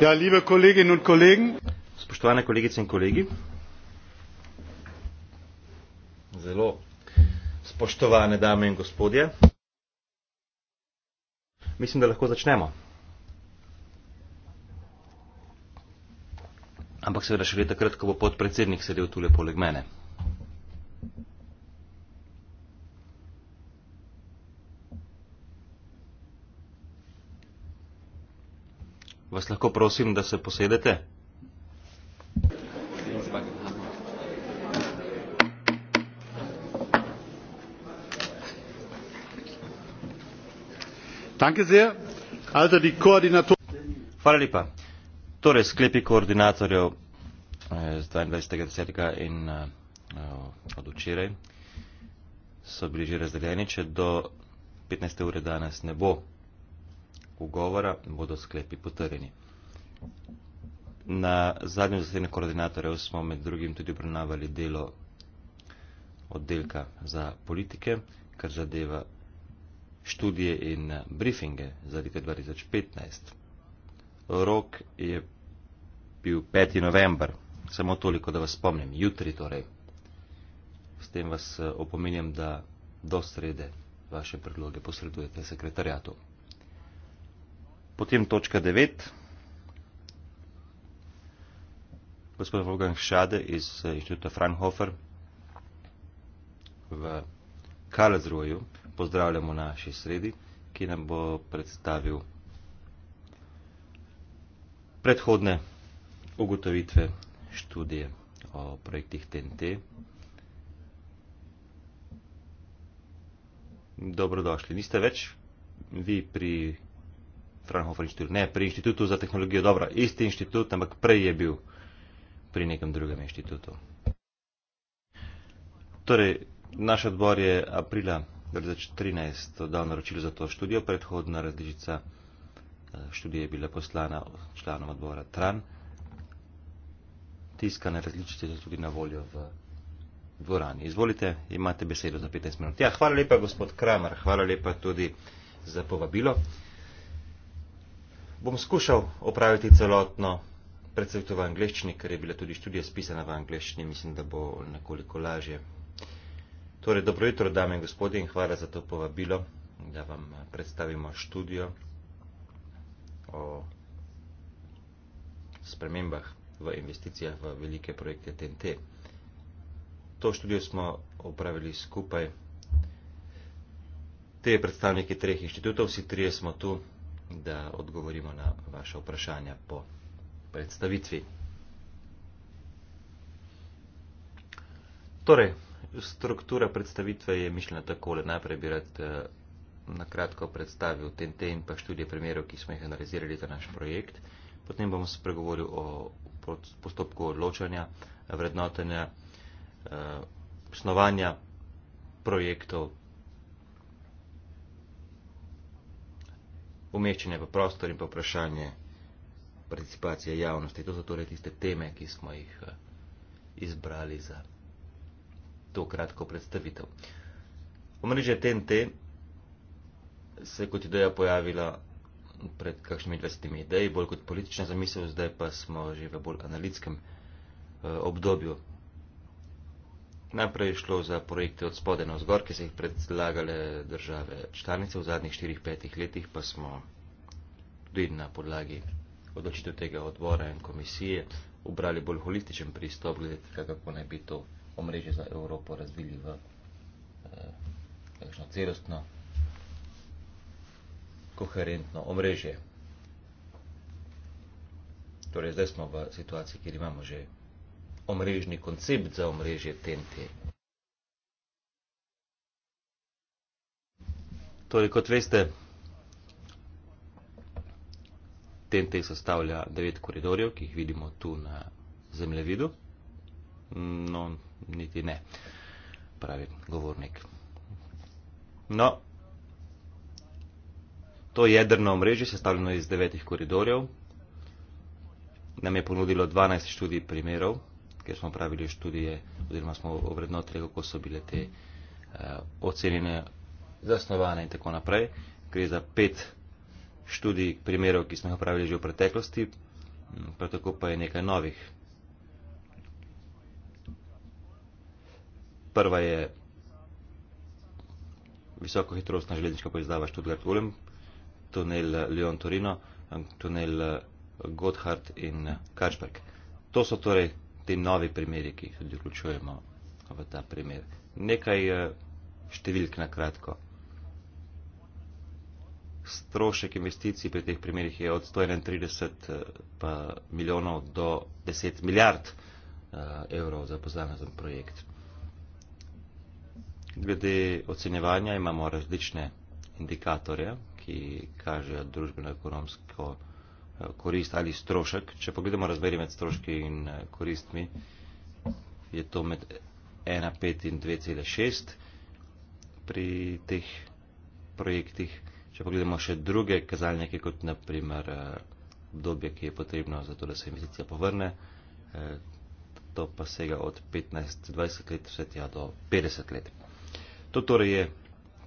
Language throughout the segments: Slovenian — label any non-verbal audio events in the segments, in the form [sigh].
Ja, liebe kolleginnen und kollegen spoštovane kolegice in kolegi zelo spoštovane dame in gospodje mislim da lahko začnemo ampak seveda šele takrat ko bo podpredsednik sedel tule poleg mene Vas lahko prosim, da se posedete? Hvala lepa. Torej, sklepi koordinatorjev eh, z 22.10. in eh, od včeraj so bili že razdeljeni, če do 15. ure danes ne bo ugovora bodo sklepi potrjeni. Na zadnjem zasedanju koordinatorjev smo med drugim tudi obravnavali delo oddelka za politike, kar zadeva študije in briefinge za leto 2015. Rok je bil 5. november, samo toliko, da vas spomnim, jutri torej. S tem vas eh, opominjam, da do srede vaše predloge posredujete sekretarjatu. Potem točka 9. Gospod Wolfgang Schade iz eh, inštituta Fraunhofer v Karlsruheju. Pozdravljamo naši sredi, ki nam bo predstavil predhodne ugotovitve študije o projektih TNT. Dobrodošli. Niste več vi pri Fraunhofer inštitutu, ne pri inštitutu za tehnologijo, dobro, isti inštitut, ampak prej je bil pri nekem drugem inštitutu. Torej, naš odbor je aprila 2014 dal naročilo za to študijo, predhodna različica eh, študije je bila poslana članom odbora TRAN. Tiskane različice so tudi na voljo v dvorani. Izvolite, imate besedo za 15 minut. Ja, hvala lepa gospod Kramer, hvala lepa tudi za povabilo bom skušal opraviti celotno predstavitev v angleščini, ker je bila tudi študija spisana v angleščini, mislim, da bo nekoliko lažje. Torej, dobro jutro, dame in gospodje, in hvala za to povabilo, da vam eh, predstavimo študijo o spremembah v investicijah v velike projekte TNT. To študijo smo opravili skupaj. Te predstavniki treh inštitutov, vsi trije smo tu, da odgovorimo na vaše vprašanja po predstavitvi. Torej, struktura predstavitve je mišljena takole. Najprej bi rad eh, na kratko predstavil TNT in pa študije primerov, ki smo jih analizirali za naš projekt. Potem bom se pregovoril o postopku odločanja, vrednotenja, eh, snovanja projektov, umeščanje v prostor in pa vprašanje participacije javnosti. To so torej tiste teme, ki smo jih eh, izbrali za to kratko predstavitev. Omrežje TNT se je kot ideja pojavila pred kakšnimi 20 ideji, bolj kot politična zamisel, zdaj pa smo že v bolj analitskem eh, obdobju Najprej je šlo za projekte od spode na vzgor, ki so jih predlagale države članice v zadnjih 4-5 letih, pa smo tudi na podlagi odločitev tega odbora in komisije ubrali bolj holističen pristop, glede tega, kako naj bi to omrežje za Evropo razvili v eh, celostno, koherentno omrežje. Torej, zdaj smo v situaciji, kjer imamo že omrežni koncept za omrežje TNT. Torej, kot veste, TNT sestavlja devet koridorjev, ki jih vidimo tu na zemljevidu. No, niti ne, pravi govornik. No, to jedrno omrežje, sestavljeno iz devetih koridorjev, nam je ponudilo 12 študij primerov kjer smo pravili študije oziroma smo ovrednotili, kako so bile te uh, ocenjene, zasnovane in tako naprej. Gre za pet študij primerov, ki smo jih opravili že v preteklosti, prav tako pa je nekaj novih. Prva je visokohitrostna železniška poizdava Študgart-Ulem, tunel eh, Lyon-Torino, tunel eh, Gotthard in Kačberg. To so torej te nove primere, ki jih tudi vključujemo v ta primer. Nekaj eh, številk na kratko. Strošek investicij pri teh primerih je od 131 eh, milijonov do 10 milijard eh, evrov za poznanazen projekt. Glede ocenjevanja imamo različne indikatorje, ki kažejo družbeno-ekonomsko vprašanje Eh, korist ali strošek. Če pogledamo razmerje med stroški in eh, koristmi, je to med 1,5 in 2,6 pri teh projektih. Če pogledamo še druge kazalnike, kot naprimer eh, obdobje, ki je potrebno za to, da se investicija povrne, to pa sega od 15-20 let vse tja do 50 let. To torej je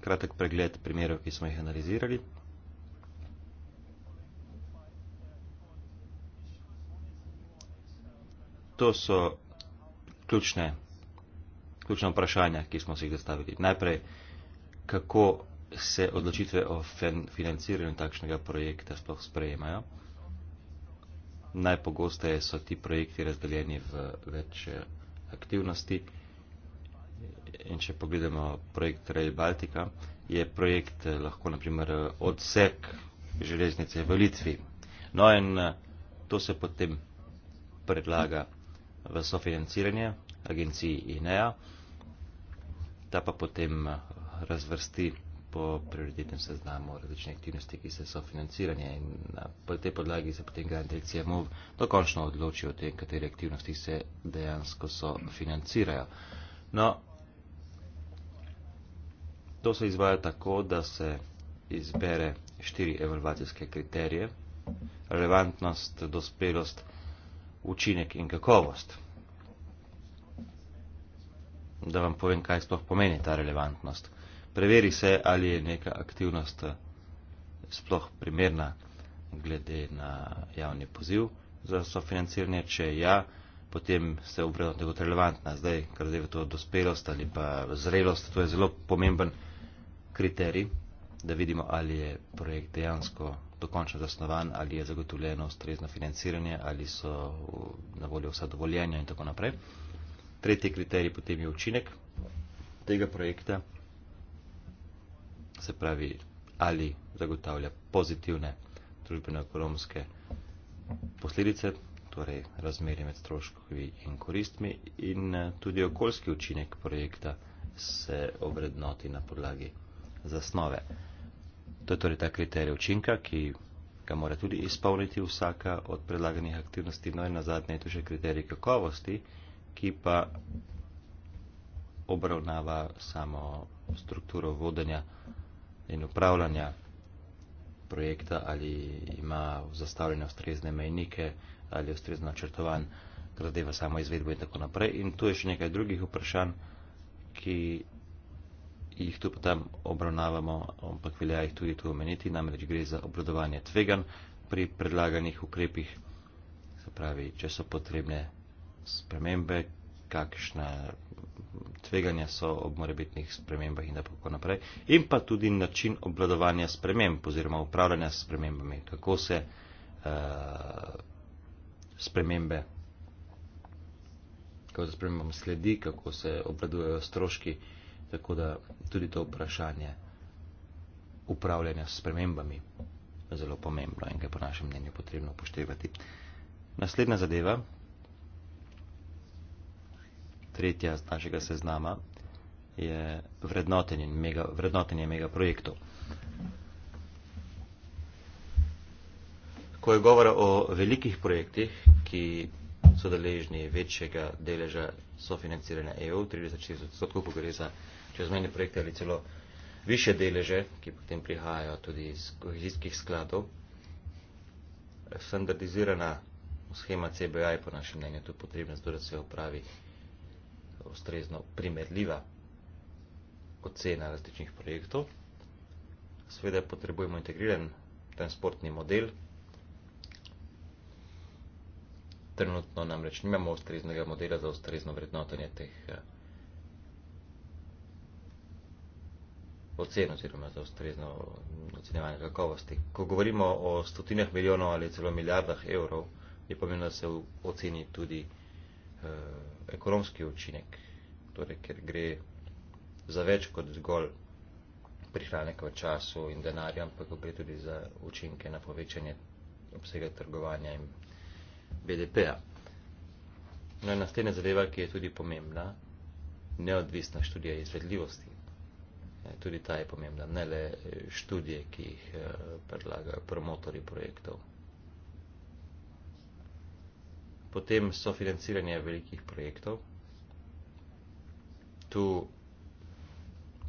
kratek pregled primerov, ki smo jih analizirali. to so ključne, ključne vprašanja, ki smo si jih zastavili. Najprej, kako se odločitve o financiranju takšnega projekta sploh sprejemajo. Najpogosteje so ti projekti razdeljeni v več eh, aktivnosti. In če pogledamo projekt Rail Baltica, je projekt eh, lahko naprimer eh, odsek železnice v Litvi. No in to se potem predlaga. Hm v sofinanciranje agenciji INEA, ta pa potem eh, razvrsti po prioritetnem seznamu različne aktivnosti, ki se sofinanciranje in na eh, tej podlagi se potem grant ECMO dokončno odloči o tem, katere aktivnosti se dejansko sofinancirajo. No, to se izvaja tako, da se izbere štiri evalvacijske kriterije, relevantnost, dospelost, učinek in kakovost. Da vam povem, kaj sploh pomeni ta relevantnost. Preveri se, ali je neka aktivnost eh, sploh primerna glede na javni poziv za sofinanciranje. Če ja, potem se obredno tega relevantna. Zdaj, kar zdaj to dospelost ali pa zrelost, to je zelo pomemben kriterij, da vidimo, ali je projekt dejansko dokončno zasnovan, ali je zagotovljeno ustrezno financiranje, ali so na voljo vsa dovoljenja in tako naprej. Tretji kriterij potem je učinek tega projekta, se pravi, ali zagotavlja pozitivne družbeno-ekonomske posledice, torej razmerje med stroškovi in koristmi in eh, tudi okoljski učinek projekta se obrednoti na podlagi zasnove. To je torej ta kriterij učinka, ki ga mora tudi izpolniti vsaka od predlaganih aktivnosti. No in na zadnje je tu še kriterij kakovosti, ki pa obravnava samo strukturo vodenja in upravljanja projekta, ali ima zastavljene ustrezne mejnike, ali je ustrezno načrtovan, kar zadeva samo izvedbo in tako naprej. In tu je še nekaj drugih vprašanj, ki jih tu potem obravnavamo, ampak velja jih tudi tu omeniti, namreč gre za obvladovanje tvegan pri predlaganih ukrepih, se pravi, če so potrebne spremembe, kakšna tveganja so ob morebitnih spremembah in tako naprej, in pa tudi način obvladovanja sprememb oziroma upravljanja s spremembami, kako se uh, spremembe. Kako se spremembam sledi, kako se obvladujejo stroški, uh, Tako da tudi to vprašanje upravljanja s premembami je zelo pomembno in ga je po našem mnenju potrebno upoštevati. Naslednja zadeva, tretja z našega seznama, je vrednotenje mega, vrednotenje mega projektov. Ko je govora o velikih projektih, ki so deležni večjega deleža sofinanciranja EU, 30-40 odstotkov, ko gre za čezmejne projekte ali celo više deleže, ki potem prihajajo tudi iz kohezijskih skladov. Standardizirana schema CBA je po našem mnenju tu potrebna, zato da se opravi ustrezno primerljiva ocena različnih projektov. Sveda potrebujemo integriran transportni model. Trenutno namreč nimamo ustreznega modela za ustrezno vrednotenje teh uh, oceno oziroma za ustrezno ocenjevanje kakovosti. Ko govorimo o stotinah milijonov ali celo milijardah evrov, je pomembno, da se oceni tudi eh, ekonomski učinek, torej, ker gre za več kot zgolj prihranek v času in denarja, ampak gre tudi za učinke na povečanje obsega trgovanja in BDP-a. No in naslednja zadeva, ki je tudi pomembna, neodvisna študija izvedljivosti. Tudi ta je pomembna, ne le eh, študije, ki jih eh, predlagajo promotori projektov. Potem so financiranje velikih projektov. Tu,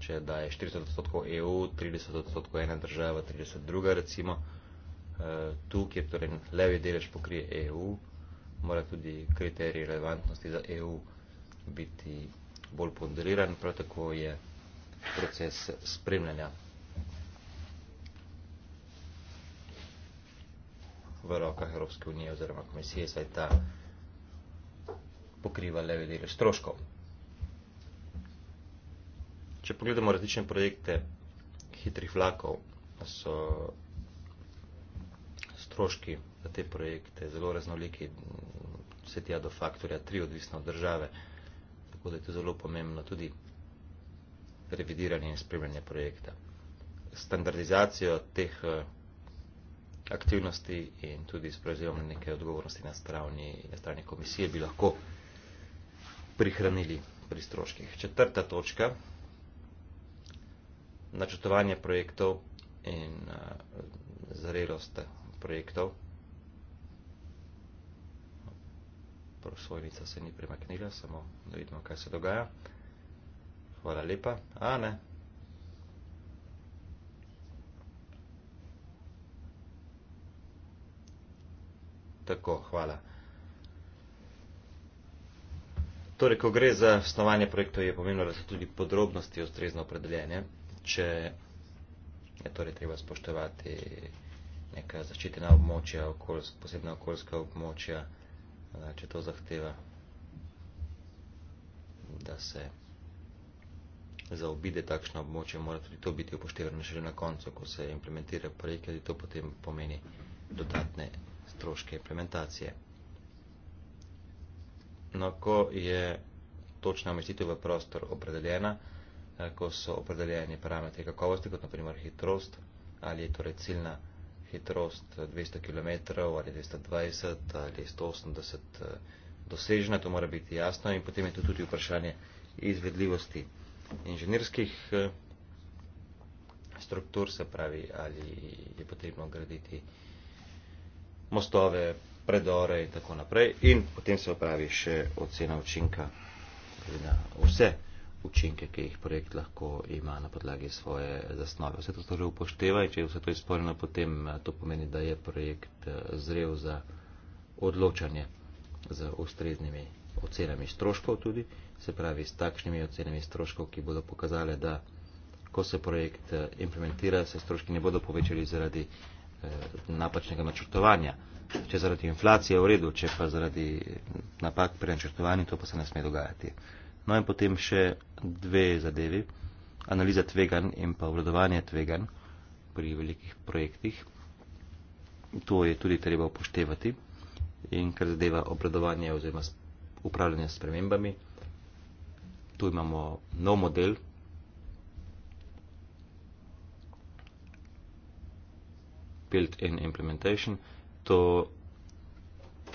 če daje 40 odstotkov EU, 30 odstotkov ena država, 30 druga recimo, eh, tu, kjer torej levi delež pokrije EU, mora tudi kriterij relevantnosti za EU biti bolj ponderiran, prav tako je proces spremljanja. v rokah Evropske unije oziroma komisije, saj ta pokriva levi del stroškov. Če pogledamo različne projekte hitrih vlakov, so stroški za te projekte zelo raznoliki, vse tja do faktorja tri odvisno od države, tako da je to zelo pomembno tudi revidiranje in spremljanje projekta. Standardizacijo teh eh, aktivnosti in tudi s prevzemom neke odgovornosti na strani, na strani komisije bi lahko prihranili pri stroških. Četrta točka, načrtovanje projektov in eh, zrelost projektov. Prosojnica se ni premaknila, samo da vidimo, kaj se dogaja. Hvala lepa. Ane. Tako, hvala. Torej, ko gre za snovanje projektov, je pomembno, da so tudi podrobnosti ustrezno opredeljene. Če je torej treba spoštovati neka zaščitena območja, okoljs, posebna okoljska območja, eh, če to zahteva, da se zaobide takšno območje, mora tudi to biti upoštevano še na koncu, ko se implementira projekt, ali to potem pomeni dodatne stroške implementacije. No, ko je točna umestitev v prostor opredeljena, eh, ko so opredeljeni parametri kakovosti, kot naprimer hitrost, ali je torej ciljna hitrost 200 eh, km ali 220 ali 180 eh, dosežena, to mora biti jasno in potem je to tudi vprašanje izvedljivosti inženirskih eh, struktur, se pravi, ali je potrebno graditi mostove, predore in tako naprej. In potem se opravi še ocena učinka na vse učinke, ki jih projekt lahko ima na podlagi svoje zasnove. Vse to torej upošteva in če je vse to izpolnjeno, potem eh, to pomeni, da je projekt eh, zrel za odločanje z ustreznimi ocenami stroškov tudi se pravi s takšnimi ocenami stroškov, ki bodo pokazale, da ko se projekt eh, implementira, se stroški ne bodo povečali zaradi eh, napačnega načrtovanja. Če zaradi inflacije v redu, če pa zaradi eh, napak pri načrtovanju, to pa se ne sme dogajati. No in potem še dve zadevi, analiza tvegan in pa vladovanje tvegan pri velikih projektih. To je tudi treba upoštevati in kar zadeva obradovanje oziroma upravljanje s premembami tu imamo nov model. Built-in implementation. To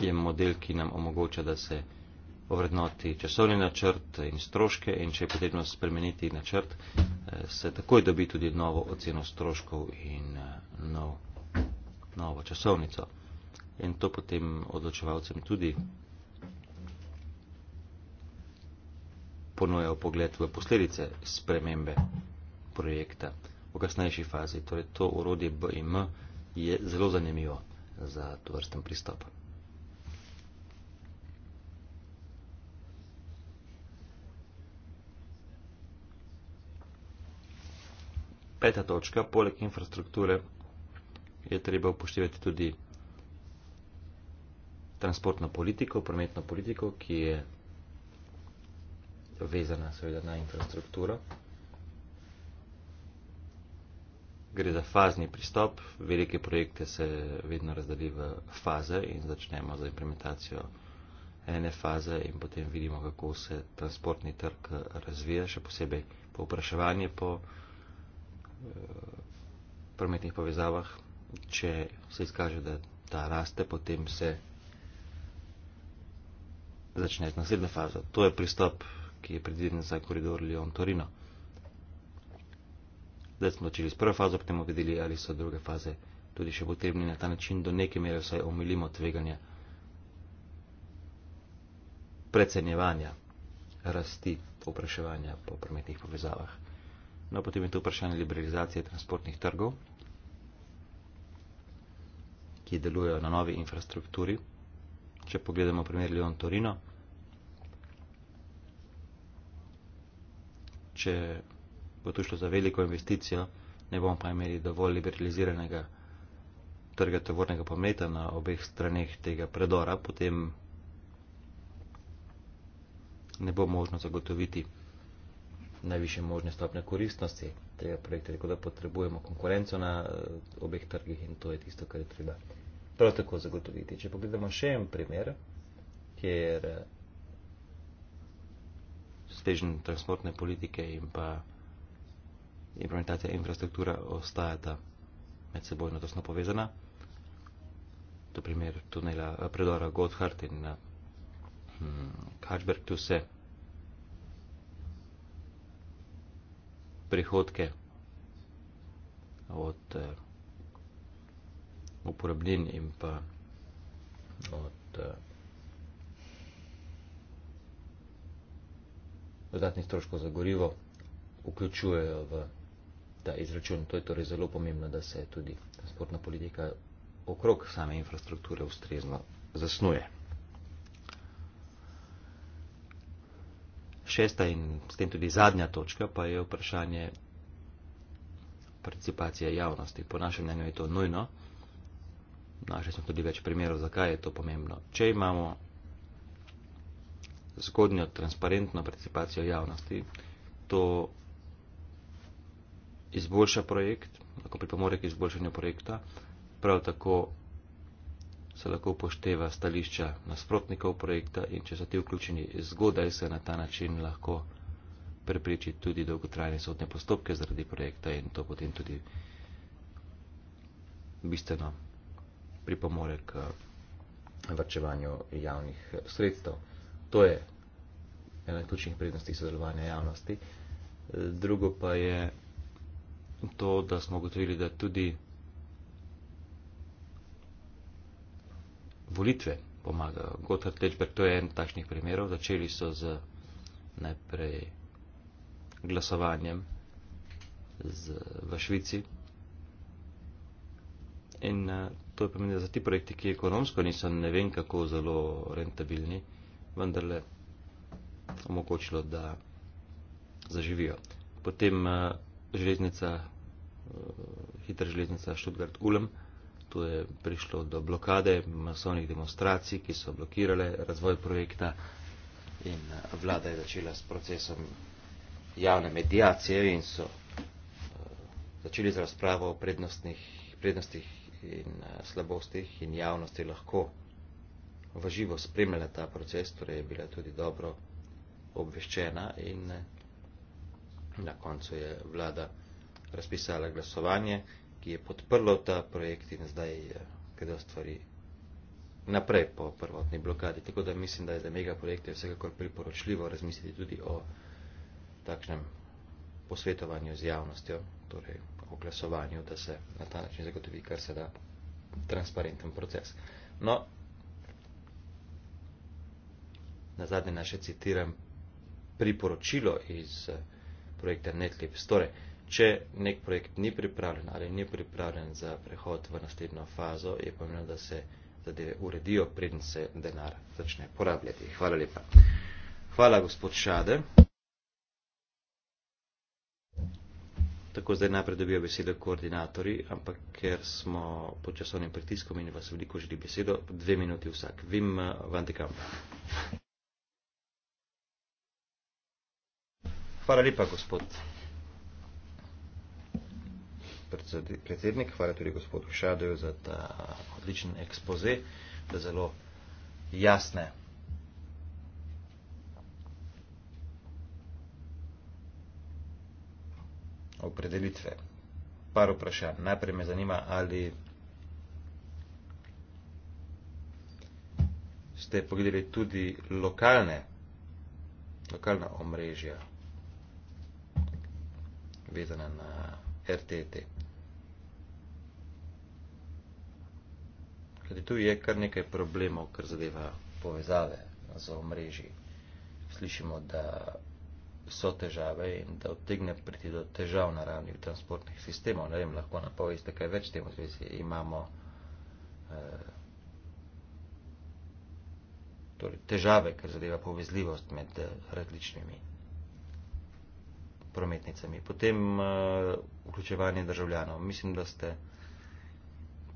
je model, ki nam omogoča, da se ovrednoti časovni načrt in stroške in če je potrebno spremeniti načrt, eh, se takoj dobi tudi novo oceno stroškov in eh, nov, novo časovnico. In to potem odločevalcem tudi ponujajo pogled v posledice spremembe projekta v kasnejši fazi. Torej, to urodje BIM je zelo zanimivo za to vrsten pristop. Peta točka, poleg infrastrukture je treba upoštevati tudi transportno politiko, prometno politiko, ki je vezana seveda na infrastrukturo. Gre za fazni pristop. Velike projekte se vedno razdeli v faze in začnemo z implementacijo ene faze in potem vidimo, kako se transportni trg razvija, še posebej povpraševanje po e, prometnih povezavah. Če se izkaže, da ta raste, potem se začne z naslednjo fazo. To je pristop ki je predviden za koridor Lyon-Torino. Zdaj smo začeli s prvo fazo, potem bomo videli, ali so druge faze tudi še potrebne na ta način, do neke mere vsaj omilimo tveganja predsednjevanja, rasti vpraševanja po prometnih povezavah. No, potem je to vprašanje liberalizacije transportnih trgov, ki delujejo na novi infrastrukturi. Če pogledamo primer Lyon-Torino, če bo to šlo za veliko investicijo, ne bomo pa imeli dovolj liberaliziranega trga tovornega pometa na obeh straneh tega predora, potem ne bo možno zagotoviti najviše možne stopne koristnosti tega projekta, tako da potrebujemo konkurenco na eh, obeh trgih in to je tisto, kar je treba prav tako zagotoviti. Če pogledamo še en primer, kjer težen transportne politike in pa implementacija infrastruktura ostajata med sebojno tesno povezana. To primer tunela eh, predora Gotthard in Kačberg, eh, hm, tu se prihodke od eh, uporabljen in pa od uh, dodatnih stroškov za gorivo vključujejo v ta izračun. To je torej zelo pomembno, da se tudi transportna politika okrog same infrastrukture ustrezno zasnuje. Šesta in s tem tudi zadnja točka pa je vprašanje participacije javnosti. Po našem mnenju je to nujno. Našli smo tudi več primerov, zakaj je to pomembno. Če imamo zgodnjo transparentno participacijo javnosti. To izboljša projekt, lahko pripomore k izboljšanju projekta, prav tako se lahko upošteva stališča nasprotnikov projekta in če so ti vključeni zgodaj, se na ta način lahko prepriči tudi dolgotrajne sodne postopke zaradi projekta in to potem tudi bistveno pripomore k vrčevanju javnih sredstev. To je ena ključnih prednosti sodelovanja javnosti. Drugo pa je to, da smo ugotovili, da tudi volitve pomagajo. Gotthard Lečberg, to je en takšnih primerov. Začeli so z najprej glasovanjem z, v Švici. In eh, to je pomenilo, da za ti projekti, ki ekonomsko niso ne vem kako zelo rentabilni, vendarle omogočilo, da zaživijo. Potem eh, železnica, eh, hitra železnica Študgard-Ulem, tu je prišlo do blokade masovnih demonstracij, ki so blokirale razvoj projekta in eh, vlada je začela s procesom javne medijacije in so začeli z razpravo o prednostih in slabostih in javnosti lahko v živo spremljala ta proces, torej je bila tudi dobro obveščena in eh, na koncu je vlada razpisala glasovanje, ki je podprlo ta projekt in zdaj je eh, kdo stvari naprej po prvotni blokadi. Tako da mislim, da je za mega projekte vsekakor priporočljivo razmisliti tudi o takšnem posvetovanju z javnostjo, torej o glasovanju, da se na ta način zagotovi kar se da transparenten proces. No, na zadnje naše citiram priporočilo iz eh, projekta Netlip. Torej, če nek projekt ni pripravljen ali ni pripravljen za prehod v naslednjo fazo, je pomembno, da se zadeve uredijo, preden se denar začne porabljati. Hvala lepa. Hvala, gospod Šade. Tako zdaj najprej dobijo besedo koordinatorji, ampak ker smo pod časovnim pritiskom in vas veliko želi besedo, dve minuti vsak. Vim, eh, Vantikam. Hvala lepa, gospod predsednik. Hvala tudi gospodu Šadeju za ta odličen ekspoze, za zelo jasne opredelitve. Par vprašanj. Najprej me zanima, ali ste pogledali tudi lokalne, lokalna omrežja vezane na RTT. Kaj tu je kar nekaj problemov, kar zadeva povezave za omrežji. Slišimo, da so težave in da odtegne priti do težav na ravni transportnih sistemov. Ne vem, lahko napoveste kaj več temu zvezi. Imamo eh, torej težave, kar zadeva povezljivost med eh, različnimi prometnicami. Potem uh, vključevanje državljanov. Mislim, da ste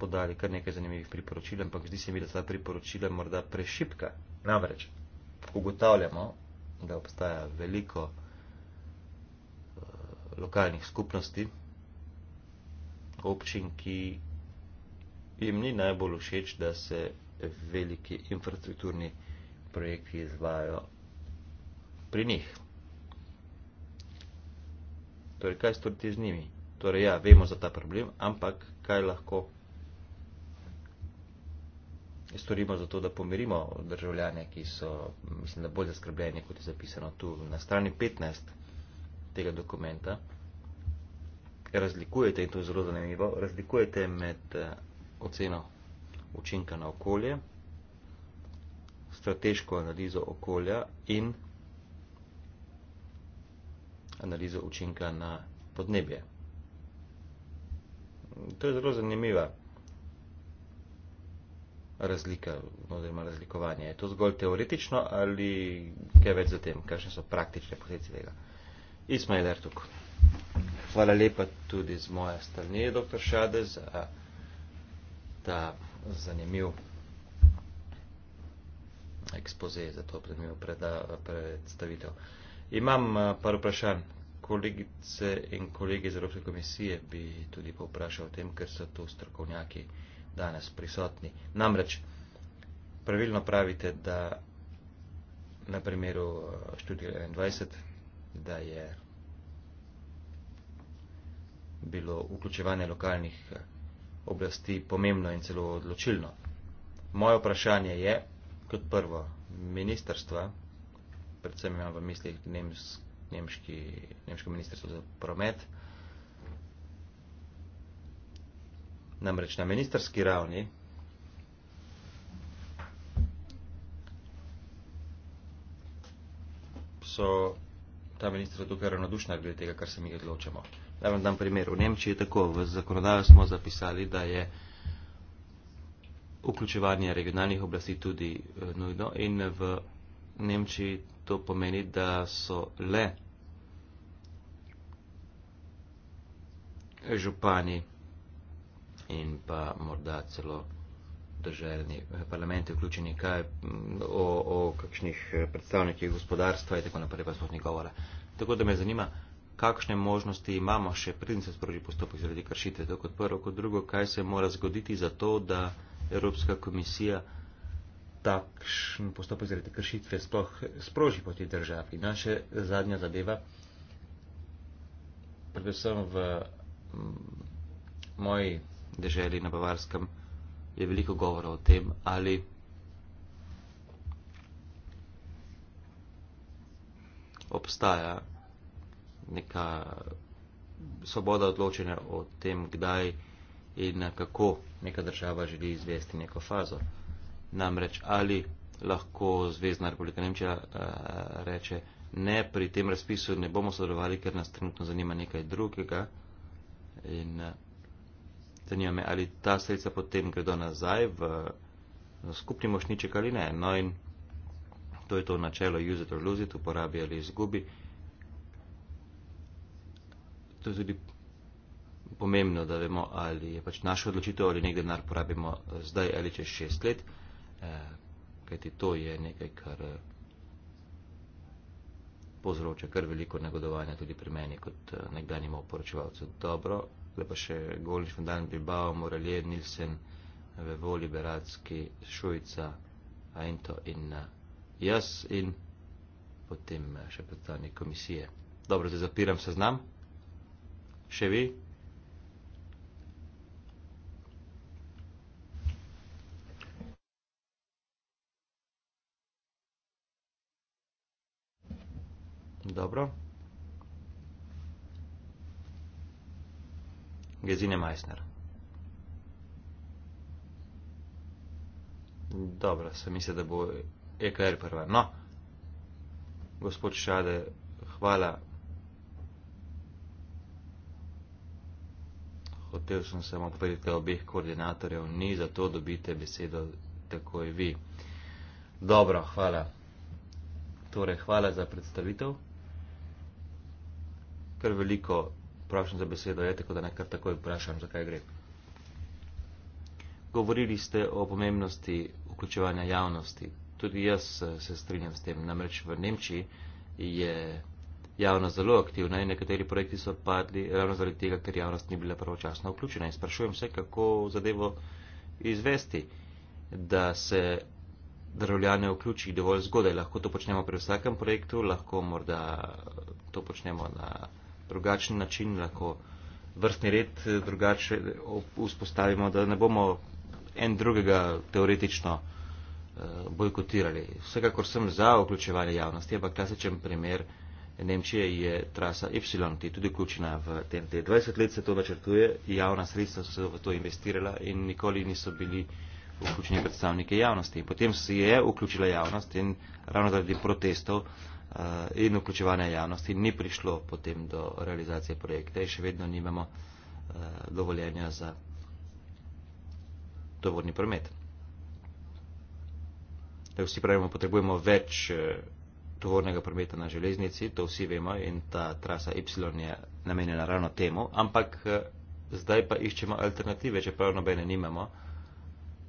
podali kar nekaj zanimivih priporočil, ampak zdi se mi, da so ta priporočila morda prešipka. Namreč ugotavljamo, da obstaja veliko uh, lokalnih skupnosti, občin, ki jim ni najbolj všeč, da se veliki infrastrukturni projekti izvajo pri njih. Torej, kaj storiti z njimi? Torej, ja, vemo za ta problem, ampak kaj lahko storimo za to, da pomirimo državljane, ki so, mislim, da bolj zaskrbljeni, kot je zapisano tu na strani 15 tega dokumenta. Razlikujete, in to je zelo zanimivo, razlikujete med eh, oceno učinka na okolje, strateško analizo okolja in analizo učinka na podnebje. To je zelo zanimiva razlika oziroma razlikovanje. Je to zgolj teoretično ali kaj več za tem? Kakšne so praktične posledice tega? Ismail Ertuk. Hvala lepa tudi z moje strani, dr. Šade, za ta zanimiv ekspoze, za to zanimivo predstavitev. Pred, pred, pred, pred, pred, pred, pred, pred, Imam eh, par vprašanj. Kolegice in kolege iz Evropske komisije bi tudi povprašal o tem, ker so tu strokovnjaki danes prisotni. Namreč, pravilno pravite, da na primeru eh, študija 21, da je bilo vključevanje lokalnih eh, oblasti pomembno in celo odločilno. Moje vprašanje je, kot prvo, ministrstva, predvsem imam v mislih nemški, nemško ministrstvo za promet. Namreč na ministerski ravni so ta ministra tukaj ravnodušna glede tega, kar se mi odločamo. Da vam dam primer. V Nemčiji je tako. V zakonodaju smo zapisali, da je vključevanje regionalnih oblasti tudi eh, nujno in v Nemčiji to pomeni, da so le župani in pa morda celo državni eh, parlamenti vključeni kaj mm, o, o kakšnih eh, predstavnikih gospodarstva in tako naprej pa sploh ni govora. Tako da me zanima, kakšne možnosti imamo še preden se sproži postopek zaradi kršitve, to kot prvo, kot drugo, kaj se mora zgoditi za to, da Evropska komisija takšen postopek zaradi kršitve sploh sproži po tej državi. Naša zadnja zadeva, predvsem v mm, moji deželi na Bavarskem, je veliko govora o tem, ali obstaja neka svoboda odločenja o tem, kdaj in kako neka država želi izvesti neko fazo namreč ali lahko Zvezdna republika Nemčija uh, reče, ne, pri tem razpisu ne bomo sodelovali, ker nas trenutno zanima nekaj drugega. In uh, zanima me, ali ta sredstva potem gredo nazaj v, v skupni mošniček ali ne. No in to je to načelo use it or lose it, uporabi ali izgubi. To je tudi pomembno, da vemo, ali je pač naša odločitev, ali nekaj denar porabimo zdaj ali čez šest let. Eh, kajti to je nekaj, kar eh, povzroča kar veliko negodovanja tudi pri meni, kot eh, nekdanjemu oporočevalcu. Dobro, lepa še golnično dan Bilbao, Morelje, Nilsen, Vevo, Liberacki, Šujica, Ainto in jaz in potem še predstavnik komisije. Dobro, zdaj zapiram seznam. Še vi? Dobro. Gezine Meissner. Dobro, se misli, da bo EKR prva. No, gospod Šade, hvala. Hotel sem samo povedati, da obeh koordinatorjev ni, zato dobite besedo takoj vi. Dobro, hvala. Torej, hvala za predstavitev kar veliko vprašam za besedo, je, tako da nekar takoj vprašam, zakaj gre. Govorili ste o pomembnosti vključevanja javnosti. Tudi jaz eh, se strinjam s tem. Namreč v Nemčiji je javnost zelo aktivna in nekateri projekti so padli ravno zaradi tega, ker javnost ni bila pravočasno vključena. In sprašujem se, kako zadevo izvesti, da se državljane vključi dovolj zgodaj. Lahko to počnemo pri vsakem projektu, lahko morda to počnemo na drugačen način lahko vrstni red eh, drugače vzpostavimo, da ne bomo en drugega teoretično eh, bojkotirali. Vsekakor sem za vključevanje javnosti, ampak klasičen primer Nemčije je trasa Y, ki je tudi vključena v TNT. 20 let se to načrtuje, javna sredstva so se v to investirala in nikoli niso bili vključeni predstavniki javnosti. Potem se je vključila javnost in ravno zaradi protestov Eh, in vključevanja javnosti ni prišlo potem do realizacije projekta in še vedno nimamo eh, dovoljenja za tovorni promet. Da vsi pravimo, potrebujemo več eh, tovornega prometa na železnici, to vsi vemo in ta trasa Y je namenjena ravno temu, ampak zdaj pa iščemo alternative, čeprav nobene nimamo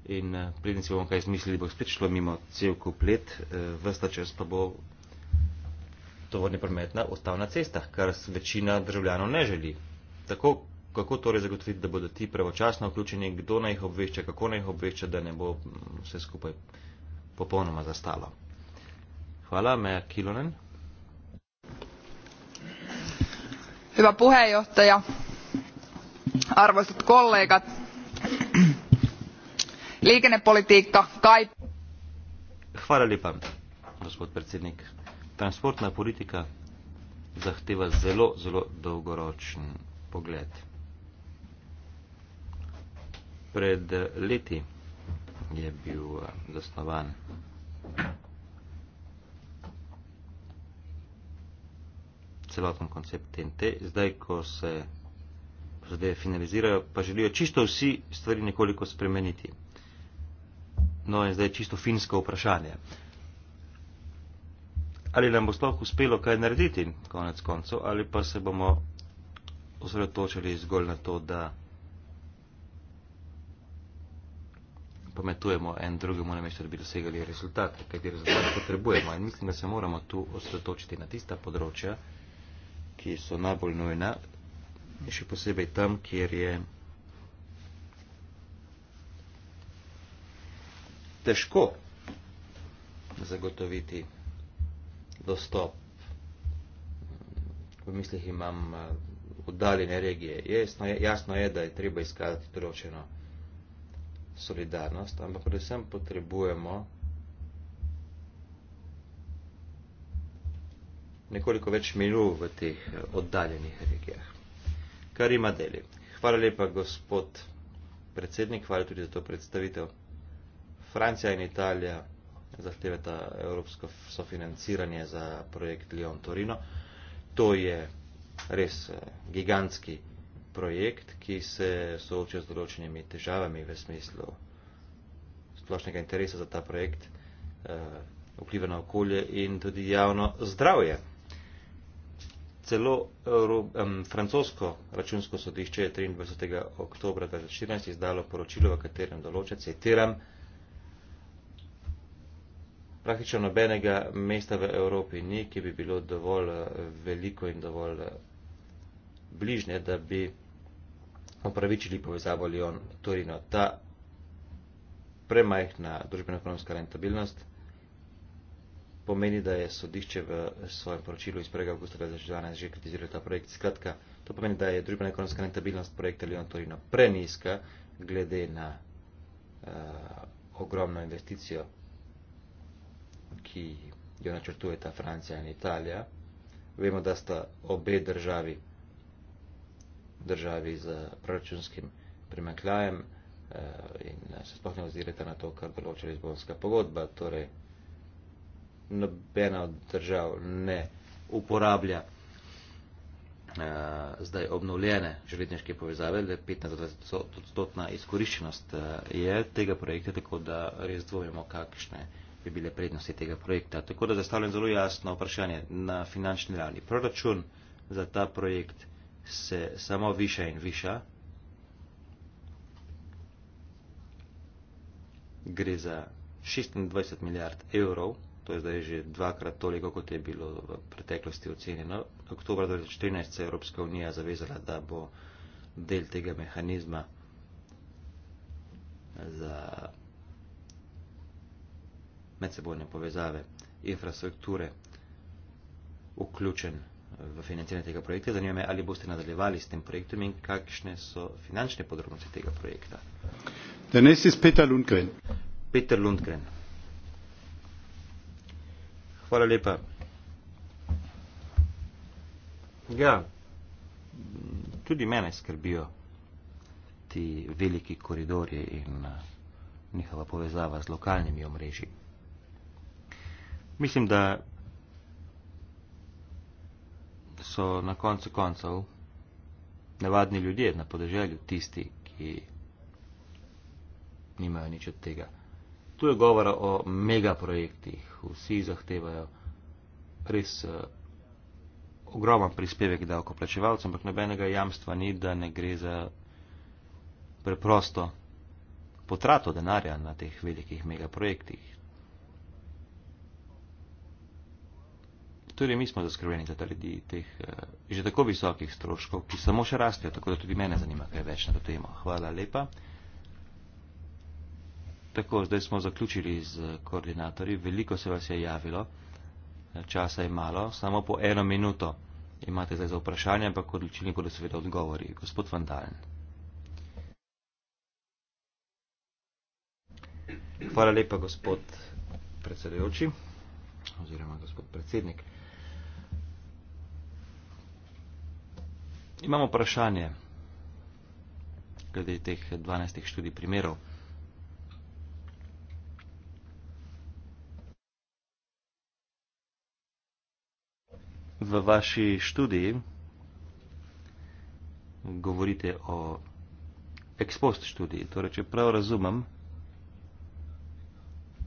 in preden si bomo kaj izmislili, bo spet šlo mimo cel kup let, vsta čas pa bo tovorni promet na ustavna cesta, kar večina državljanov ne želi. Tako, kako torej zagotoviti, da bodo ti pravočasno vključeni, kdo naj jih obvešča, kako naj jih obvešča, da ne bo mm, vse skupaj popolnoma zastalo. Hvala, Meja Kilonen. Hyvä puheenjohtaja, arvoisat kollegat, liikennepolitiikka kai. Hvala lipa, gospod predsjednik transportna politika zahteva zelo, zelo dolgoročen pogled. Pred leti je bil eh, zasnovan celoten koncept TNT. Zdaj, ko se zadeve finalizirajo, pa želijo čisto vsi stvari nekoliko spremeniti. No in zdaj čisto finsko vprašanje. Uh, ali nam bo sploh uspelo kaj narediti, konec koncev, ali pa se bomo osredotočili zgolj na to, da pometujemo en drugemu namesto, da bi dosegali rezultat, kajti rezultat potrebujemo. In mislim, da se moramo tu osredotočiti na tista področja, ki so najbolj nujna, še posebej tam, kjer je težko zagotoviti dostop. V mislih imam eh, oddaljene regije. Jasno je, jasno je, da je treba iskati določeno solidarnost, ampak predvsem potrebujemo nekoliko več miru v teh eh, oddaljenih regijah. Kar ima deli. Hvala lepa, gospod predsednik, hvala tudi za to predstavitev. Francija in Italija zahtevata evropsko sofinanciranje za projekt Lyon-Torino. To je res eh, gigantski projekt, ki se sooča z določenimi težavami v smislu splošnega interesa za ta projekt, eh, vpliva na okolje in tudi javno zdravje. Celo Euro, um, francosko računsko sodišče je 23. oktober 2014 izdalo poročilo, v katerem določa, citiram, praktično nobenega mesta v Evropi ni, ki bi bilo dovolj eh, veliko in dovolj eh, bližnje, da bi opravičili povezavo Lyon-Torino. Ta premajhna družbeno-ekonomska rentabilnost pomeni, da je sodišče v svojem poročilu iz 1. augusta 2012 že kritiziralo ta projekt. Skratka, to pomeni, da je družbeno-ekonomska rentabilnost projekta Lyon-Torino preniska glede na uh, ogromno investicijo ki jo načrtujeta Francija in Italija. Vemo, da sta obe državi, državi z proračunskim primakljajem eh, in se sploh ne ozirata na to, kar določa Lizbonska pogodba. Torej, nobena od držav ne uporablja eh, zdaj obnovljene železniške povezave, le 15-20% izkoriščenost eh, je tega projekta, tako da res dvomimo, kakšne bi bile prednosti tega projekta. Tako da zastavljam zelo jasno vprašanje na finančni ravni. Proračun za ta projekt se samo viša in viša. Gre za 26 milijard evrov, to je zdaj že dvakrat toliko, kot je bilo v preteklosti ocenjeno. Oktober 2014 se je Evropska unija zavezala, da bo del tega mehanizma za medsebojne povezave, infrastrukture, vključen v financiranje tega projekta. Zanima me, ali boste nadaljevali s tem projektom in kakšne so finančne podrobnosti tega projekta. Danes je Peter Lundgren. Peter Lundgren. Hvala lepa. Ja, tudi mene skrbijo ti veliki koridorje in eh, njihova povezava z lokalnimi omrežji. Mislim, da so na koncu koncev nevadni ljudje na podeželju tisti, ki nimajo nič od tega. Tu je govora o megaprojektih. Vsi zahtevajo res uh, eh, ogroman prispevek davkoplačevalcev, ampak nobenega jamstva ni, da ne gre za preprosto potrato denarja na teh velikih megaprojektih. Torej, mi smo zaskrbljeni zaradi teh uh, že tako visokih stroškov, ki samo še rastejo, tako da tudi mene zanima, kaj več na to temo. Hvala lepa. Tako, zdaj smo zaključili z koordinatorji. Veliko se vas je javilo, časa je malo, samo po eno minuto imate zdaj za vprašanje, ampak odločilni bodo seveda odgovori. Gospod Vandalen. Hvala lepa, gospod predsedujoči oziroma gospod predsednik. Imamo vprašanje glede teh 12 študij primerov. V vaši študiji govorite o ekspost študiji. Torej, če prav razumem,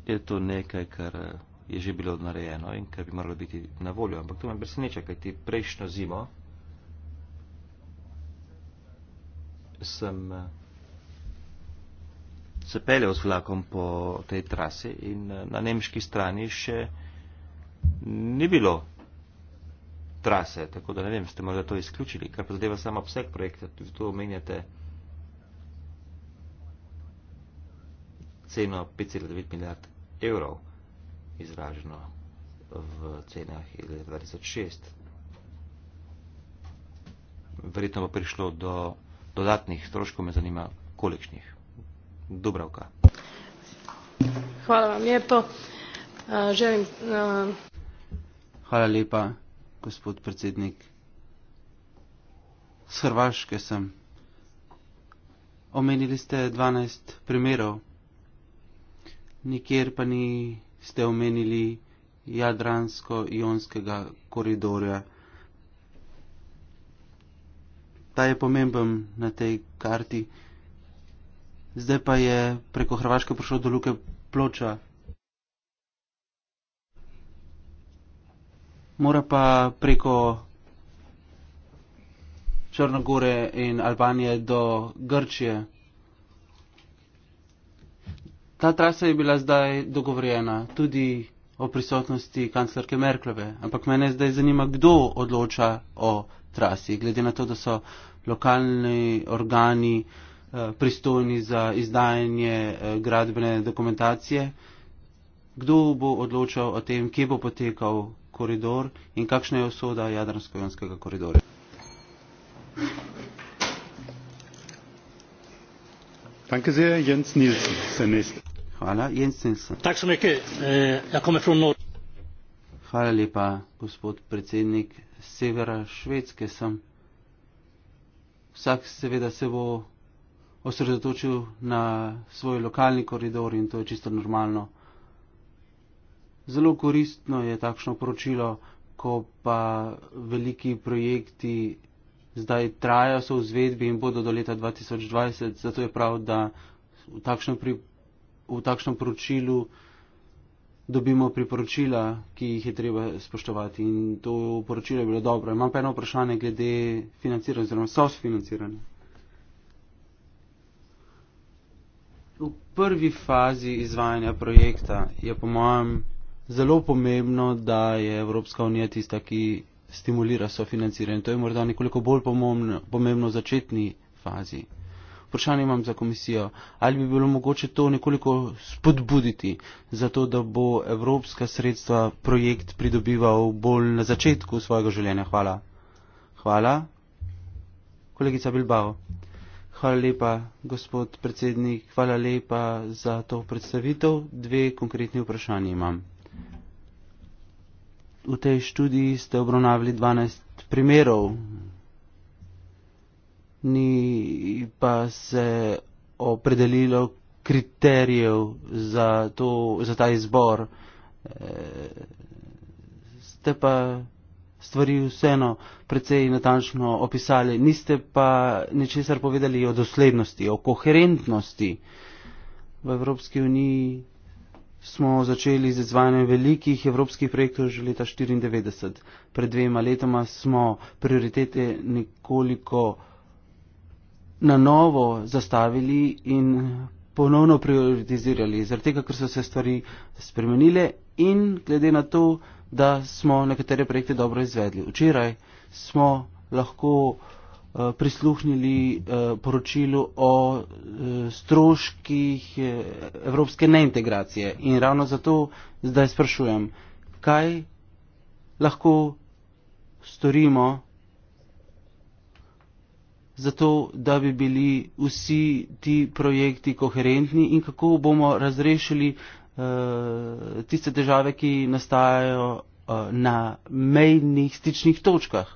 je to nekaj, kar je že bilo narejeno in kar bi moralo biti na voljo. Ampak to me preseneča, kaj ti prejšnjo zimo sem eh, se peljal z vlakom po tej trasi in eh, na nemški strani še ni bilo trase, tako da ne vem, ste morda to izključili, kar pa zadeva samo obseg projekta, tudi tu omenjate ceno 5,9 milijard evrov izraženo v cenah iz 2006. Verjetno bo prišlo do dodatnih stroškov me zanima kolikšnih. Dubravka. Hvala vam lijepo. Uh, želim... Uh... Hvala lepa, gospod predsednik. S Hrvaške sem. Omenili ste 12 primerov. Nikjer pa ni ste omenili Jadransko-Ionskega koridorja ta je pomemben na tej karti. Zdaj pa je preko Hrvaške prišlo do luke ploča. Mora pa preko Črnogore in Albanije do Grčije. Ta trasa je bila zdaj dogovorjena tudi o prisotnosti kanclerke Merklove, ampak mene zdaj zanima, kdo odloča o trasi. Glede na to, da so lokalni organi eh, pristojni za izdajanje eh, gradbene dokumentacije, kdo bo odločal o tem, kje bo potekal koridor in kakšna je osoda Jadransko-Jonskega koridorja. Hvala, Jens Nilsen. Hvala, Jens Nilsen. Tak so neke, eh, jako me frum nord. Hvala lepa, gospod predsednik. Z severa Švedske sem. Vsak seveda se bo osredotočil na svoj lokalni koridor in to je čisto normalno. Zelo koristno je takšno poročilo, ko pa veliki projekti zdaj trajajo, so v zvedbi in bodo do leta 2020, zato je prav, da v takšnem, pri, v takšnem poročilu dobimo priporočila, ki jih je treba spoštovati. In to poročilo je bilo dobro. Imam pa eno vprašanje glede financiranja oziroma sofinanciranja. V prvi fazi izvajanja projekta je po mojem zelo pomembno, da je Evropska unija tista, ki stimulira sofinanciranje. To je morda nekoliko bolj pomembno v začetni fazi vprašanje imam za komisijo, ali bi bilo mogoče to nekoliko spodbuditi, zato da bo evropska sredstva projekt pridobival bolj na začetku svojega življenja. Hvala. Hvala. Kolegica Bilbao. Hvala lepa, gospod predsednik. Hvala lepa za to predstavitev. Dve konkretni vprašanje imam. V tej študiji ste obravnavali 12 primerov ni pa se opredelilo kriterijev za, to, za ta izbor. E, ste pa stvari vseeno precej natančno opisali, niste pa ničesar povedali o doslednosti, o koherentnosti. V Evropski uniji smo začeli z izvajanjem velikih evropskih projektov že leta 1994. Pred dvema letoma smo prioritete nekoliko na novo zastavili in ponovno prioritizirali, zaradi tega, ker so se stvari spremenile in glede na to, da smo nekatere projekte dobro izvedli. Včeraj smo lahko eh, prisluhnili eh, poročilu o eh, stroških evropske neintegracije in ravno zato zdaj sprašujem, kaj lahko storimo, zato da bi bili vsi ti projekti koherentni in kako bomo razrešili uh, tiste težave, ki nastajajo uh, na mejnih stičnih točkah.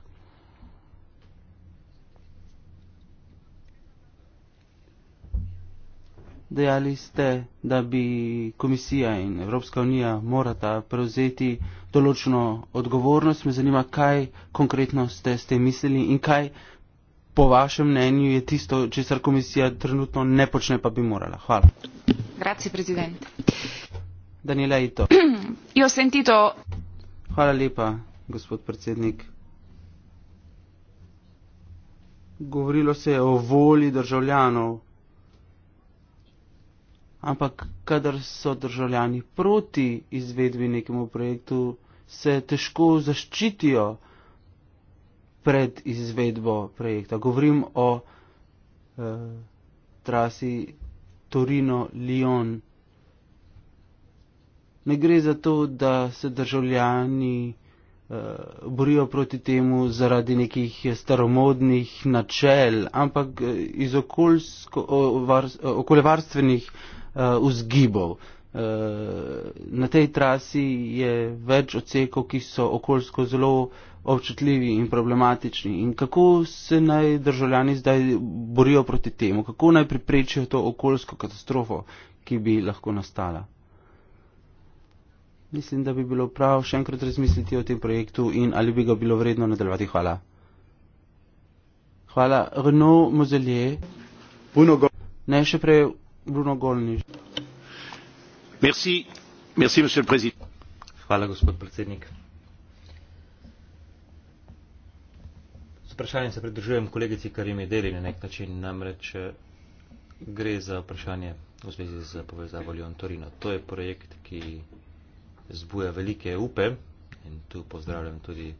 Dejali ste, da bi komisija in Evropska unija morata prevzeti določeno odgovornost. Me zanima, kaj konkretno ste s tem mislili in kaj po vašem mnenju je tisto, česar komisija trenutno ne počne, pa bi morala? Hvala. Grazie, presidente. Daniela Ito. [clears throat] Io sentito. Hvala lepa, gospod predsednik. Govorilo se je o volji državljanov, ampak kadar so državljani proti izvedbi nekemu projektu, se težko zaščitijo pred izvedbo projekta. Govorim o eh, trasi Torino-Lyon. Ne gre za to, da se državljani eh, borijo proti temu zaradi nekih staromodnih načel, ampak eh, iz okoljsko, eh, okoljevarstvenih eh, vzgibov. Eh, na tej trasi je več odsekov, ki so okoljsko zelo uh, občutljivi in problematični. In kako se naj državljani zdaj borijo proti temu, kako naj priprečijo to okoljsko katastrofo, ki bi lahko nastala. Mislim, da bi bilo prav še enkrat razmisliti o tem projektu in ali bi ga bilo vredno nadaljevati. Hvala. Hvala. Renaud Mozelje. Bruno Gol. Ne, še prej Bruno Golniž. Merci. Merci, gospod predsednik. Hvala, gospod predsednik. vprašanjem se pridružujem kolegici Karimi Deli na nek način, namreč eh, gre za vprašanje v zvezi z povezavo Lion Torino. To je projekt, ki zbuja velike upe in tu pozdravljam tudi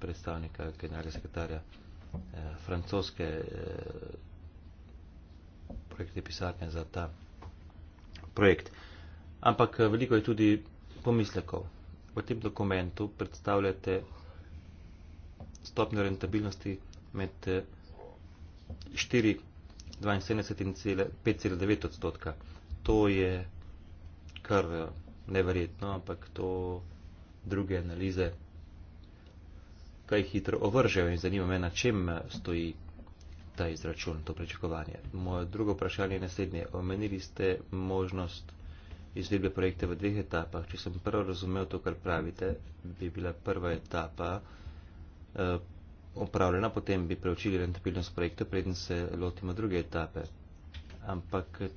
predstavnika generalnega sekretarja eh, francoske eh, projekte pisarne za ta projekt. Ampak eh, veliko je tudi pomislekov. V tem dokumentu predstavljate stopnjo rentabilnosti, med 4,72,5,9 eh, odstotka. To je kar eh, neverjetno, ampak to druge analize kaj hitro ovržejo in zanima me, na čem eh, stoji ta izračun, to pričakovanje. Moje drugo vprašanje je naslednje. Omenili ste možnost izvedbe projekte v dveh etapah. Če sem prav razumel to, kar pravite, bi bila prva etapa eh, opravljena, potem bi preučili rentabilnost projekta, preden se lotimo druge etape. Ampak eh,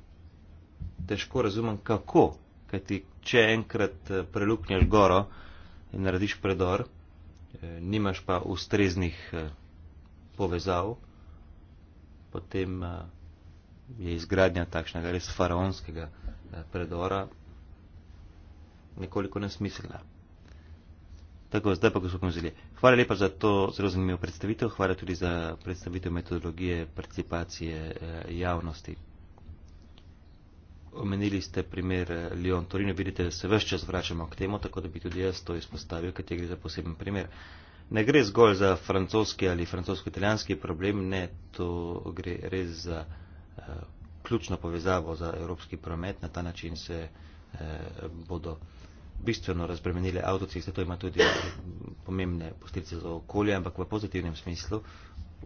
težko razumem, kako, kajti če enkrat eh, preluknješ goro in narediš predor, eh, nimaš pa ustreznih povezav, potem je izgradnja takšnega res faraonskega predora nekoliko nesmiselna. Tako, zdaj pa, ko smo konzili. Hvala lepa za to zelo zanimivo predstavitev, hvala tudi za predstavitev metodologije participacije eh, javnosti. Omenili ste primer eh, Lyon Torino, vidite, se vse čas vračamo k temu, tako da bi tudi jaz to izpostavil, ker je gre za poseben primer. Ne gre zgolj za francoski ali francosko-italijanski problem, ne, to gre res za uh, ključno povezavo za evropski promet, na ta način se uh, bodo bistveno razbremenile avtoceste, to ima tudi pomembne posledice za okolje, ampak v pozitivnem smislu,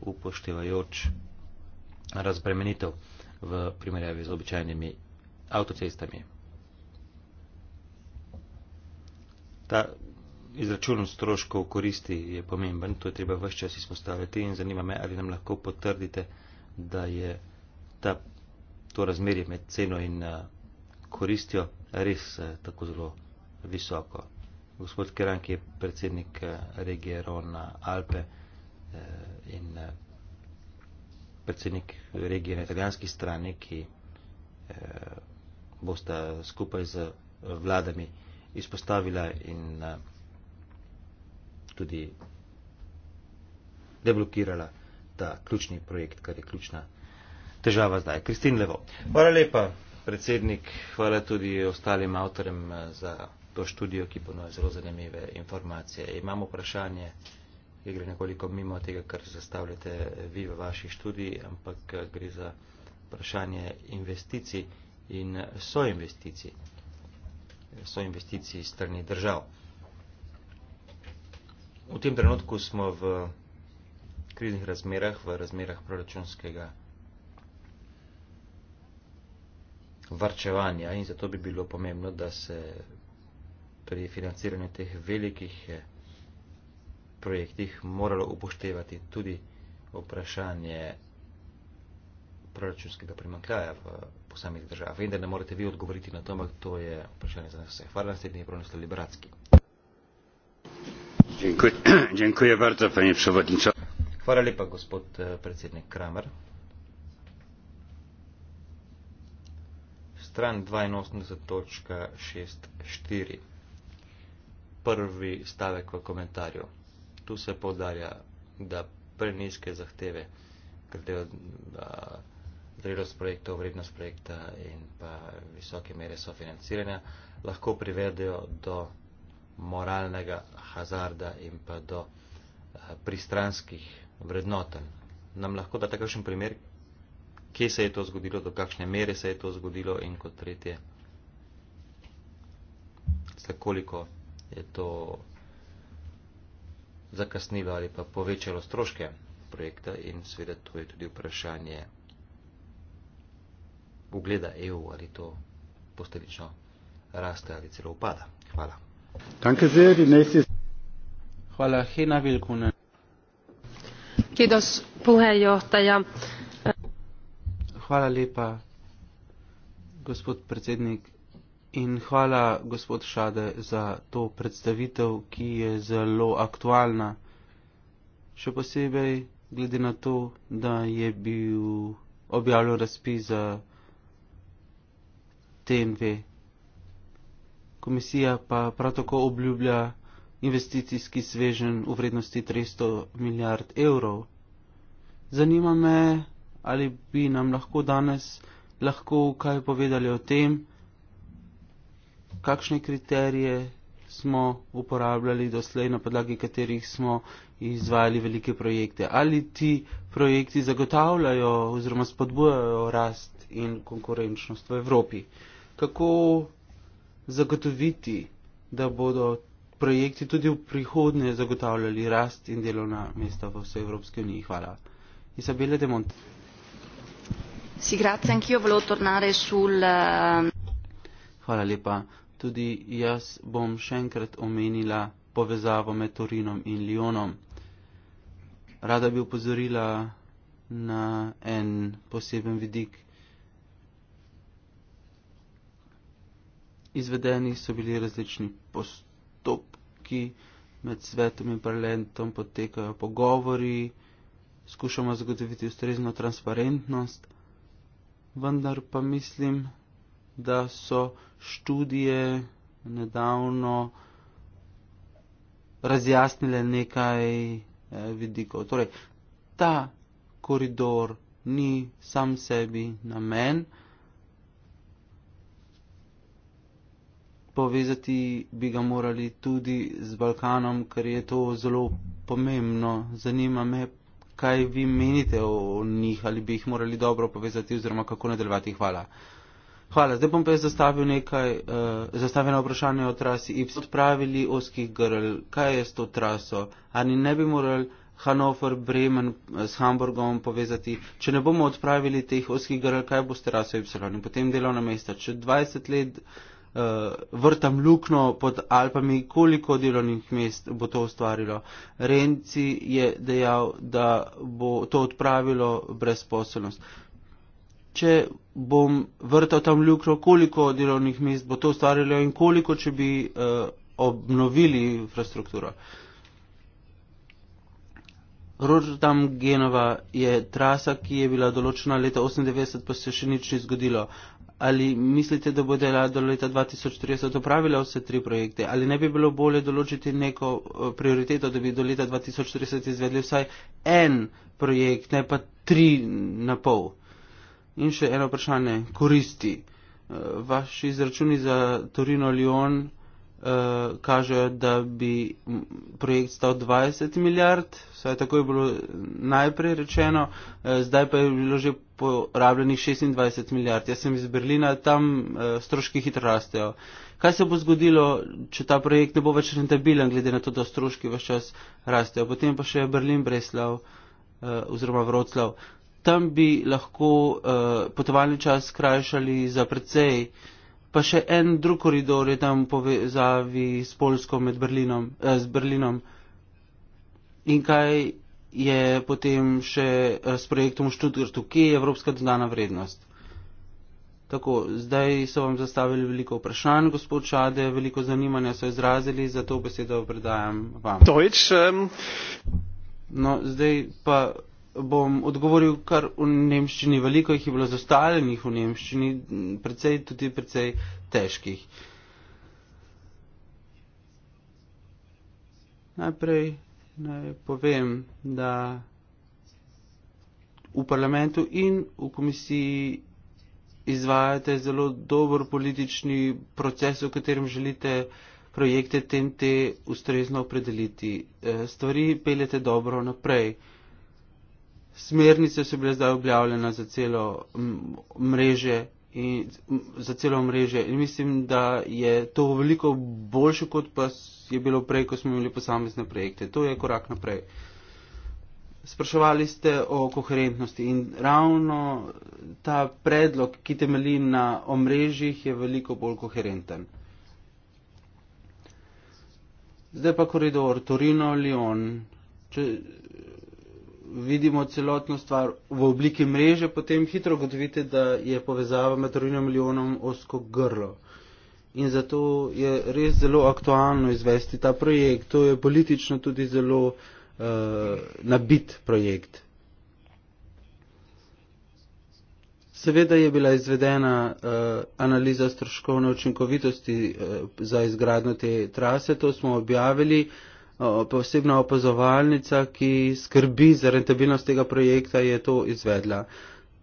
upoštevajoč razbremenitev v primerjavi z običajnimi avtocestami. Ta izračun stroškov koristi je pomemben, to je treba vse čas izpostaviti in zanima me, ali nam lahko potrdite, da je ta, to razmerje med ceno in eh, koristjo res eh, tako zelo visoko. Gospod Keran, ki je predsednik eh, regije Rona Alpe eh, in eh, predsednik regije na italijanski strani, ki bosta skupaj z vladami izpostavila in tudi deblokirala ta ključni projekt, kar je ključna težava zdaj. Kristin Levo. Hvala lepa, predsednik. Hvala tudi ostalim avtorem za to študijo, ki ponuja zelo zanimive informacije. Imamo vprašanje, ki gre nekoliko mimo tega, kar zastavljate vi v vaši študiji, ampak eh, gre za vprašanje investicij in soinvesticij. Soinvesticij strani držav. V tem trenutku smo v kriznih razmerah, v razmerah proračunskega varčevanja in zato bi bilo pomembno, da se pri financiranju teh velikih eh, projektih moralo upoštevati tudi vprašanje proračunskega primankljaja v posameznih državah. Vem, da ne morete vi odgovoriti na to, ampak to je vprašanje za nas vse. Hvala naslednji je pronosto Liberacki. [clears throat] Dziękuję bardzo, panie przewodniczący. Hvala lepa, gospod eh, predsednik Kramer. Stran 82.64 prvi stavek v komentarju. Tu se povdarja, da preniske zahteve, glede zrelost projektov, vrednost projekta in pa visoke mere sofinanciranja, lahko privedejo do moralnega hazarda in pa do a, eh, pristranskih vrednoten. Nam lahko da takšen primer, kje se je to zgodilo, do kakšne mere se je to zgodilo in kot tretje, za koliko je to zakasnilo ali pa povečalo stroške projekta in seveda to je tudi vprašanje ugleda EU, ali to posledično raste ali celo upada. Hvala. Danke sehr, die nächste... Hvala, Hena Vilkunen. Kedos puhejohtaja. Hvala lepa, gospod predsednik. In hvala, gospod Šade, za to predstavitev, ki je zelo aktualna. Še posebej glede na to, da je bil objavljen razpis za TNV. Komisija pa prav tako obljublja investicijski svežen v vrednosti 300 milijard evrov. Zanima me, ali bi nam lahko danes lahko kaj povedali o tem, kakšne kriterije smo uporabljali doslej, na podlagi katerih smo izvajali velike projekte. Ali ti projekti zagotavljajo oziroma spodbujajo rast in konkurenčnost v Evropi? Kako zagotoviti, da bodo projekti tudi v prihodnje zagotavljali rast in delovna mesta v vsej Evropski uniji? Hvala. Isabela De Monte. Sì, grazie, anch'io volevo tornare sul. Eh, Hvala lepa tudi jaz bom še enkrat omenila povezavo med Torinom in Lionom. Rada bi upozorila na en poseben vidik. Izvedeni so bili različni postopki med svetom in parlamentom, potekajo pogovori, skušamo zagotoviti ustrezno transparentnost, vendar pa mislim, da so študije nedavno razjasnile nekaj eh, vidikov. Torej, ta koridor ni sam sebi namen. Povezati bi ga morali tudi z Balkanom, ker je to zelo pomembno. Zanima me, kaj vi menite o njih, ali bi jih morali dobro povezati oziroma kako nadaljevati. Hvala. Hvala. Zdaj bom pa jaz zastavil nekaj, uh, zastavljeno vprašanje o trasi IPS. Odpravili oskih grl, kaj je s to traso? Ali ne bi morali Hanover, Bremen eh, s Hamburgom povezati? Če ne bomo odpravili teh oskih grl, kaj bo s traso IPS? In potem delovna mesta. Če 20 let uh, vrtam lukno pod Alpami, koliko delovnih mest bo to ustvarilo? Renci je dejal, da bo to odpravilo brezposobnost. Uh, če bom vrtal tam ljukro, koliko delovnih mest bo to ustvarjalo in koliko, če bi uh, obnovili infrastrukturo. Rotterdam Genova je trasa, ki je bila določena leta 1998, pa se še nič ni zgodilo. Ali mislite, da bo dela do leta 2030 opravila vse tri projekte? Ali ne bi bilo bolje določiti neko eh, prioriteto, da bi do leta 2030 izvedli vsaj en projekt, ne pa tri na pol? In še eno vprašanje, koristi. Eh, vaši izračuni za Torino-Lyon uh, eh, kažejo, da bi projekt stal 20 milijard, saj tako je bilo najprej rečeno, uh, zdaj pa je bilo že porabljenih 26 milijard. Jaz sem iz Berlina, tam uh, stroški hitro rastejo. Kaj se bo zgodilo, če ta projekt ne bo več rentabilen, glede na to, da stroški v čas rastejo? Potem pa še Berlin, Breslav uh, oziroma Vroclav tam bi lahko uh, potovalni čas skrajšali za precej. Pa še en drug koridor je tam povezavi s Polsko med Berlinom, eh, z Berlinom. In kaj je potem še eh, s projektom Študgrtu, ki je evropska dodana vrednost. Tako, zdaj so vam zastavili veliko vprašanj, gospod Šade, veliko zanimanja so izrazili, zato besedo predajam vam. Deutsch, um... No, zdaj pa bom odgovoril kar v nemščini. Veliko jih je bilo zastavljenih v nemščini, precej tudi precej težkih. Najprej naj povem, da v parlamentu in v komisiji izvajate zelo dober politični proces, v katerem želite projekte TNT ustrezno opredeliti. Eh, stvari peljete dobro naprej. Smernice so bile zdaj objavljene za celo mreže. In za celo mrežo. Mislim, da je to veliko boljše, kot pa je bilo prej, ko smo imeli posamezne projekte. To je korak naprej. Spraševali ste o koherentnosti in ravno ta predlog, ki temelji na omrežjih, je veliko bolj koherenten. Zdaj pa koridor Torino-Lion vidimo celotno stvar v obliki mreže, potem hitro gotovite, da je povezava med rojnim milijonom osko grlo. In zato je res zelo aktualno izvesti ta projekt. To je politično tudi zelo uh, nabit projekt. Seveda je bila izvedena uh, analiza stroškovne učinkovitosti uh, za izgradnjo te trase, to smo objavili. Uh, posebna opazovalnica, ki skrbi za rentabilnost tega projekta, je to izvedla.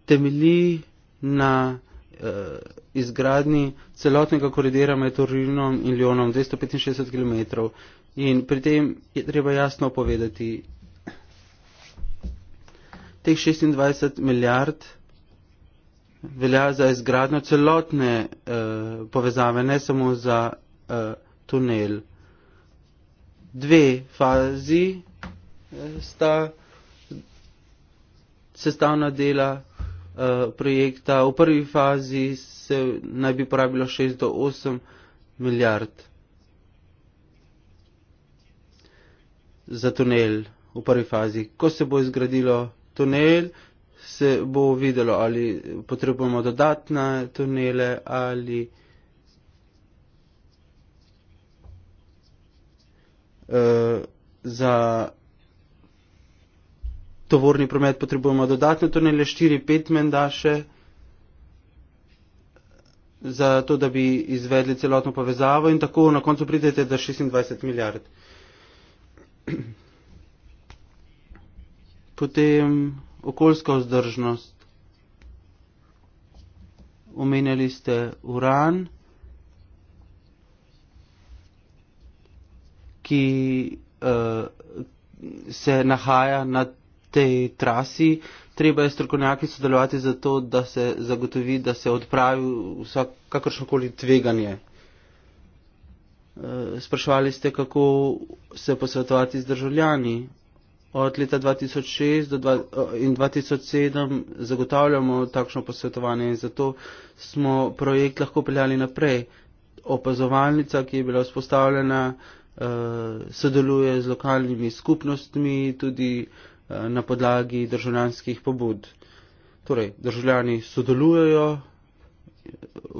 Temeli na eh, izgradnji celotnega koridera med Torinom in Ljonom 265 km in pri tem je treba jasno povedati, teh 26 milijard velja za izgradnjo celotne eh, povezave, ne samo za eh, tunel dve fazi eh, sta sestavna dela eh, projekta. V prvi fazi se naj bi porabilo 6 do 8 milijard za tunel v prvi fazi. Ko se bo izgradilo tunel, se bo videlo, ali potrebujemo dodatne tunele ali. Eh, za tovorni promet potrebujemo dodatne tunele, 4-5 menda še, za to, da bi izvedli celotno povezavo in tako na koncu pridete do 26 milijard. [clears throat] Potem okoljska vzdržnost. Omenjali ste uran. ki uh, se nahaja na tej trasi. Treba je strokovnjaki sodelovati za to, da se zagotovi, da se odpravi vsak, kakršnokoli tveganje. Eh, Sprašvali ste, kako se posvetovati z državljani. Od leta 2006 dva, eh, in 2007 zagotavljamo takšno posvetovanje in zato smo projekt lahko peljali naprej. Opazovalnica, ki je bila vzpostavljena Eh, sodeluje z lokalnimi skupnostmi tudi eh, na podlagi državljanskih pobud. Torej, državljani sodelujejo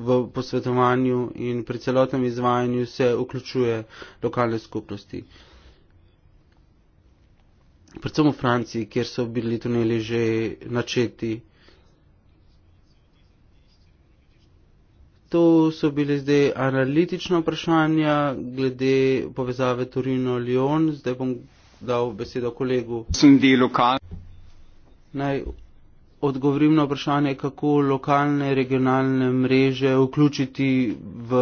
v posvetovanju in pri celotnem izvajanju se vključuje lokalne skupnosti. Predvsem v Franciji, kjer so bili tuneli že načeti To so bile zdaj analitična vprašanja glede povezave Torino-Lyon. Zdaj bom dal besedo kolegu. Naj odgovorim na vprašanje, kako lokalne regionalne mreže vključiti v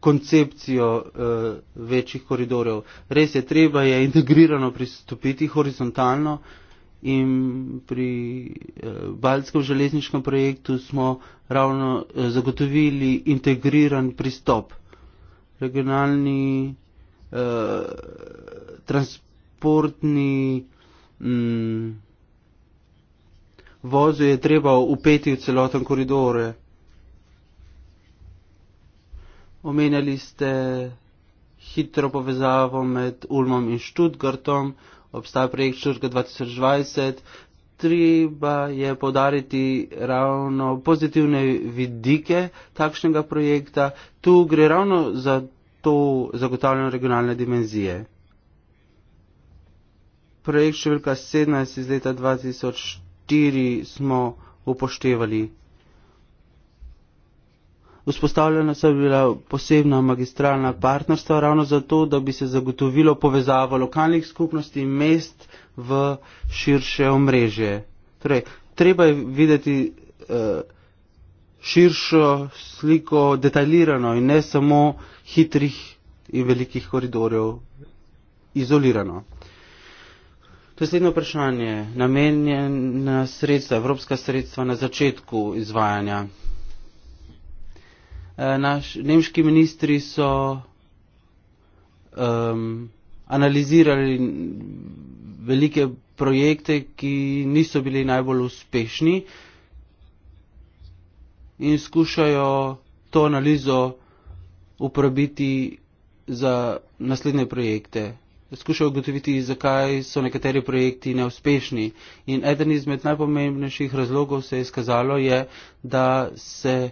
koncepcijo uh, večjih koridorjev. Res je, treba je integrirano pristopiti horizontalno. Uh, in pri eh, Baljskem železniškem projektu smo ravno eh, zagotovili integriran pristop. Regionalni eh, transportni hm, vozu je treba upeti v celoten koridore. Omenjali ste hitro povezavo med Ulmom in Študgartom, obstaja projekt Šurka 2020. Treba je podariti ravno pozitivne vidike takšnega projekta. Tu gre ravno za to zagotavljanje regionalne dimenzije. Projekt številka 17 iz leta 2004 smo upoštevali Vzpostavljena so bila posebna magistralna partnerstva ravno zato, da bi se zagotovilo povezavo lokalnih skupnosti in mest v širše omrežje. Torej, treba je videti eh, širšo sliko, detaljirano in ne samo hitrih in velikih koridorjev izolirano. Naslednje vprašanje. Namenjena sredstva, evropska sredstva na začetku izvajanja. Eh, naš, nemški ministri so um, analizirali velike projekte, ki niso bili najbolj uspešni in skušajo to analizo uporabiti za naslednje projekte. Skušajo ugotoviti, zakaj so nekateri projekti neuspešni. In eden izmed najpomembnejših razlogov se je skazalo, je, da se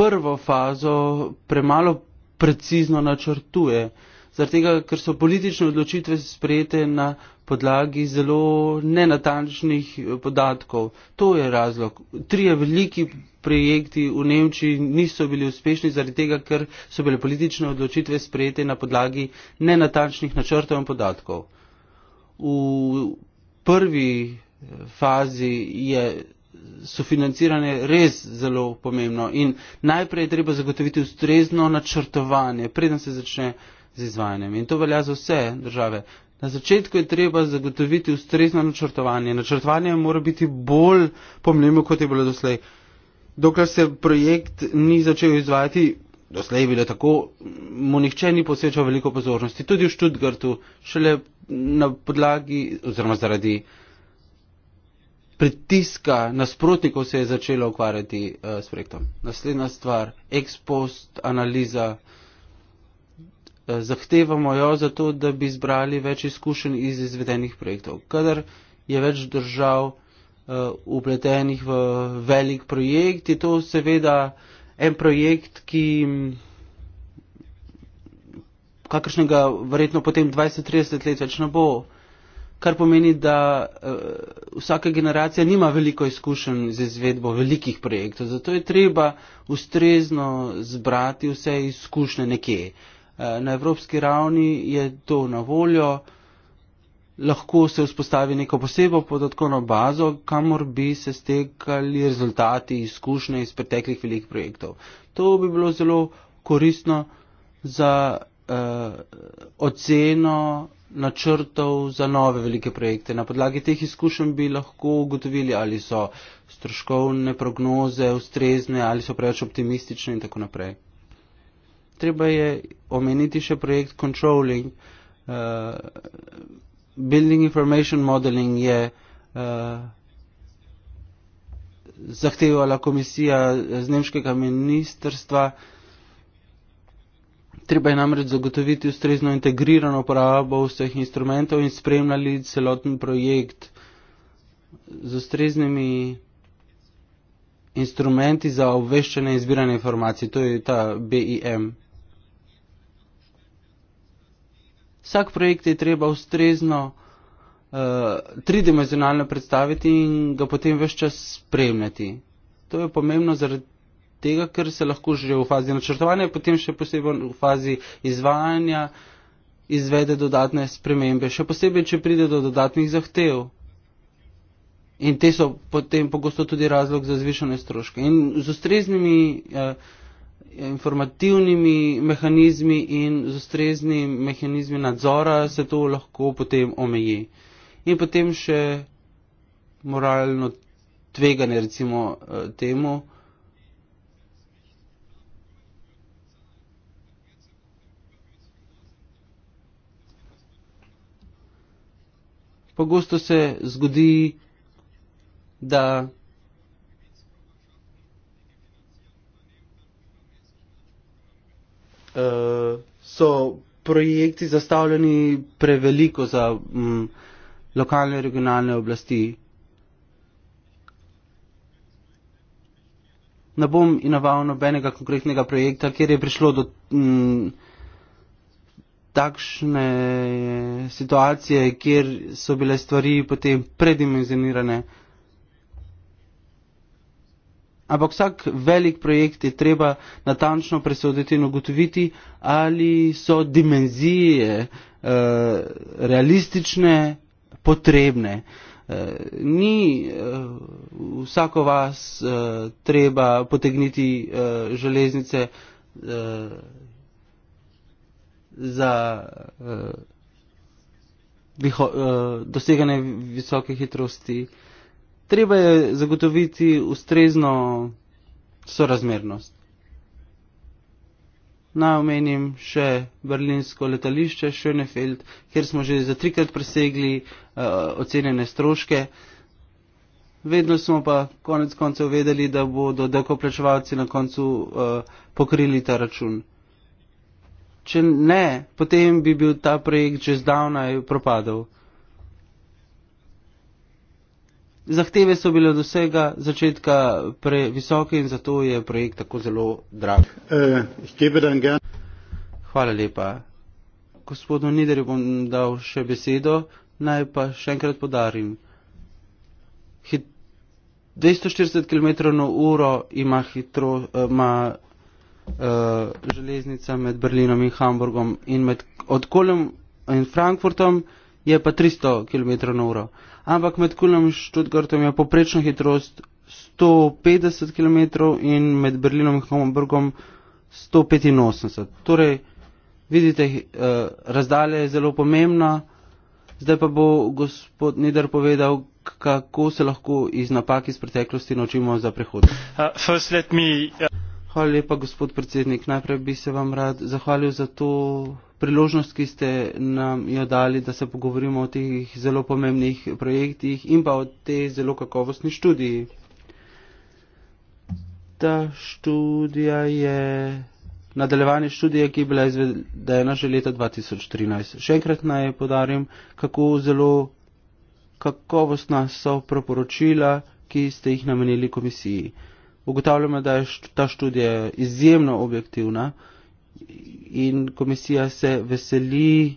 prvo fazo premalo precizno načrtuje. Zaradi tega, ker so politične odločitve sprejete na podlagi zelo nenatančnih eh, podatkov. To je razlog. Trije veliki projekti v Nemčiji niso bili uspešni zaradi tega, ker so bile politične odločitve sprejete na podlagi nenatančnih načrtov in podatkov. V prvi eh, fazi je sofinanciranje res zelo pomembno in najprej je treba zagotoviti ustrezno načrtovanje, preden se začne z izvajanjem. In to velja za vse države. Na začetku je treba zagotoviti ustrezno načrtovanje. Načrtovanje mora biti bolj pomembno, kot je bilo doslej. Dokler se projekt ni začel izvajati, doslej je bilo tako, mu nihče ni posvečal veliko pozornosti. Tudi v Študgartu, šele na podlagi oziroma zaradi pritiska nasprotnikov se je začelo ukvarjati uh, s projektom. Naslednja stvar, ekspost, analiza. Eh, zahtevamo jo zato, da bi zbrali več izkušenj iz izvedenih projektov. Kadar je več držav uh, upletenih v velik projekt, je to seveda en projekt, ki mm, kakršnega verjetno potem 20-30 let več ne bo uh, kar pomeni, da uh, vsaka generacija nima veliko izkušenj z izvedbo velikih projektov. Zato je treba ustrezno zbrati vse izkušnje nekje. Uh, na evropski ravni je to na voljo, lahko se vzpostavi neko posebo podatkovno bazo, kamor bi se stekali rezultati izkušnje iz preteklih velikih projektov. To bi bilo zelo koristno za uh, oceno, načrtov za nove velike projekte. Na podlagi teh izkušenj bi lahko ugotovili, ali so stroškovne prognoze ustrezne, ali so preveč optimistične in tako naprej. Treba je omeniti še projekt Controlling. Uh, building Information Modeling je uh, zahtevala komisija z nemškega ministrstva uh, Treba je namreč zagotoviti ustrezno integrirano uporabo vseh instrumentov in spremljali celoten projekt z ustreznimi instrumenti za obveščanje in zbiranje informacij, to je ta BIM. Vsak projekt je treba ustrezno uh, tridimenzionalno predstaviti in ga potem veččas spremljati. To je pomembno zaradi tega, ker se lahko že v fazi načrtovanja, potem še posebej v fazi izvajanja izvede dodatne spremembe, še posebej, če pride do dodatnih zahtev. In te so potem pogosto tudi razlog za zvišene stroške. In z ustreznimi eh, informativnimi mehanizmi in z ustreznimi mehanizmi nadzora se to lahko potem omeji. In potem še moralno tveganje, recimo eh, temu. pogosto se zgodi, da uh, so projekti zastavljeni preveliko za um, lokalne in regionalne oblasti. Ne bom inoval nobenega konkretnega projekta, kjer je prišlo do. Um, takšne situacije, kjer so bile stvari potem predimenzionirane. Ampak vsak velik projekt je treba natančno presoditi in ugotoviti, ali so dimenzije uh, realistične, potrebne. Eh, ni eh, vsako vas treba potegniti železnice za uh, eh, viho, uh, eh, doseganje visoke hitrosti, treba je zagotoviti ustrezno sorazmernost. Naj omenim še berlinsko letališče Schönefeld, kjer smo že za trikrat presegli uh, ocenjene stroške. Vedno smo pa konec koncev vedeli, da bodo dekoplačevalci na koncu uh, pokrili ta račun. Če ne, potem bi bil ta projekt že zdavnaj propadel. Zahteve so bile od vsega začetka previsoke in zato je projekt tako zelo drag. Eh, Hvala lepa. Gospodu Niderju bom dal še besedo. Naj pa še enkrat podarim. 240 km na uro ima, hitro, eh, ima uh, železnica med Berlinom in Hamburgom in med Kolem in Frankfurtom je pa 300 km na uro. Ampak med Kolem in Študgartom je poprečna hitrost 150 km in med Berlinom in Hamburgom 185. Torej, vidite, uh, razdalja je zelo pomembna. Zdaj pa bo gospod Nider povedal, kako se lahko iz napak iz preteklosti naučimo za prihodnost. Uh, Hvala lepa, gospod predsednik. Najprej bi se vam rad zahvalil za to priložnost, ki ste nam jo dali, da se pogovorimo o teh zelo pomembnih projektih in pa o tej zelo kakovostni študiji. Ta študija je nadaljevanje študije, ki je bila izvedena že leta 2013. Še enkrat naj podarim, kako zelo kakovostna so priporočila, ki ste jih namenili komisiji ugotavljamo, da je ta študija izjemno objektivna in komisija se veseli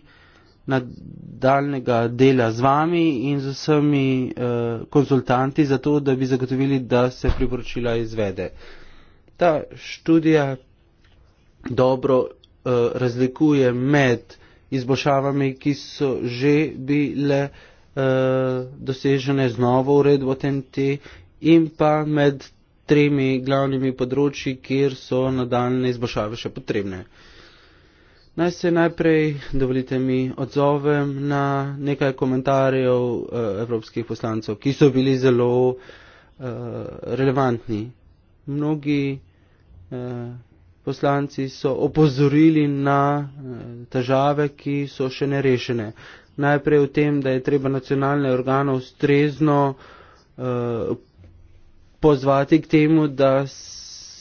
nadaljnega dela z vami in z vsemi eh, konsultanti za to, da bi zagotovili, da se priporočila izvede. Ta študija dobro eh, razlikuje med izboljšavami, ki so že bile eh, dosežene z novo uredbo TNT in pa med tremi glavnimi področji, kjer so nadaljne izboljšave še potrebne. Naj se najprej, dovolite mi, odzovem na nekaj komentarjev eh, evropskih poslancev, ki so bili zelo eh, relevantni. Mnogi eh, poslanci so opozorili na težave, ki so še nerešene. Najprej v tem, da je treba nacionalne organe ustrezno pozvati k temu, da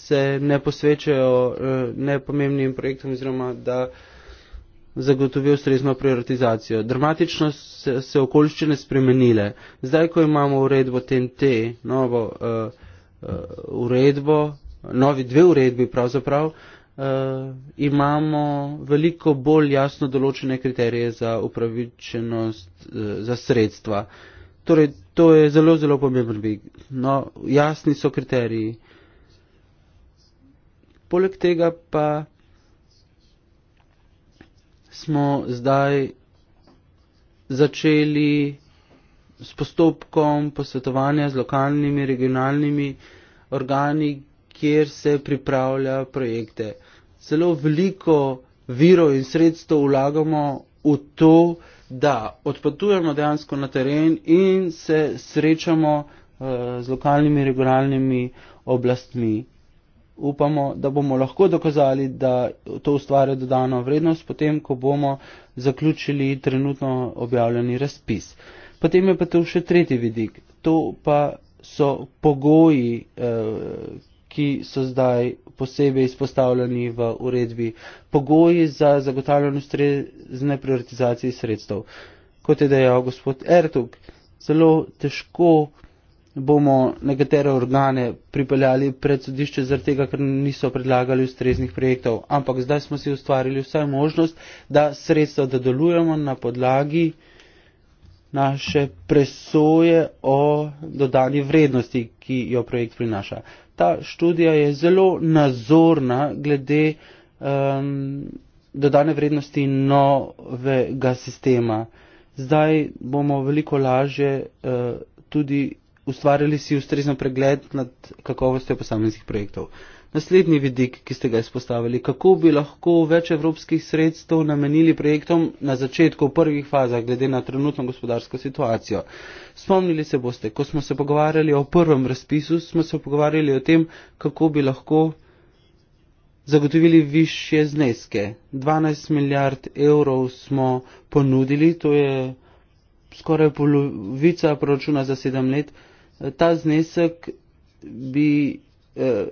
se ne posvečajo eh, nepomembnim projektom oziroma da zagotovijo ustrezno prioritizacijo. Dramatično se, se okoliščine spremenile. Zdaj, ko imamo uredbo TNT, novo uh, uh, uredbo, novi dve uredbi pravzaprav, uh, imamo veliko bolj jasno določene kriterije za upravičenost uh, za sredstva. Uh, Torej, to je zelo, zelo pomemben vidik. No, jasni so kriteriji. Poleg tega pa smo zdaj začeli s postopkom posvetovanja z lokalnimi, regionalnimi organi, kjer se pripravlja projekte. Zelo veliko virov in sredstev vlagamo v to, da da odpotujemo dejansko na teren in se srečamo eh, z lokalnimi regionalnimi oblastmi. Upamo, da bomo lahko dokazali, da to ustvarja dodano vrednost, potem, ko bomo zaključili trenutno objavljeni razpis. Potem je pa tu še tretji vidik. To pa so pogoji, eh, ki so zdaj posebej izpostavljeni v uredbi pogoji za zagotavljanje ustrezne prioritizacije sredstev. Kot je dejal gospod Ertug, zelo težko bomo nekatere organe pripeljali pred sodišče zaradi tega, ker niso predlagali ustreznih projektov, ampak zdaj smo si ustvarili vsaj možnost, da sredstva, da delujemo na podlagi uh, naše presoje o dodani vrednosti, ki jo projekt prinaša. Ta študija je zelo nazorna glede um, dodane vrednosti novega sistema. Zdaj bomo veliko lažje uh, tudi ustvarjali si ustrezno pregled nad kakovostjo posameznih projektov. Uh, Naslednji vidik, ki ste ga izpostavili, kako bi lahko več evropskih sredstev namenili projektom na začetku, v prvih fazah, glede na trenutno gospodarsko situacijo. Spomnili se boste, ko smo se pogovarjali o prvem razpisu, smo se pogovarjali o tem, kako bi lahko zagotovili više zneske. 12 milijard evrov smo ponudili, to je skoraj polovica proračuna za sedem let. Ta znesek bi Eh,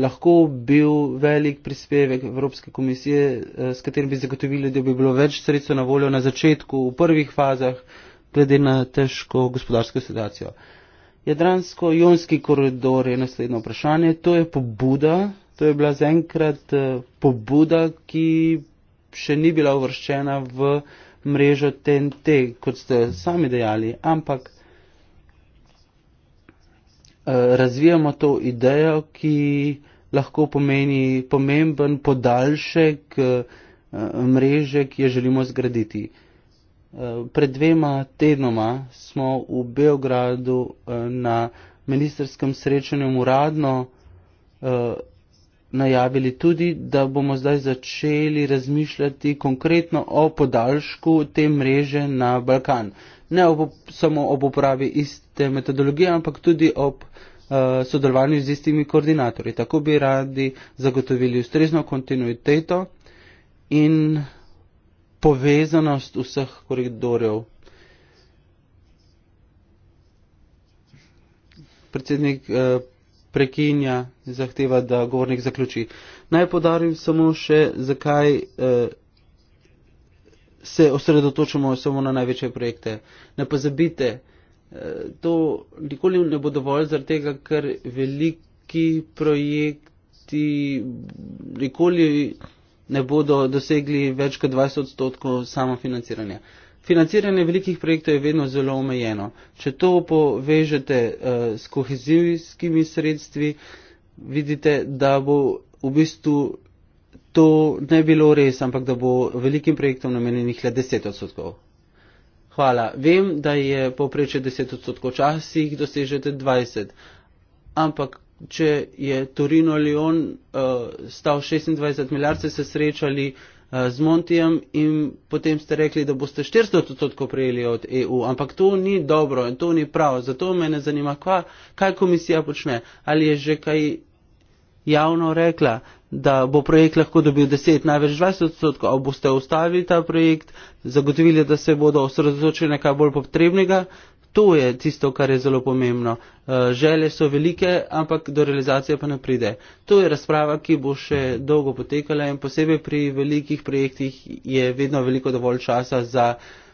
lahko bil velik prispevek Evropske komisije, eh, s katerim bi zagotovili, da bi bilo več sredstev na voljo na začetku, v prvih fazah, glede na težko gospodarsko situacijo. Jadransko-jonski koridor je naslednje vprašanje. To je pobuda, to je bila zaenkrat eh, pobuda, ki še ni bila uvrščena v mrežo TNT, kot ste sami dejali, ampak Eh, razvijamo to idejo, ki lahko pomeni pomemben podaljšek eh, mreže, ki jo želimo zgraditi. Eh, pred dvema tednoma smo v Beogradu na ministerskem srečanju uradno najavili tudi, da bomo zdaj začeli razmišljati konkretno o podaljšku te mreže na Balkan. Ne ob, samo ob upravi iste metodologije, ampak tudi ob uh, sodelovanju z istimi koordinatorji. Tako bi radi zagotovili ustrezno kontinuiteto in povezanost vseh koridorjev. Predsednik. Uh, prekinja in zahteva, da govornik zaključi. Naj podarim samo še, zakaj eh, se osredotočamo samo na največje projekte. Ne pozabite, eh, to nikoli ne bo dovolj, zaradi tega, ker veliki projekti nikoli ne bodo dosegli več kot 20 odstotkov samofinanciranja. Eh, Financiranje velikih projektov je vedno zelo omejeno. Če to povežete uh, s kohezijskimi sredstvi, vidite, da bo v bistvu to ne bilo res, ampak da bo velikim projektom namenjenih le 10 odstotkov. Hvala. Vem, da je povprečje 10 odstotkov, včasih dosežete 20, ampak če je Torino-Lion uh, eh, stal 26 milijard, ste se srečali. Uh, Eh, z Montijem in potem ste rekli, da boste 400 odstotkov prejeli od EU, ampak to ni dobro in to ni prav. Zato me ne zanima, kva, kaj komisija počne. Ali je že kaj javno rekla, da bo projekt lahko dobil 10, največ 20 odstotkov, ali boste ustavili ta projekt, zagotovili, da se bodo osredotočili nekaj bolj potrebnega, To je tisto, kar je zelo pomembno. Eh, želje so velike, ampak do realizacije pa ne pride. To je razprava, ki bo še dolgo potekala in posebej pri velikih projektih je vedno veliko dovolj časa za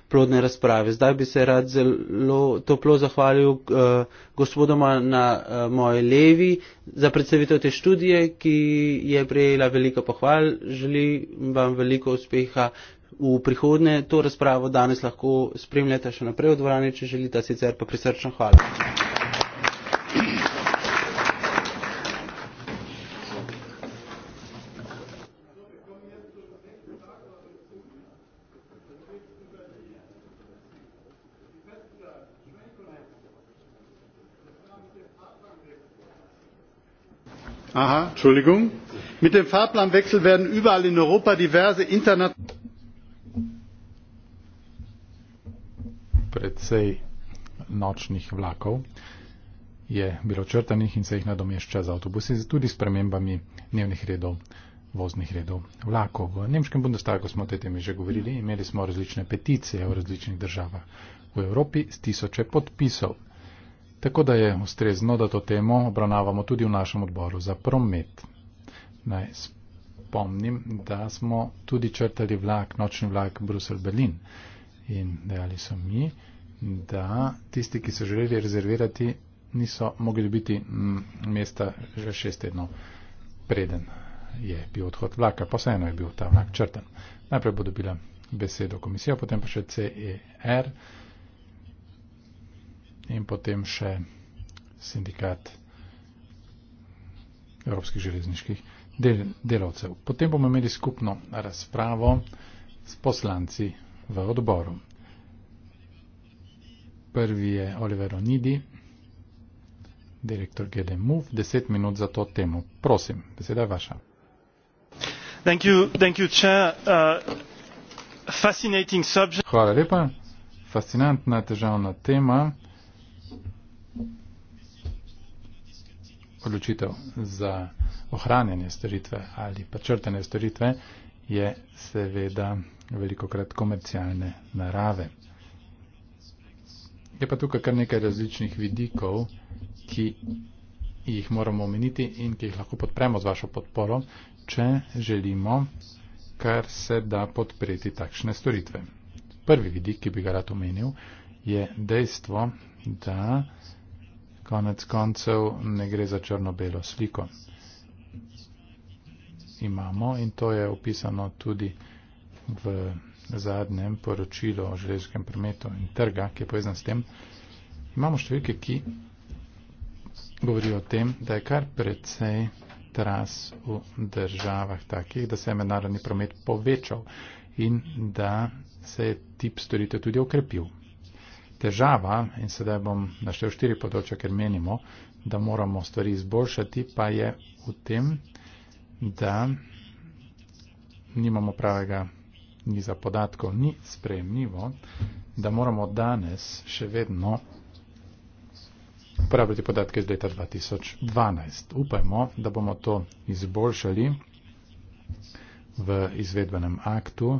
plodne razprave. Zdaj bi se rad zelo toplo zahvalil eh, gospodoma na eh, moje levi za predstavitev te študije, ki je prejela veliko pohval. Želim vam veliko uspeha v prihodnje to razpravo danes lahko spremljate še naprej v dvorani, če želite, sicer pa prisrčno hvala. Aha, Entschuldigung. Mit dem Fahrplanwechsel werden überall in Europa diverse internationale precej nočnih vlakov je bilo črtanih in se jih nadomešča z avtobusi, tudi s premembami dnevnih redov, voznih redov vlakov. V Nemškem bundestagu smo o tej temi že govorili, imeli smo različne peticije v različnih državah v Evropi s tisoče podpisov. Tako da je ustrezno, da to temo obravnavamo tudi v našem odboru za promet. Naj spomnim, da smo tudi črtali vlak, nočni vlak Brusel-Berlin in dejali so mi, da tisti, ki so želeli rezervirati, niso mogli dobiti mm, mesta že šest tednov preden je bil odhod vlaka, pa vseeno je bil ta vlak črten. Najprej bo dobila besedo komisija, potem pa še CER in potem še sindikat evropskih železniških delavcev. Potem bomo imeli skupno razpravo s poslanci v odboru. Prvi je Oliver Onidi, direktor GD Move, deset minut za to temo. Prosim, beseda je vaša. Thank you, thank you, chair. Uh, fascinating subject. Hvala lepa. Fascinantna težavna tema. Odločitev za ohranjanje storitve ali pa črtanje storitve je seveda veliko krat komercialne narave. Je pa tukaj kar nekaj različnih vidikov, ki jih moramo omeniti in ki jih lahko podpremo z vašo podporo, če želimo kar se da podpreti takšne storitve. Prvi vidik, ki bi ga rad omenil, je dejstvo, da konec koncev ne gre za črno-belo sliko. Imamo in to je opisano tudi v zadnjem poročilu o železniškem prometu in trga, ki je povezan s tem, imamo številke, ki govorijo o tem, da je kar precej tras v državah takih, da se je mednarodni promet povečal in da se je tip storitev tudi okrepil. Težava, in sedaj bom naštel štiri področja, ker menimo, da moramo stvari izboljšati, pa je v tem, da nimamo pravega niza podatkov ni sprejemljivo, da moramo danes še vedno uporabljati podatke iz leta 2012. Upajmo, da bomo to izboljšali v izvedbenem aktu,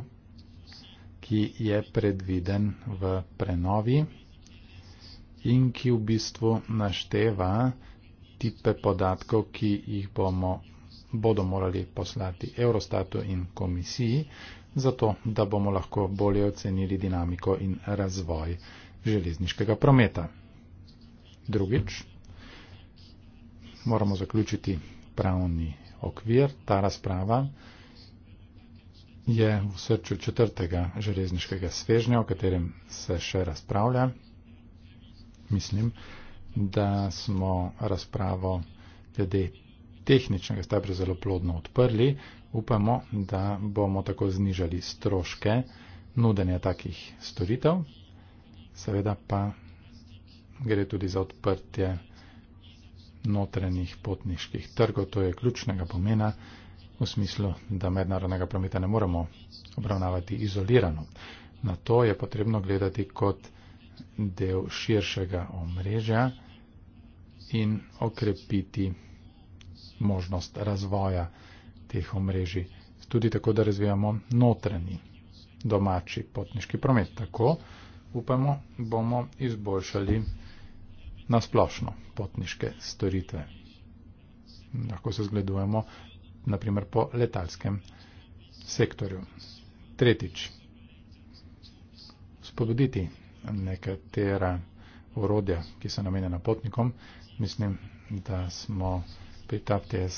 ki je predviden v prenovi in ki v bistvu našteva tipe podatkov, ki jih bomo, bodo morali poslati Eurostatu in komisiji, zato da bomo lahko bolje ocenili dinamiko in razvoj železniškega prometa. Drugič, moramo zaključiti pravni okvir. Ta razprava je v srču četrtega železniškega svežnja, o katerem se še razpravlja. Mislim, da smo razpravo glede tehničnega stebra zelo plodno odprli upamo, da bomo tako znižali stroške nudenja takih storitev. Seveda pa gre tudi za odprtje notrenih potniških trgov, to je ključnega pomena v smislu, da mednarodnega prometa ne moremo obravnavati izolirano. Na to je potrebno gledati kot del širšega omrežja in okrepiti možnost razvoja teh omrežij. Tudi tako, da razvijamo notranji domači potniški promet. Tako, upamo, bomo izboljšali nasplošno potniške storitve. Lahko se zgledujemo naprimer po letalskem sektorju. Tretjič, spodbuditi nekatera urodja, ki so namenjena potnikom. Mislim, da smo pri TAPTS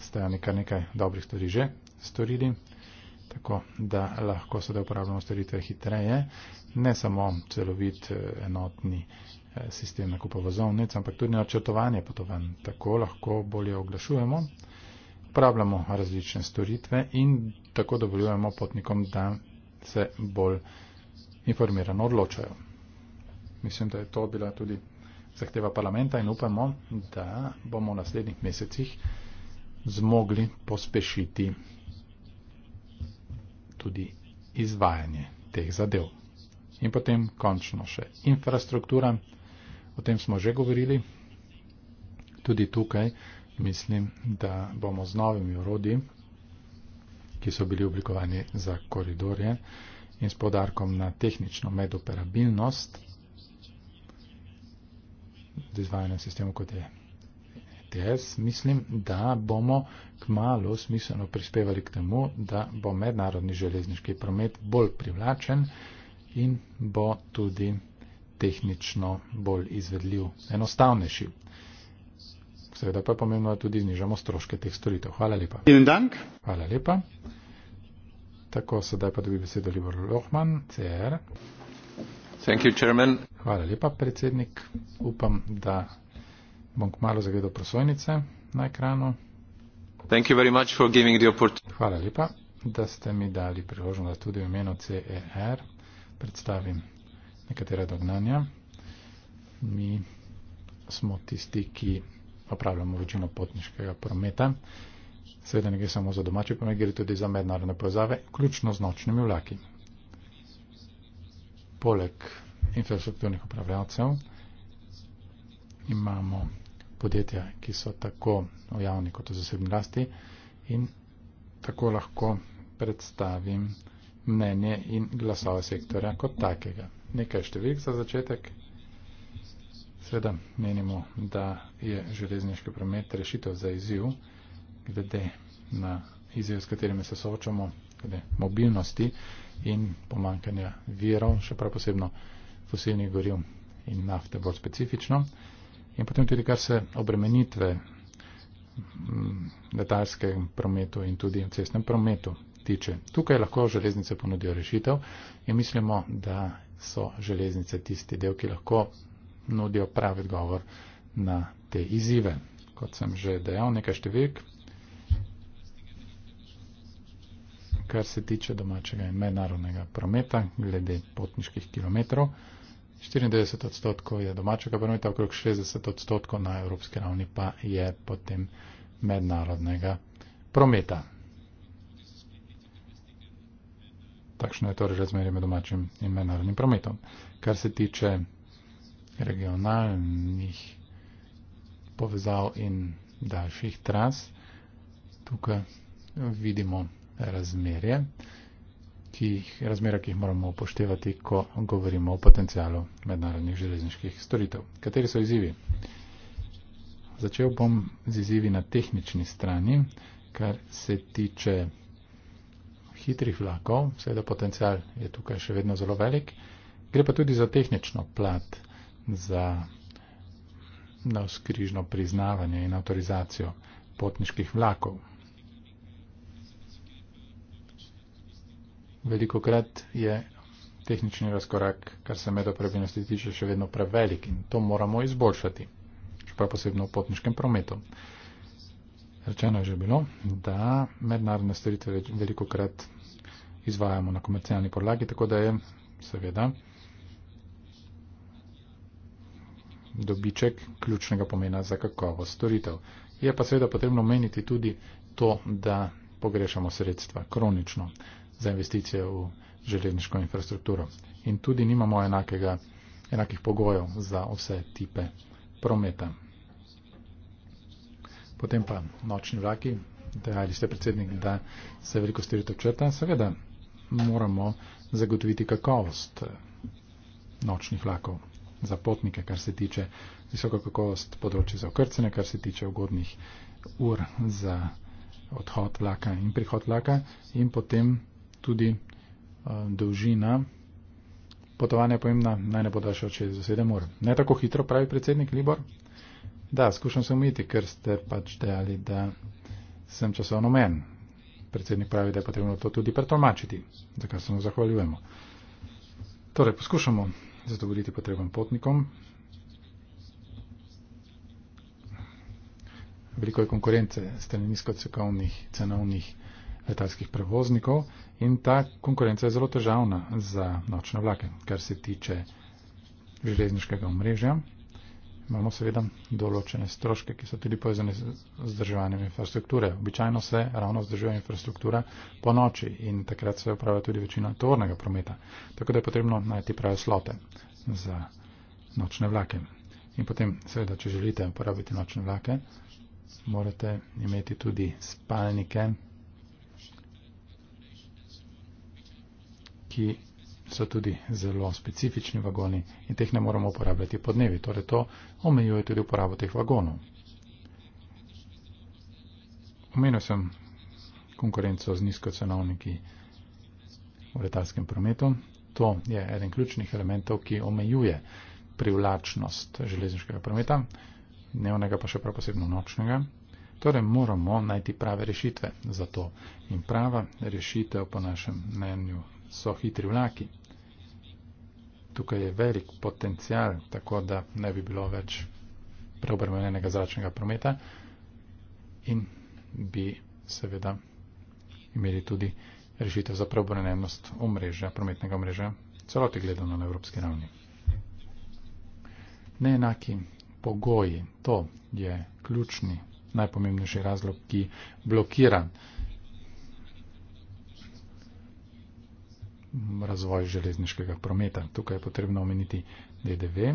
ste nekaj, nekaj dobrih stvari že storili, tako da lahko sedaj uporabljamo storitve hitreje, ne samo celovit eh, enotni eh, sistem nakupa vozovnic, ampak tudi načrtovanje potovanj. Tako lahko bolje oglašujemo, uporabljamo različne storitve in tako dovoljujemo potnikom, da se bolj informirano odločajo. Mislim, da je to bila tudi zahteva parlamenta in upamo, da bomo v naslednjih mesecih zmogli pospešiti tudi izvajanje teh zadev. In potem končno še infrastruktura. O tem smo že govorili. Tudi tukaj mislim, da bomo z novimi urodji, ki so bili oblikovani za koridorje in s podarkom na tehnično medoperabilnost, z izvajanjem sistemov kot je ETS, mislim, da bomo k malu smiselno prispevali k temu, da bo mednarodni železniški promet bolj privlačen in bo tudi tehnično bolj izvedljiv, enostavnejši. Seveda pa je pomembno, da tudi znižamo stroške teh storitev. Hvala lepa. Hvala lepa. Tako sedaj pa dobi besedo Libor Lohman, CR. Hvala lepa, predsednik. Upam, da bom kmalo zagledal prosojnice na ekranu. Hvala lepa, da ste mi dali priložnost, da tudi v imenu CER predstavim nekatera dognanja. Mi smo tisti, ki opravljamo večino potniškega prometa. Seveda ne gre samo za domače, pa ne gre tudi za mednarodne povezave, ključno z nočnimi vlaki poleg infrastrukturnih upravljalcev imamo podjetja, ki so tako v javni kot v zasebni lasti in tako lahko predstavim mnenje in glasove sektorja kot takega. Nekaj številk za začetek. Sveda menimo, da je železniški promet rešitev za izziv, glede na izziv, s katerimi se soočamo, glede mobilnosti in pomankanja virov, še prav posebno fosilnih goril in nafte bolj specifično. In potem tudi, kar se obremenitve mm, letalskem prometu in tudi cestnem prometu tiče. Tukaj lahko železnice ponudijo rešitev in mislimo, da so železnice tisti del, ki lahko nudijo pravi odgovor na te izzive. Kot sem že dejal, nekaj številk, kar se tiče domačega in mednarodnega prometa, glede potniških kilometrov. 94 odstotkov je domačega prometa, okrog 60 odstotkov na evropski ravni pa je potem mednarodnega prometa. Takšno je torej razmerje med domačim in mednarodnim prometom. Kar se tiče regionalnih povezav in daljših tras, tukaj vidimo razmerje, ki jih, razmera, ki jih moramo upoštevati, ko govorimo o potencijalu mednarodnih železniških storitev. Kateri so izzivi? Začel bom z izzivi na tehnični strani, kar se tiče hitrih vlakov, seveda potencijal je tukaj še vedno zelo velik, gre pa tudi za tehnično plat, za navskrižno priznavanje in avtorizacijo potniških vlakov. veliko krat je tehnični razkorak, kar se medoprebnosti tiče, še vedno prevelik in to moramo izboljšati, še prav posebno v potniškem prometu. Rečeno je že bilo, da mednarodne storitve veliko krat izvajamo na komercialni podlagi, tako da je seveda dobiček ključnega pomena za kakovost storitev. Je pa seveda potrebno meniti tudi to, da pogrešamo sredstva kronično za investicije v železniško infrastrukturo. In tudi nimamo enakega, enakih pogojev za vse type prometa. Potem pa nočni vlaki. Dejali ste predsednik, da se veliko storitev črta. Seveda moramo zagotoviti kakovost eh, nočnih vlakov za potnike, kar se tiče visoko kakovost področja za okrcene, kar se tiče ugodnih ur za odhod vlaka in prihod vlaka in potem tudi uh, dolžina potovanja pomembna, naj ne podaljša od 6 do 7 ur. Ne tako hitro, pravi predsednik Libor. Da, skušam se umiti, ker ste pač dejali, da sem časovno men. Predsednik pravi, da je potrebno to tudi pretolmačiti, za kar se mu zahvaljujemo. Torej, poskušamo zadovoljiti potrebam potnikom. Veliko je konkurence strani nizkocenovnih cenovnih letalskih prevoznikov in ta konkurenca je zelo težavna za nočne vlake. Kar se tiče železniškega omrežja, imamo seveda določene stroške, ki so tudi povezane z državanjem infrastrukture. Običajno se ravno zdržuje infrastruktura po noči in takrat se upravlja tudi večina tovornega prometa. Tako da je potrebno najti prave slote za nočne vlake. In potem, seveda, če želite uporabiti nočne vlake, morate imeti tudi spalnike ki so tudi zelo specifični vagoni in teh ne moramo uporabljati po dnevi. Torej to omejuje tudi uporabo teh vagonov. Omenil sem konkurenco z nizkocenovniki v letalskem prometu. To je eden ključnih elementov, ki omejuje privlačnost železniškega prometa, dnevnega pa še prav posebno nočnega. Torej moramo najti prave rešitve za to. In prava rešitev po našem mnenju so hitri vlaki. Tukaj je velik potencial, tako da ne bi bilo več preobremenjenega zračnega prometa in bi seveda imeli tudi rešitev za preobremenjenost omrežja, prometnega omrežja, celoti gledano na evropski ravni. Neenaki pogoji, to je ključni, najpomembnejši razlog, ki blokira uh, razvoj železniškega prometa. Tukaj je potrebno omeniti DDV,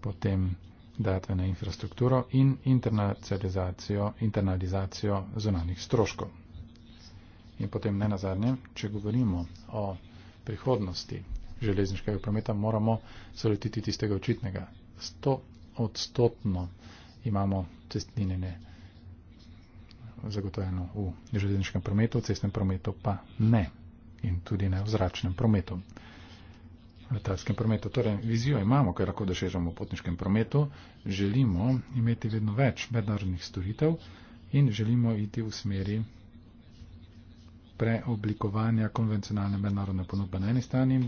potem dajatve na infrastrukturo in internalizacijo, internalizacijo zunanih stroškov. In potem ne nazadnje, če govorimo o prihodnosti železniškega prometa, moramo se lotiti tistega očitnega. 100 odstotno imamo cestninjene zagotovljeno v železniškem prometu, v cestnem prometu pa ne in tudi ne v zračnem prometu, letalskem prometu. Torej, vizijo imamo, kaj lahko dosežemo v potniškem prometu, želimo imeti vedno več mednarodnih storitev in želimo iti v smeri preoblikovanja konvencionalne mednarodne ponudbe na eni strani in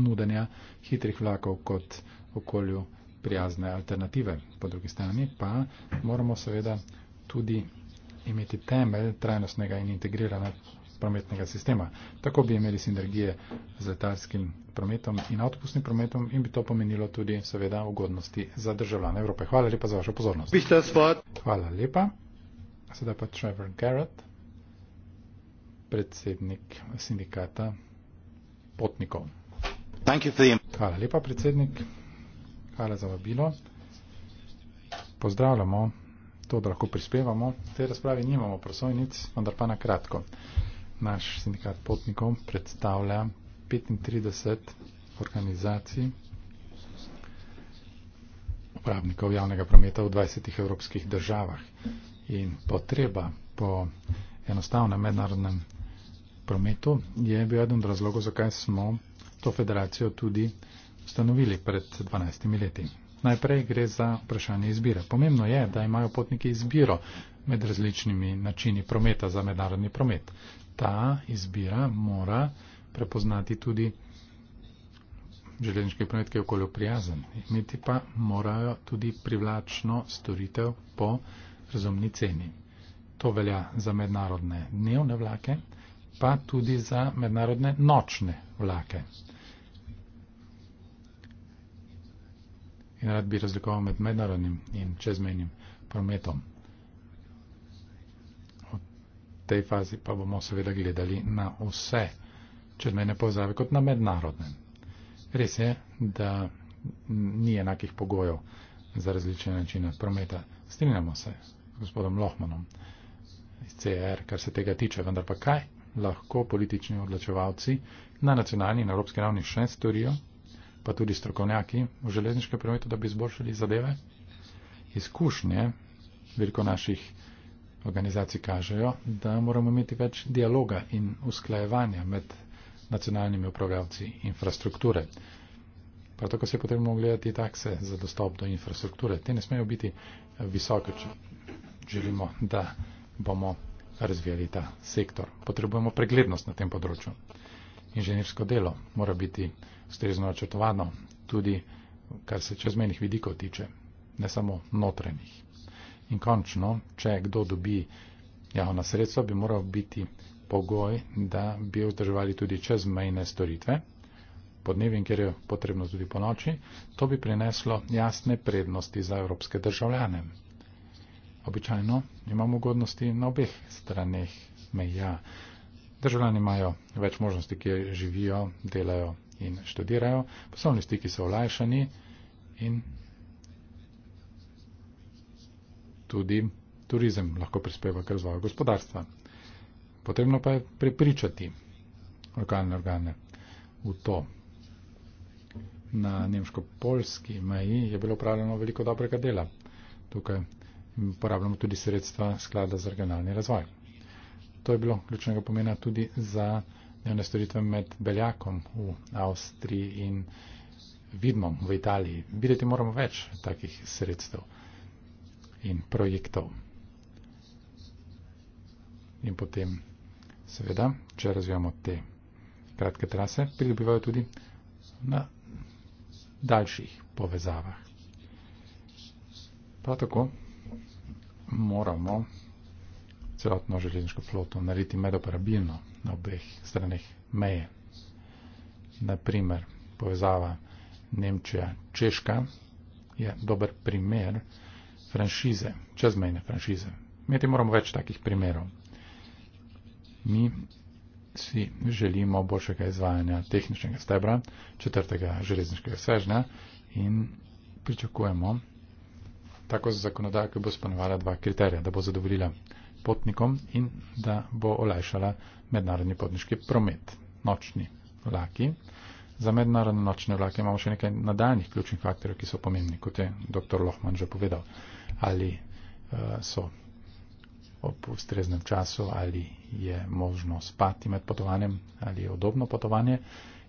nudenja hitrih vlakov kot okolju prijazne alternative. Po drugi strani pa moramo seveda tudi imeti temelj trajnostnega in integriranega prometnega sistema. Tako bi imeli sinergije z letalskim prometom in avtobusnim prometom in bi to pomenilo tudi seveda ugodnosti za državljane Evrope. Hvala lepa za vašo pozornost. Hvala lepa. Sedaj pa Trevor Garrett, predsednik sindikata potnikov. Hvala lepa, predsednik. Hvala za vabilo. Pozdravljamo to, da lahko prispevamo. V tej razpravi nimamo prosojnic, vendar pa na kratko naš sindikat potnikov predstavlja 35 organizacij uporabnikov javnega prometa v 20 evropskih državah. In potreba po enostavnem mednarodnem prometu je bil eden od razlogov, zakaj smo to federacijo tudi ustanovili pred 12 leti. Najprej gre za vprašanje izbire. Pomembno je, da imajo potniki izbiro med različnimi načini prometa za mednarodni promet. Ta izbira mora prepoznati tudi železniški promet, ki je okolju prijazen. Imeti pa morajo tudi privlačno storitev po razumni ceni. To velja za mednarodne dnevne vlake, pa tudi za mednarodne nočne vlake. In rad bi razlikoval med mednarodnim in čezmenjim prometom tej fazi pa bomo seveda gledali na vse črmene povezave kot na mednarodne. Res je, da ni enakih pogojev za različne načine prometa. Strinjamo se s gospodom Lohmanom iz CR, kar se tega tiče, vendar pa kaj lahko politični odločevalci na nacionalni in evropski ravni še storijo, pa tudi strokovnjaki v železniškem prometu, da bi izboljšali zadeve? Izkušnje veliko naših organizacij kažejo, da moramo imeti več dialoga in usklajevanja med nacionalnimi upravljavci infrastrukture. Prav tako se je potrebno ogledati takse za dostop do infrastrukture. Te ne smejo biti visoke, če želimo, da bomo razvijali ta sektor. Potrebujemo preglednost na tem področju. Inženirsko delo mora biti ustrezno načrtovano, tudi kar se čezmenih vidikov tiče, ne samo notrenih. In končno, če kdo dobi javna sredstva, bi moral biti pogoj, da bi vzdrževali tudi čezmejne storitve, podnevi in kjer je potrebno tudi po noči, to bi prineslo jasne prednosti za evropske državljane. Običajno imamo ugodnosti na obeh straneh meja. Državljani imajo več možnosti, kjer živijo, delajo in študirajo, poslovni stiki so olajšani in tudi turizem lahko prispeva k razvoju gospodarstva. Potrebno pa je prepričati lokalne organe v to. Na nemško-polski meji je bilo upravljeno veliko dobrega dela. Tukaj uporabljamo tudi sredstva sklada za regionalni razvoj. To je bilo ključnega pomena tudi za dnevne storitve med Beljakom v Avstriji in Vidmom v Italiji. Videti moramo več takih sredstev in projektov. In potem, seveda, če razvijamo te kratke trase, pridobivajo tudi na daljših povezavah. Prav tako moramo celotno železniško floto narediti medoperabilno na obeh straneh meje. Naprimer, povezava Nemčija-Češka je dober primer, franšize, čezmejne franšize. Imeti moramo več takih primerov. Mi si želimo boljšega izvajanja tehničnega stebra, četrtega železniškega svežnja in pričakujemo tako zakonodajo, ki bo spanovala dva kriterija, da bo zadovoljila potnikom in da bo olajšala mednarodni potniški promet, nočni vlaki. Za mednarodno nočne vlake imamo še nekaj nadaljnih ključnih faktorjev, ki so pomembni, kot je dr. Lohman že povedal ali uh, so ob ustreznem času, ali je možno spati med potovanjem, ali je odobno potovanje.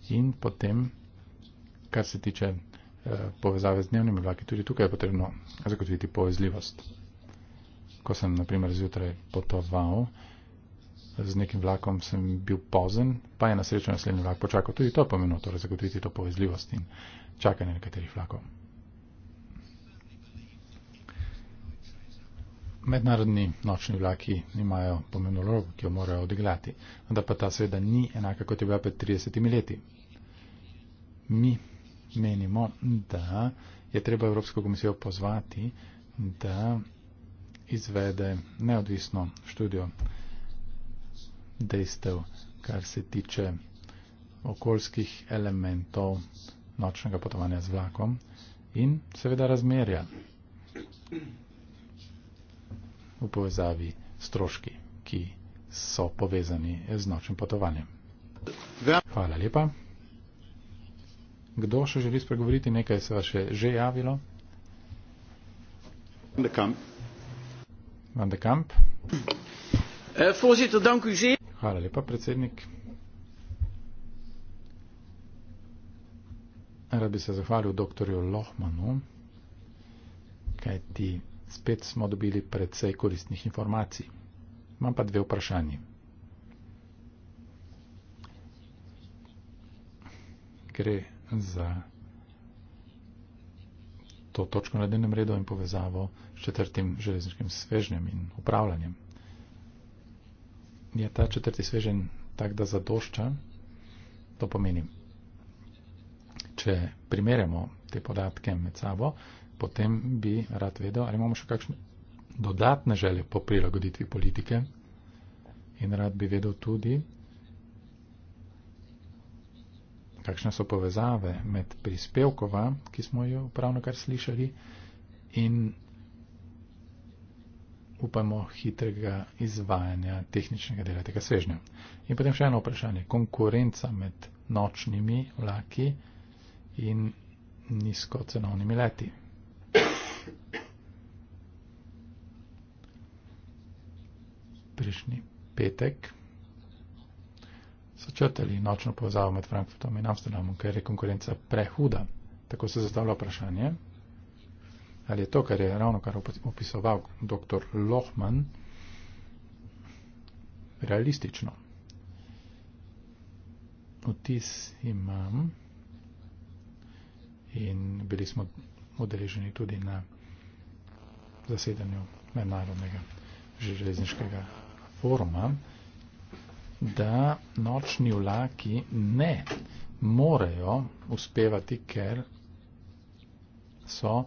In potem, kar se tiče uh, povezave z dnevnimi vlaki, tudi tukaj je potrebno zagotoviti povezljivost. Ko sem naprimer zjutraj potoval z nekim vlakom, sem bil pozen, pa je na srečo naslednji vlak počakal. Tudi to je pomenilo, torej zagotoviti to povezljivost in čakanje nekaterih vlakov. mednarodni nočni vlaki imajo pomembno vlogo, ki jo morajo odigrati, vendar pa ta seveda ni enaka, kot je bila pred 30 leti. Mi menimo, da je treba Evropsko komisijo pozvati, da izvede neodvisno študijo dejstev, kar se tiče okoljskih elementov nočnega potovanja z vlakom in seveda razmerja v povezavi s troški, ki so povezani z nočnim potovanjem. Hvala lepa. Kdo še želi spregovoriti? Nekaj se vam še že javilo. Van de Kamp. Eh, Hvala lepa, predsednik. Rad bi se zahvalil doktorju Lohmanu, kajti spet smo dobili predvsej koristnih informacij. Imam pa dve vprašanji. Gre za to točko na denem redu in povezavo s četrtim železniškim svežnjem in upravljanjem. Je ta četrti svežen tak, da zadošča? To pomeni, če primerjamo te podatke med sabo, potem bi rad vedel, ali imamo še kakšne dodatne želje po prilagoditvi politike in rad bi vedel tudi, kakšne so povezave med prispevkova, ki smo jo pravno kar slišali, in upamo hitrega izvajanja tehničnega dela tega svežnja. In potem še eno vprašanje. Konkurenca med nočnimi vlaki in nizkocenovnimi leti. prejšnji petek so črtali nočno povezavo med Frankfurtom in Amsterdamom, ker je konkurenca prehuda. Tako se zastavlja vprašanje, ali je to, kar je ravno kar opisoval dr. Lohman, realistično. Vtis imam in bili smo odreženi tudi na zasedanju mednarodnega železniškega forma, da nočni vlaki ne morejo uspevati, ker so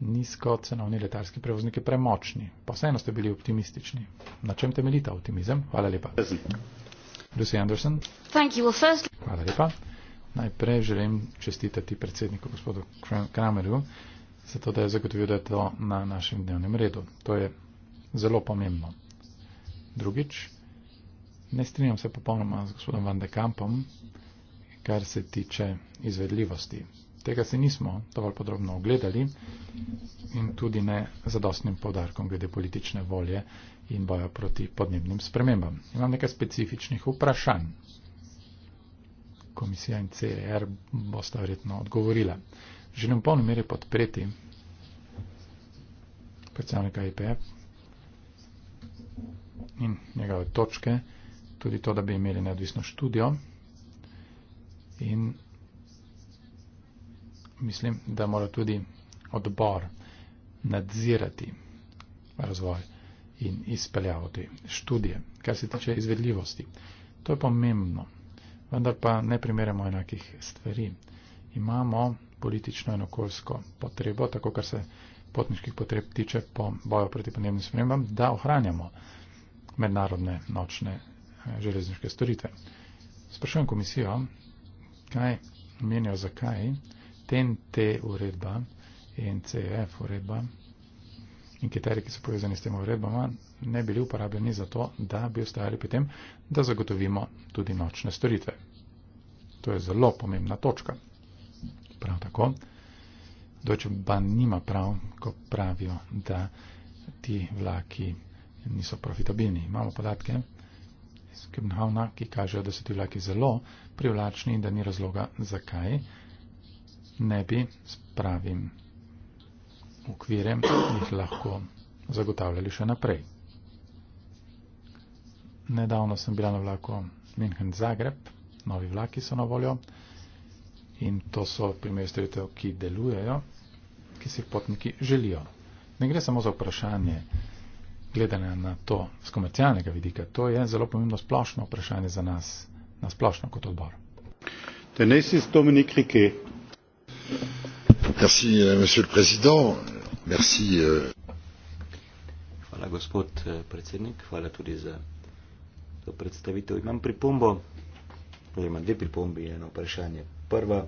nizko cenovni letalski prevozniki premočni. Pa vseeno ste bili optimistični. Na čem temelji ta optimizem? Hvala lepa. Lucy Anderson. Thank you. Well, first... Hvala lepa. Najprej želim čestitati predsedniku gospodu Kramerju, zato da je zagotovil, da je to na našem dnevnem redu. To je zelo pomembno. Drugič, ne strinjam se popolnoma z gospodom Van de Kampom, kar se tiče izvedljivosti. Tega se nismo dovolj podrobno ogledali in tudi ne zadostnim podarkom glede politične volje in boja proti podnebnim spremembam. Imam nekaj specifičnih vprašanj. Komisija in CER bosta verjetno odgovorila. Želim v polni meri podpreti predstavnika IPF, e e in njegove točke, tudi to, da bi imeli neodvisno študijo. In mislim, da mora tudi odbor nadzirati razvoj in izpeljavati študije, kar se tiče izvedljivosti. To je pomembno, vendar pa ne primerjamo enakih stvari. Imamo politično in okoljsko potrebo, tako kar se potniških potreb tiče po boju proti podnebnim spremembam, da ohranjamo uh, mednarodne nočne eh, železniške storitve. Sprašujem komisijo, kaj menijo, zakaj TNT uredba in CEF uredba in kriteriji, ki so povezani s tem uredbama, ne bili uporabljeni za to, da bi ostajali pri tem, da zagotovimo tudi nočne storitve. To je zelo pomembna točka. Prav tako, Deutsche Bahn nima prav, ko pravijo, da ti vlaki niso profitabilni. Imamo podatke iz Kibnhavna, ki kažejo, da so ti vlaki zelo privlačni in da ni razloga, zakaj ne bi s pravim okvirem jih lahko zagotavljali še naprej. Nedavno sem bila na vlaku München Zagreb, novi vlaki so na voljo in to so primestritev, ki delujejo, ki si potniki želijo. Ne gre samo za vprašanje, gledanja na to z komercialnega vidika. To je zelo pomembno splošno vprašanje za nas, na splošno kot odbor. Tenesis Dominik Rike. Merci, euh, monsieur le président. Merci. Euh. Hvala, gospod eh, predsednik. Hvala tudi za to predstavitev. Imam pripombo, imam dve pripombi, eno vprašanje. Prva,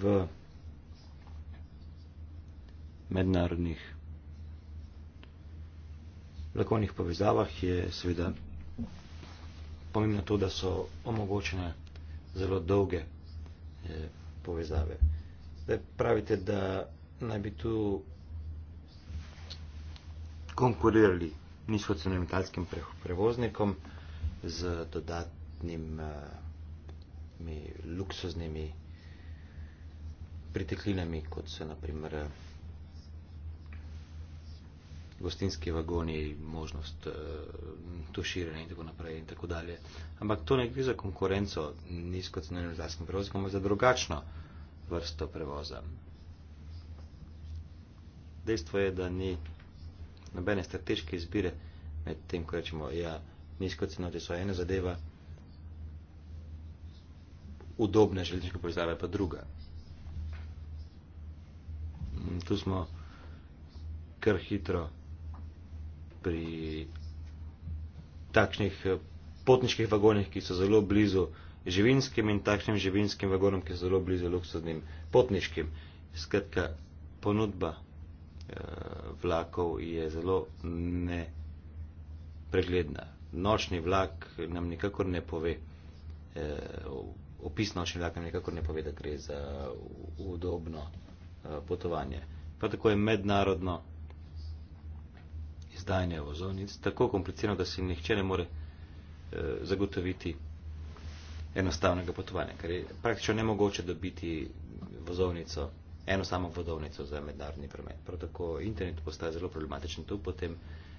v mednarodnih vlakovnih povezavah je seveda pomembno to, da so omogočene zelo dolge eh, povezave. Zdaj pravite, da naj bi tu konkurirali nizkocenim italijskim prevoznikom z dodatnimi eh, luksuznimi priteklinami, kot so naprimer primer eh, gostinski vagoni, možnost uh, tuširanja in tako naprej in tako dalje. Ampak to ne gre za konkurenco nizkocenjenim letalskim prevozom, ampak za drugačno vrsto prevoza. Dejstvo je, da ni nobene strateške izbire med tem, ko rečemo, ja, nizkocenjeno, če so ena zadeva, udobne železniške povezave pa druga. Tu smo kar hitro pri takšnih eh, potniških vagonih, ki so zelo blizu živinskim in takšnim živinskim vagonom, ki so zelo blizu luksuznim potniškim. Skratka, ponudba eh, vlakov je zelo nepregledna. Nočni vlak nam nikakor ne pove, eh, opis nočni vlak nam nikakor ne pove, da gre za udobno eh, potovanje. Pa tako je mednarodno izdajanja vozovnic tako komplicirano, da si nihče ne more eh, zagotoviti enostavnega potovanja, ker je praktično nemogoče dobiti vozovnico, eno samo vodovnico za mednarodni promet. Prav tako internet postaje zelo problematičen tu, potem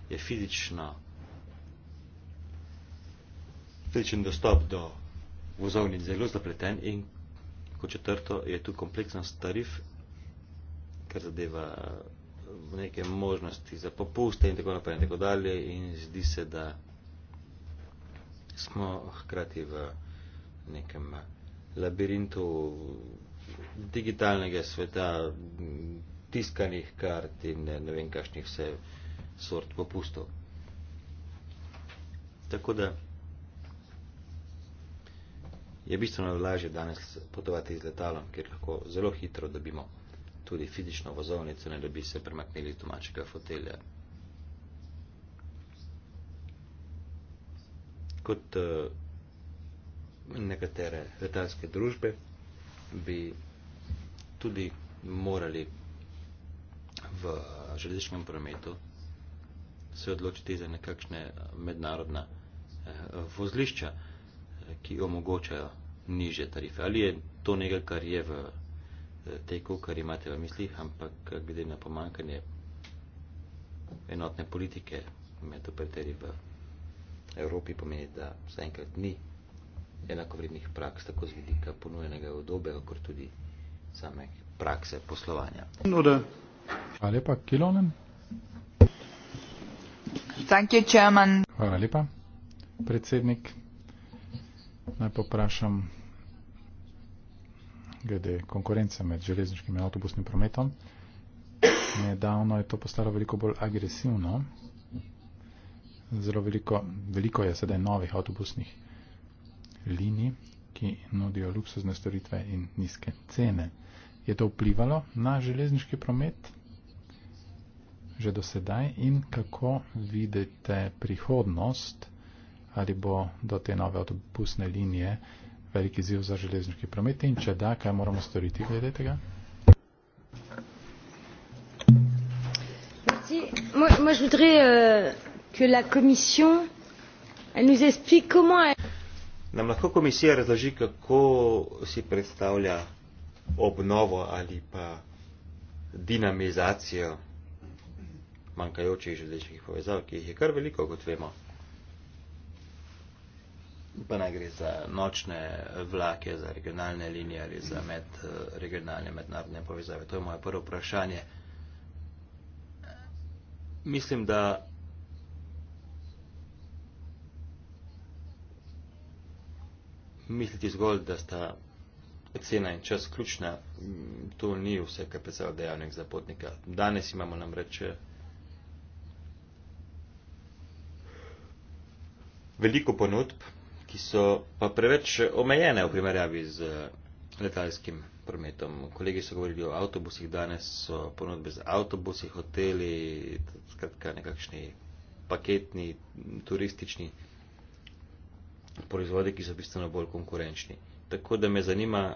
je fizično fizičen dostop do vozovnic zelo zapleten in kot četrto je tu kompleksnost tarif, kar zadeva neke možnosti za popuste in tako naprej in tako dalje in zdi se, da smo hkrati v nekem labirintu digitalnega sveta, tiskanih kart in ne, ne vem kakšnih vse sort popustov. Tako da je bistveno lažje danes potovati z letalom, ker lahko zelo hitro dobimo tudi fizično vozovnico, ne da bi se premaknili iz domačega fotelja. Kot uh, nekatere letalske družbe bi tudi morali v eh, železniškem prometu se odločiti za nekakšne eh, mednarodna uh, vozlišča, ki omogočajo niže tarife. Ali je to nekaj, kar je v teku, kar imate v mislih, ampak glede na pomankanje enotne politike med operaterji v Evropi, pomeni, da zaenkrat ni enakovrednih praks, tako z vidika ponujenega odobe, kot tudi same prakse poslovanja. Nude. Hvala lepa, Kilonen. Thank you, Hvala lepa, predsednik. Naj poprašam glede konkurence med železniškim in avtobusnim prometom. Nedavno je to postalo veliko bolj agresivno. Zelo veliko, veliko je sedaj novih avtobusnih linij, ki nudijo luksuzne storitve in nizke cene. Je to vplivalo na železniški promet že do sedaj in kako vidite prihodnost, ali bo do te nove avtobusne linije veliki ziv za železniški promet in če da, kaj moramo storiti glede tega? Merci. Moi, moi je voudrais euh, que la commission elle nous explique comment elle... Nam lahko komisija razloži, kako si predstavlja obnovo ali pa dinamizacijo manjkajočih železniških povezav, ki jih je kar veliko, kot vemo pa naj gre za nočne vlake, za regionalne linije ali za med, eh, regionalne mednarodne povezave. To je moje prvo vprašanje. Mislim, da misliti zgolj, da sta cena in čas ključna, mm, to ni vse, kar predstavlja dejavnik za potnika. Danes imamo namreč eh, veliko ponudb, ki so pa preveč omejene v primerjavi z letalskim prometom. Kolegi so govorili o avtobusih, danes so ponudbe z avtobusi, hoteli, skratka nekakšni paketni, turistični proizvodi, ki so bistveno bolj konkurenčni. Tako da me zanima,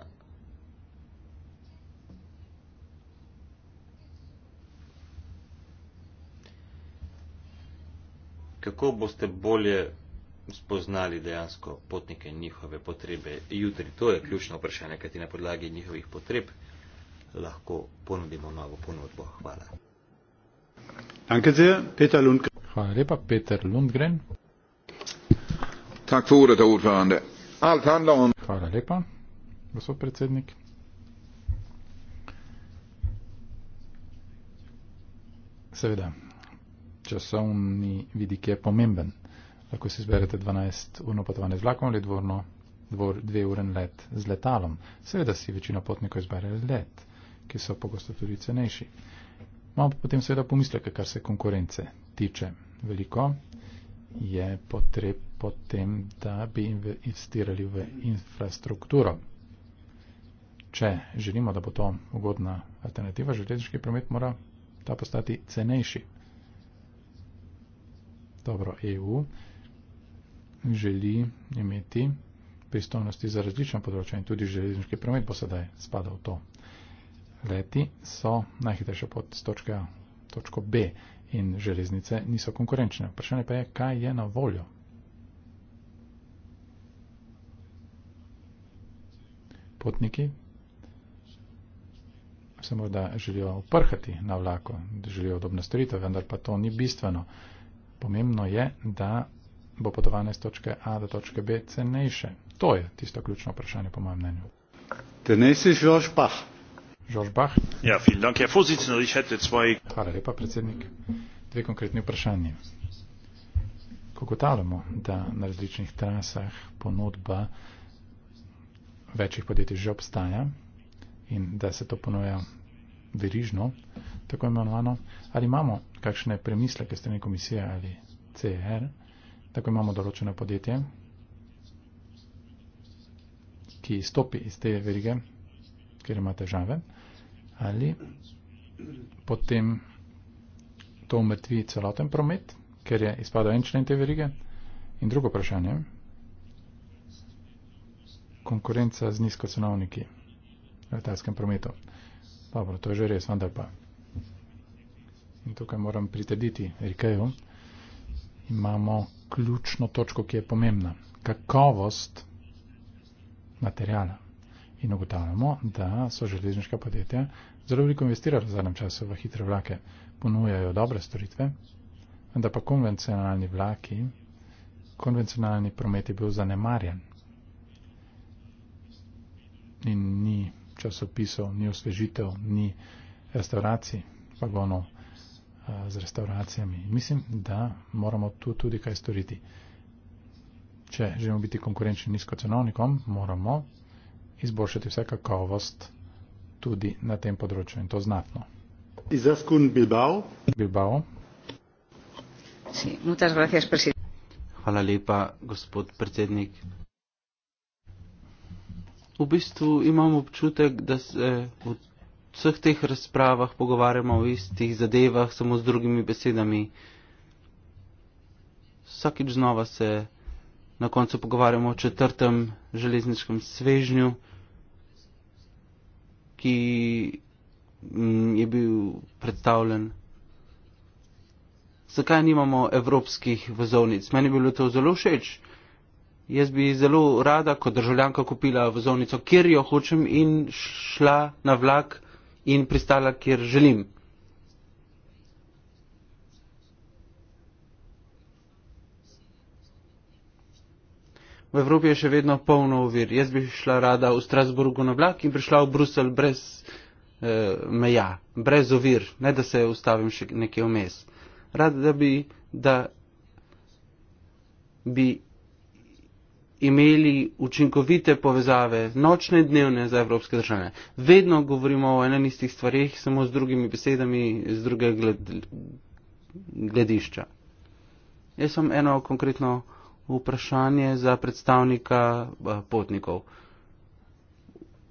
kako boste bolje spoznali dejansko potnike in njihove potrebe jutri. To je ključno vprašanje, kajti na podlagi njihovih potreb lahko ponudimo novo ponudbo. Hvala. Hvala lepa, Peter Lundgren. Tak for ordet, ordførende. Alt handler om... Hvala lepa, gospod predsednik. Seveda, časovni vidik je pomemben lahko si izberete 12 urno potovanje z vlakom ali dvorno, dvor, dve uren let z letalom. Seveda si večina potnikov izbere let, ki so pogosto tudi cenejši. Imamo pa potem seveda pomisleke, kar se konkurence tiče. Veliko je potreb potem, da bi investirali v infrastrukturo. Če želimo, da bo to ugodna alternativa, železniški promet mora ta postati cenejši. Dobro, EU želi imeti pristojnosti za različno področje in tudi železniški promet bo sedaj spadal v to. Leti so najhitrejša pot z točke A, točko B in železnice niso konkurenčne. Vprašanje pa je, kaj je na voljo. Potniki se morda želijo oprhati na vlako, želijo odobno storitev, vendar pa to ni bistveno. Pomembno je, da bo potovanje z točke A do točke B cenejše? To je tisto ključno vprašanje, po mojem mnenju. Bach. Ja, Dank, zwei... Hvala lepa, predsednik. Dve konkretni vprašanje. Ko gotavljamo, da na različnih trasah ponudba večjih podjetij že obstaja in da se to ponuja verižno, tako imenovano, ali imamo kakšne premisleke strani komisije ali CR? Tako imamo določeno podjetje, ki izstopi iz te verige, ker ima težave, ali potem to umrtvi celoten promet, ker je izpadel en člen te verige. In drugo vprašanje, konkurenca z nizkocenovniki v letalskem prometu. Dobro, to je že res, vendar pa. In tukaj moram pritrditi Rikeju. Imamo ključno točko, ki je pomembna. Kakovost materijala. In ugotavljamo, da so železniška podjetja zelo veliko investirala v zadnjem času v hitre vlake. Ponujajo dobre storitve, vendar pa konvencionalni vlaki, konvencionalni promet je bil zanemarjen. In ni časopisov, ni osvežitev, ni restauracij, vagonov z restauracijami. Mislim, da moramo tu tudi kaj storiti. Če želimo biti konkurenčni nizkocenovnikom, moramo izboljšati vse kakovost tudi na tem področju in to znatno. Izaskun Bilbao. Bilbao. Hvala lepa, gospod predsednik. V bistvu imam občutek, da se v vseh teh razpravah pogovarjamo o istih zadevah, samo z drugimi besedami. Vsakič znova se na koncu pogovarjamo o četrtem železniškem svežnju, ki mm, je bil predstavljen. Zakaj nimamo evropskih vozovnic? Meni je bilo to zelo všeč. Jaz bi zelo rada kot državljanka kupila vozovnico, kjer jo hočem in šla na vlak in pristala, kjer želim. V Evropi je še vedno polno ovir. Jaz bi šla rada v Strasburgu na vlak in prišla v Bruselj brez eh, meja, brez ovir, ne da se ustavim še nekje vmes. Rada bi, da bi imeli učinkovite povezave, nočne in dnevne za evropske države. Vedno govorimo o enem istih stvarih, samo z drugimi besedami, z druge gled, gledišča. Jaz sem eno konkretno vprašanje za predstavnika eh, potnikov.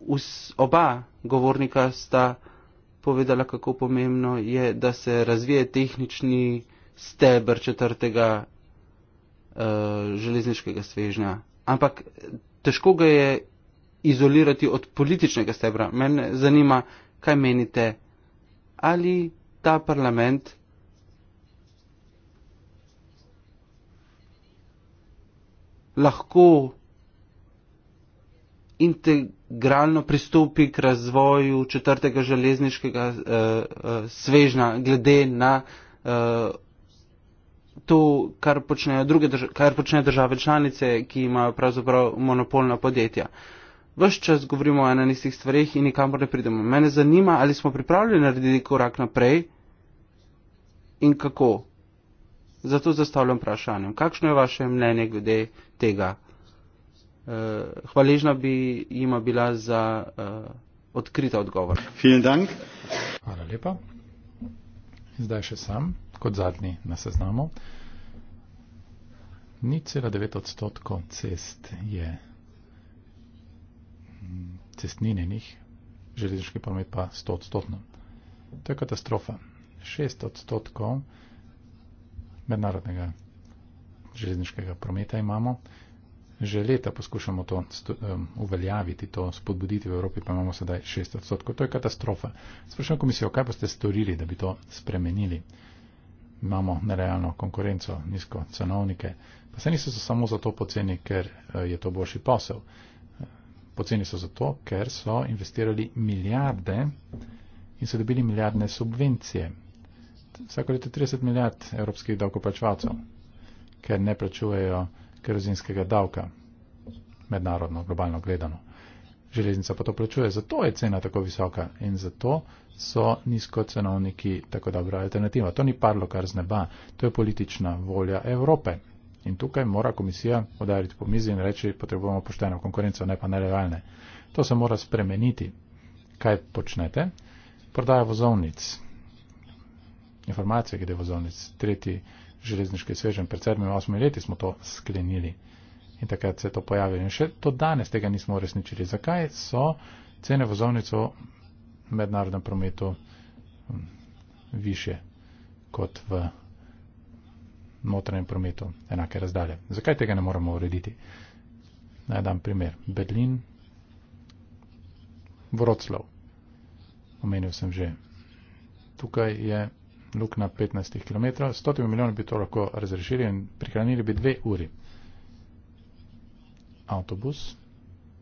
Us, oba govornika sta povedala, kako pomembno je, da se razvije tehnični stebr četrtega uh, železniškega svežnja ampak težko ga je izolirati od političnega stebra. Mene zanima, kaj menite, ali ta parlament lahko integralno pristopi k razvoju četrtega železniškega uh, eh, uh, eh, svežna glede na uh, to, kar počnejo, druge, kar počnejo države članice, ki imajo pravzaprav monopolna podjetja. Ves čas govorimo o ena in istih stvarih in nikamor ne pridemo. Mene zanima, ali smo pripravljeni narediti korak naprej in kako. Zato zastavljam vprašanje. Kakšno je vaše mnenje glede tega? Uh, hvaležna bi jima bila za uh, odkrita odgovor. Dank. Hvala lepa zdaj še sam, kot zadnji na seznamu. Ni cela 9 odstotkov cest je cestninjenih, železniški promet pa 100 odstotno. To je katastrofa. 6 odstotkov mednarodnega železniškega prometa imamo, že leta poskušamo to um, uveljaviti, to spodbuditi v Evropi, pa imamo sedaj 6 odstotkov. To je katastrofa. Sprašujem komisijo, kaj boste storili, da bi to spremenili? Imamo nerealno konkurenco, nizko cenovnike, pa se niso samo zato poceni, ker eh, je to boljši posel. Poceni so zato, ker so investirali milijarde in so dobili milijardne subvencije. Vsako leto 30 milijard evropskih davkoplačevalcev, ker ne plačujejo kerozinskega davka, mednarodno, globalno gledano. Železnica pa to plačuje, zato je cena tako visoka in zato so nizkocenovniki tako dobra alternativa. To ni parlo kar z neba, to je politična volja Evrope. In tukaj mora komisija odariti po mizi in reči, potrebujemo pošteno konkurenco, ne pa nelegalne. To se mora spremeniti. Kaj počnete? Prodaja vozovnic. Informacije glede vozovnic. Tretji železniški svežen pred 7-8 leti smo to sklenili in takrat se je to pojavilo in še to danes tega nismo uresničili. Zakaj so cene vozovnic v mednarodnem prometu hm, više kot v notranjem prometu enake razdalje? Zakaj tega ne moramo urediti? Naj dam primer. Berlin, Vroclav, omenil sem že. Tukaj je luk na 15 km, 100 milijoni bi to lahko razrešili in prihranili bi dve uri. Avtobus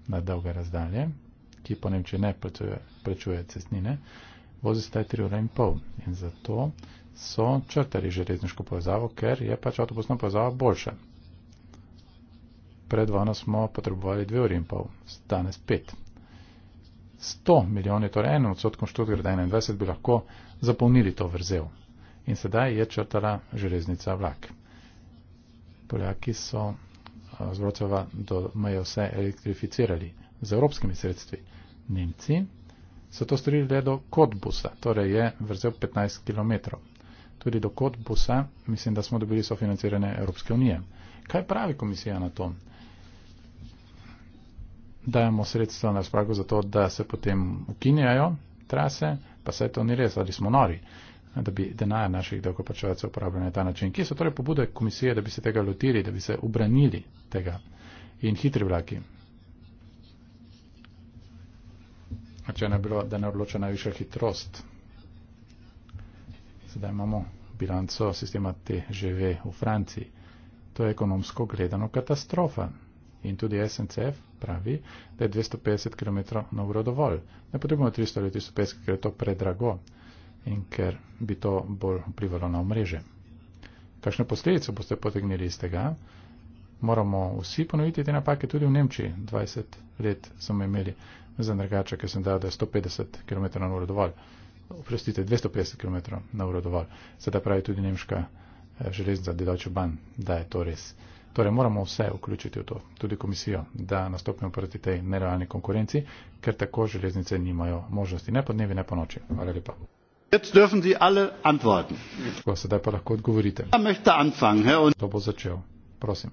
na dolge razdalje, ki po Nemčiji ne plačuje cestnine, vozi se taj 3 ure in pol. In zato so črtali železniško povezavo, ker je pač avtobusna povezava boljša. Pred vojno smo potrebovali 2 uri in pol, danes 5. 100 milijoni, torej 1 odstotkom Študgrada 21 bi lahko zapolnili to vrzel. In sedaj je črtala železnica vlak. Poljaki so z Vrocova do meje vse elektrificirali z evropskimi sredstvi. Nemci so to storili le do Kodbusa, torej je vrzel 15 km. Tudi do Kodbusa mislim, da smo dobili sofinancirane Evropske unije. Kaj pravi komisija na to? Dajemo sredstva na spragu za to, da se potem ukinjajo trase, pa se to ni res, ali smo nori, da bi denar naših dolgopačevalcev uporabljali na ta način. Kje so torej pobude komisije, da bi se tega lotili, da bi se obranili tega in hitri vlaki? Če ne bilo, da ne odloča najvišja hitrost. Zdaj imamo bilanco sistema TGV v Franciji. To je ekonomsko gledano katastrofa. In tudi SNCF pravi, da je 250 km na uro dovolj. Ne potrebujemo 300 ali 350, ker je to predrago in ker bi to bolj vplivalo na omreže. Kakšne posledice boste potegnili iz tega? Moramo vsi ponoviti te napake, tudi v Nemčiji. 20 let smo imeli za nergača, ker sem dal, da je 150 km na uro dovolj. Oprostite, 250 km na uro dovolj. Sedaj pravi tudi nemška eh, železnica Dedoče Ban, da je to res. Torej moramo vse vključiti v to, tudi komisijo, da nastopimo proti tej nerealni konkurenci, ker tako železnice nimajo možnosti ne po dnevi, ne po noči. Hvala lepa. Tako, sedaj pa lahko odgovorite. To bo začel. Prosim.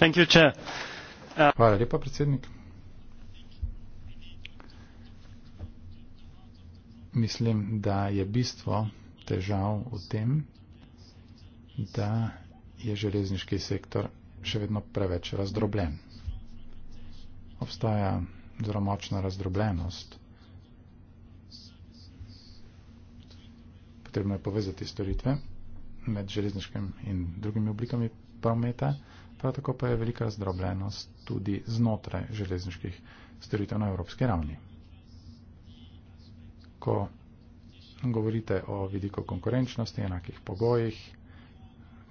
Uh, Hvala lepa, predsednik. Mislim, da je bistvo težav v tem, da je železniški sektor še vedno preveč razdrobljen. Obstaja zelo močna razdrobljenost. Potrebno je povezati storitve med železniškim in drugimi oblikami prometa, prav tako pa je velika razdrobljenost tudi znotraj železniških storitev na evropski ravni. Ko govorite o vidiku konkurenčnosti, enakih pogojih,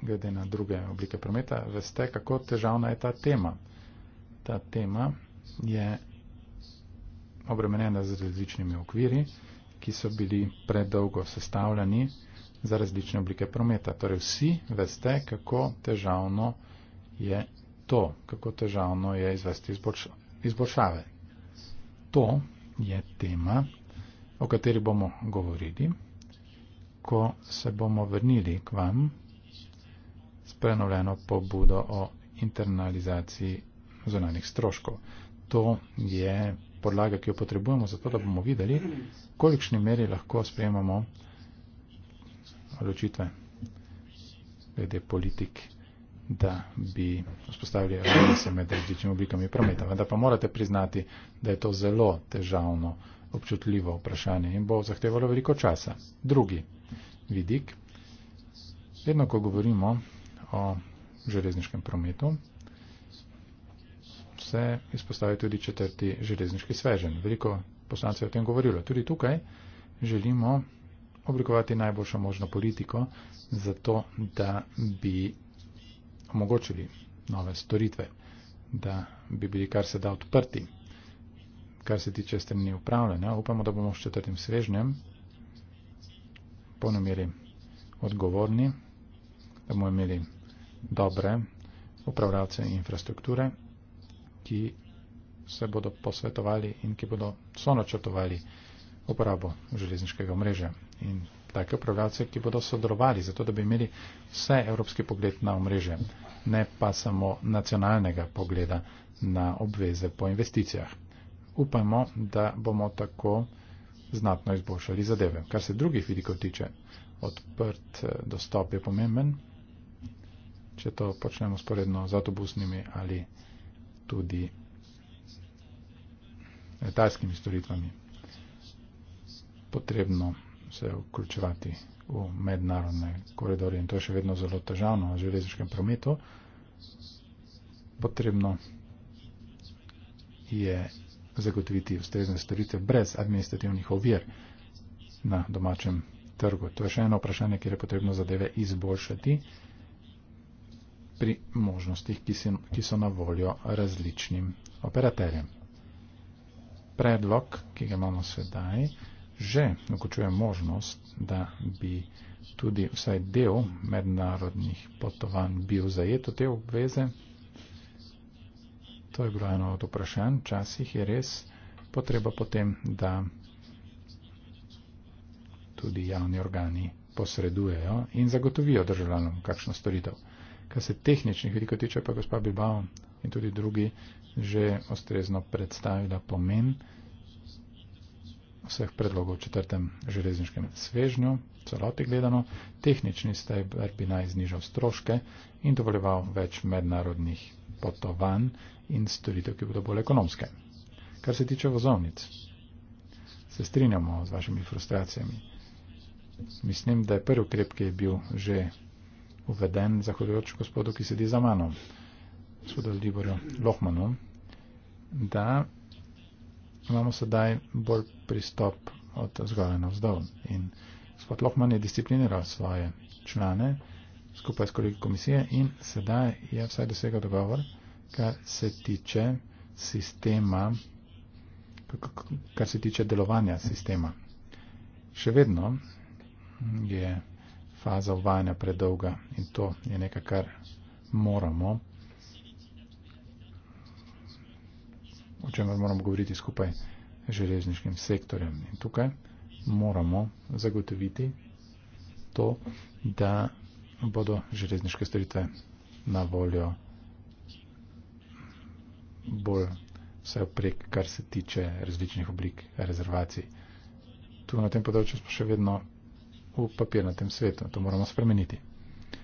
glede na druge oblike prometa, veste, kako težavna je ta tema. Ta tema je obremenjena z različnimi okviri, ki so bili predolgo sestavljeni za različne oblike prometa. Torej vsi veste, kako težavno je to, kako težavno je izvesti izboljšave. To je tema, o kateri bomo govorili, ko se bomo vrnili k vam prenovljeno pobudo o internalizaciji zonalnih stroškov. To je podlaga, ki jo potrebujemo zato, da bomo videli, kolikšni meri lahko sprejemamo odločitve glede politik, da bi vzpostavili ravnose med različnimi oblikami prometa. Vendar pa morate priznati, da je to zelo težavno, občutljivo vprašanje in bo zahtevalo veliko časa. Drugi vidik. Vedno, ko govorimo o železniškem prometu. Se izpostavi tudi četrti železniški svežen. Veliko poslancev je o tem govorilo. Tudi tukaj želimo oblikovati najboljšo možno politiko za to, da bi omogočili nove storitve, da bi bili kar se da odprti. Kar se tiče strani upravljanja, upamo, da bomo s četrtim svežnjem ponomeri odgovorni, da bomo imeli dobre upravljavce infrastrukture, ki se bodo posvetovali in ki bodo sonačrtovali uporabo železniškega mreža. In take upravljavce, ki bodo sodelovali, zato da bi imeli vse evropski pogled na mreže, ne pa samo nacionalnega pogleda na obveze po investicijah. Upajmo, da bomo tako znatno izboljšali zadeve. Kar se drugih vidikov tiče, odprt eh, dostop je pomemben če to počnemo sporedno z avtobusnimi ali tudi letalskimi storitvami, potrebno se vključevati v mednarodne koridore in to je še vedno zelo težavno na železniškem prometu. Potrebno je zagotoviti ustrezne storitve brez administrativnih ovir na domačem trgu. To je še eno vprašanje, kjer je potrebno zadeve izboljšati pri možnostih, ki, si, ki so na voljo različnim operaterjem. Predlog, ki ga imamo sedaj, že vključuje možnost, da bi tudi vsaj del mednarodnih potovanj bil zajeto te obveze. To je bilo eno od vprašanj. Včasih je res potreba potem, da tudi javni organi posredujejo in zagotovijo državljanom kakšno storitev kar se tehničnih vidikov tiče, pa gospa Bilbao in tudi drugi že ostrezno predstavila pomen vseh predlogov v četrtem železniškem svežnju, celoti gledano, tehnični stebr bi naj znižal stroške in dovoljeval več mednarodnih potovanj in storitev, ki bodo bolj ekonomske. Kar se tiče vozovnic, se strinjamo z vašimi frustracijami. Mislim, da je prvi ukrep, ki je bil že uveden zahvaljujoč gospodu, ki sedi za mano, gospodu Liborju Lohmanu, da imamo sedaj bolj pristop od zgoraj na vzdolj. In gospod Lohman je discipliniral svoje člane skupaj s kolegi komisije in sedaj je vsaj dosegal dogovor, kar se tiče sistema, kar se tiče delovanja sistema. Še vedno je faza uvajanja predolga in to je nekaj, kar moramo, o čemer moramo govoriti skupaj z železniškim sektorjem. In tukaj moramo zagotoviti to, da bodo železniške storitve na voljo bolj vse oprek, kar se tiče različnih oblik rezervacij. Tu na tem področju smo še vedno v papirnatem svetu. To moramo spremeniti.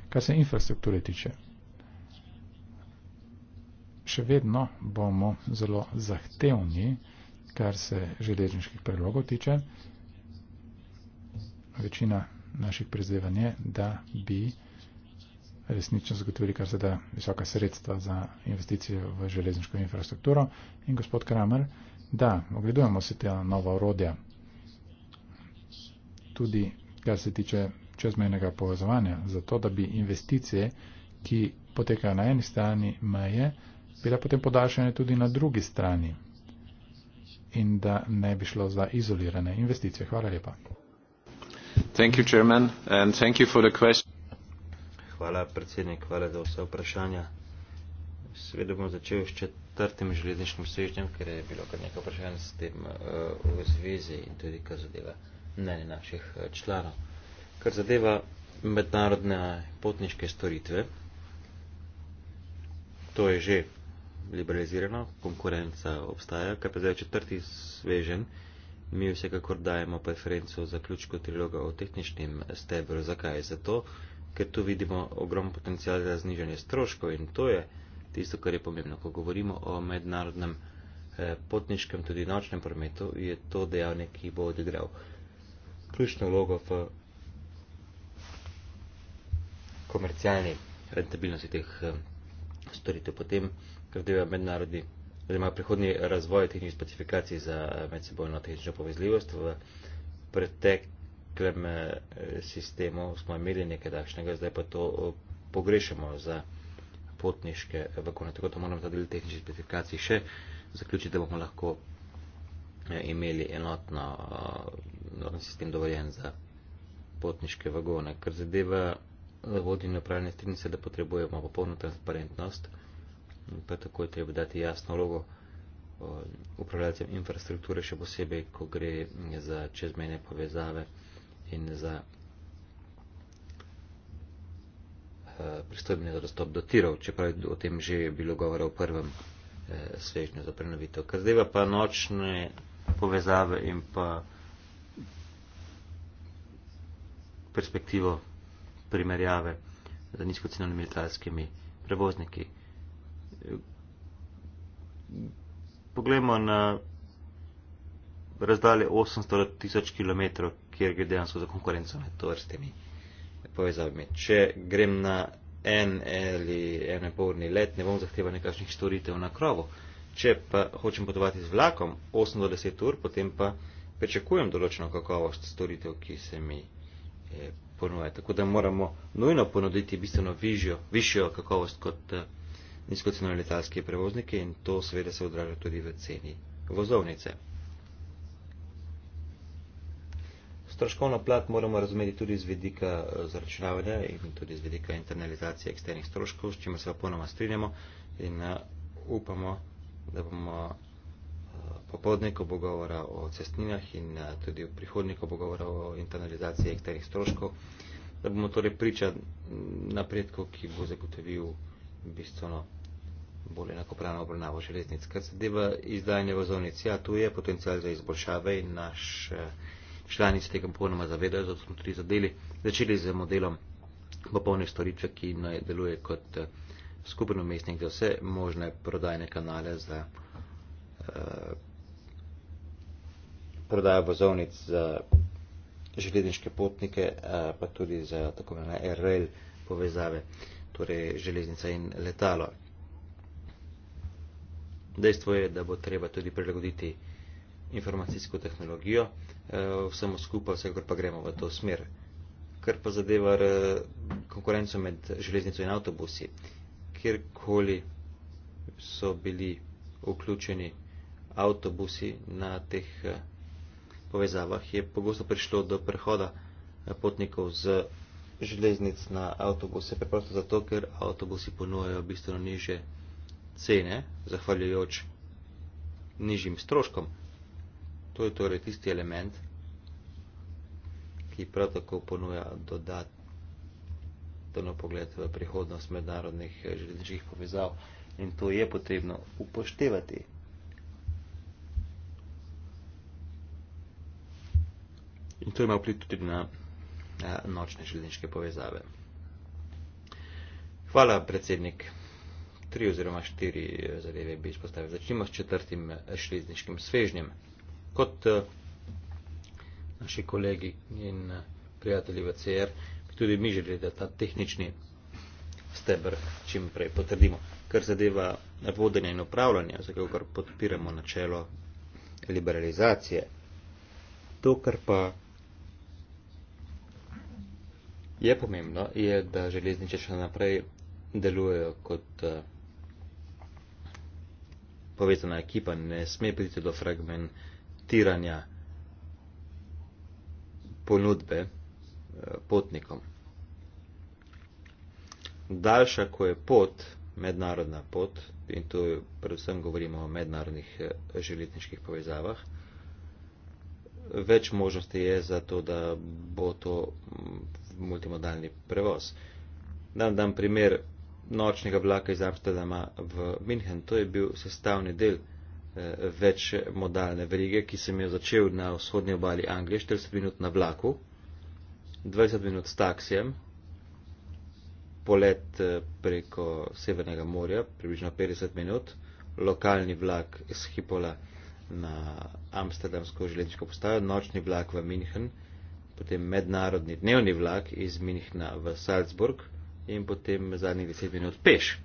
Kar se infrastrukture tiče, še vedno bomo zelo zahtevni, kar se železniških predlogov tiče. Večina naših prizadevanj je, da bi resnično zagotovili kar se da visoka sredstva za investicije v železniško infrastrukturo. In gospod Kramer, da, ogledujemo se te nova orodja. Tudi kar se tiče čezmejnega povezovanja, zato da bi investicije, ki potekajo na eni strani meje, bila potem podaljšanje tudi na drugi strani in da ne bi šlo za izolirane investicije. Hvala lepa. You, chairman, hvala, predsednik, hvala za vse vprašanja. Sveda bom začel s četrtim železniškim sežnjem, ker je bilo kar nekaj vprašanj s tem uh, v zvezi in tudi kar zadeva. Uh, mnenje naših eh, članov. Kar zadeva mednarodne potniške storitve, to je že liberalizirano, konkurenca obstaja, kar pa zdaj četrti svežen, mi vsekakor dajemo preferenco za ključko triloga o tehničnem stebru. Zakaj? Zato, ker tu vidimo ogrom potencial za znižanje stroškov in to je tisto, kar je pomembno. Ko govorimo o mednarodnem eh, potniškem, tudi nočnem prometu, je to dejavnik, ki bo odigral ključno vlogo v komercialni rentabilnosti teh eh, storitev. Potem, ker deva mednarodni, oziroma prihodni razvoj tehničnih specifikacij za eh, medsebojno tehnično povezljivost v preteklem eh, sistemu smo imeli nekaj takšnega, zdaj pa to pogrešamo za potniške vakone. Tako da moramo ta del tehničnih specifikacij še zaključiti, da bomo lahko imeli enotno novi sistem dovoljen za potniške vagone. Kar zadeva eh, vodenje upravljanja stranice, da potrebujemo popolno transparentnost, pa tako je treba dati jasno logo eh, upravljalcem infrastrukture, še posebej, ko gre mm, za čezmene povezave in za eh, pristojbene za dostop do tirov, čeprav je o tem že bilo govora v prvem svežnju za prenovitev. Kar zdaj pa nočne povezave in pa perspektivo primerjave z nizkocenovnimi letalskimi prevozniki. Poglejmo na razdalje 800 do 1000 km, kjer gre dejansko za konkurenco med tovrstnimi povezavami. Če grem na en ali enoborni let, ne bom zahteval nekakšnih storitev na krovu. Če pa hočem potovati z vlakom 8 do 10 ur, potem pa pričakujem določeno kakovost storitev, ki se mi. Eh, ponujajo. Tako da moramo nujno ponuditi bistveno višjo, višjo kakovost kot eh, nizkocenovni letalski prevozniki in to seveda se odraža tudi v ceni vozovnice. Stroškovno plat moramo razumeti tudi z vedika eh, zračunavanja in tudi z vedika internalizacije eksternih stroškov, s čimer se ponoma strinjamo in upamo, da bomo popodniku bo govora o cestninah in eh, tudi v prihodniku bo govora o internalizaciji nekaterih stroškov, da bomo torej priča napredku, ki bo zagotovil bistveno bolj enakopravno obravnavo železnic. Kar se deva izdajanje vozovnic, ja, tu je potencial za izboljšave in naš eh, člani se tega popolnoma zavedajo, zato smo tudi zadeli, začeli z modelom popolne storitve, ki deluje kot eh, skupen umestnik za vse možne prodajne kanale za Eh, prodajo vozovnic za železniške potnike, eh, pa tudi za tako imenovane RL povezave, torej železnica in letalo. Dejstvo je, da bo treba tudi prilagoditi informacijsko tehnologijo eh, vsemu skupaj, vsekakor pa gremo v to smer. Kar pa zadeva konkurenco med železnico in avtobusi, kjerkoli so bili vključeni avtobusi na teh eh, povezavah je pogosto prišlo do prehoda eh, potnikov z železnic na avtobuse, preprosto zato, ker avtobusi ponujajo bistveno niže cene, zahvaljujoč nižjim stroškom. To je torej tisti element, ki prav tako ponuja dodatno pogled v prihodnost mednarodnih eh, železniških povezav in to je potrebno upoštevati. in to ima vpliv tudi na nočne železniške povezave. Hvala, predsednik. Tri oziroma štiri eh, zadeve bi izpostavil. Začnimo s četrtim eh, železniškim svežnjem. Kot eh, naši kolegi in prijatelji v CR, bi tudi mi želeli, da ta tehnični stebr čim prej potrdimo. Kar zadeva vodenja in upravljanja, za kar podpiramo načelo liberalizacije, to, kar pa Je pomembno, je, da železnice še naprej delujejo kot eh, povezana ekipa, ne sme priti do fragmentiranja ponudbe eh, potnikom. Daljša, ko je pot, mednarodna pot, in tu predvsem govorimo o mednarodnih eh, železniških povezavah, več možnosti je za to, da bo to mm, multimodalni prevoz. Dam dan primer nočnega vlaka iz Amsterdama v München. To je bil sestavni del eh, večmodalne verige, ki sem jo začel na vzhodnji obali Anglije, 40 minut na vlaku, 20 minut s taksijem, polet eh, preko Severnega morja, približno 50 minut, lokalni vlak iz Hipola na Amsterdamsko železniško postajo, nočni vlak v München, eh, potem mednarodni dnevni vlak iz Minhna v Salzburg in potem zadnjih deset minut peš.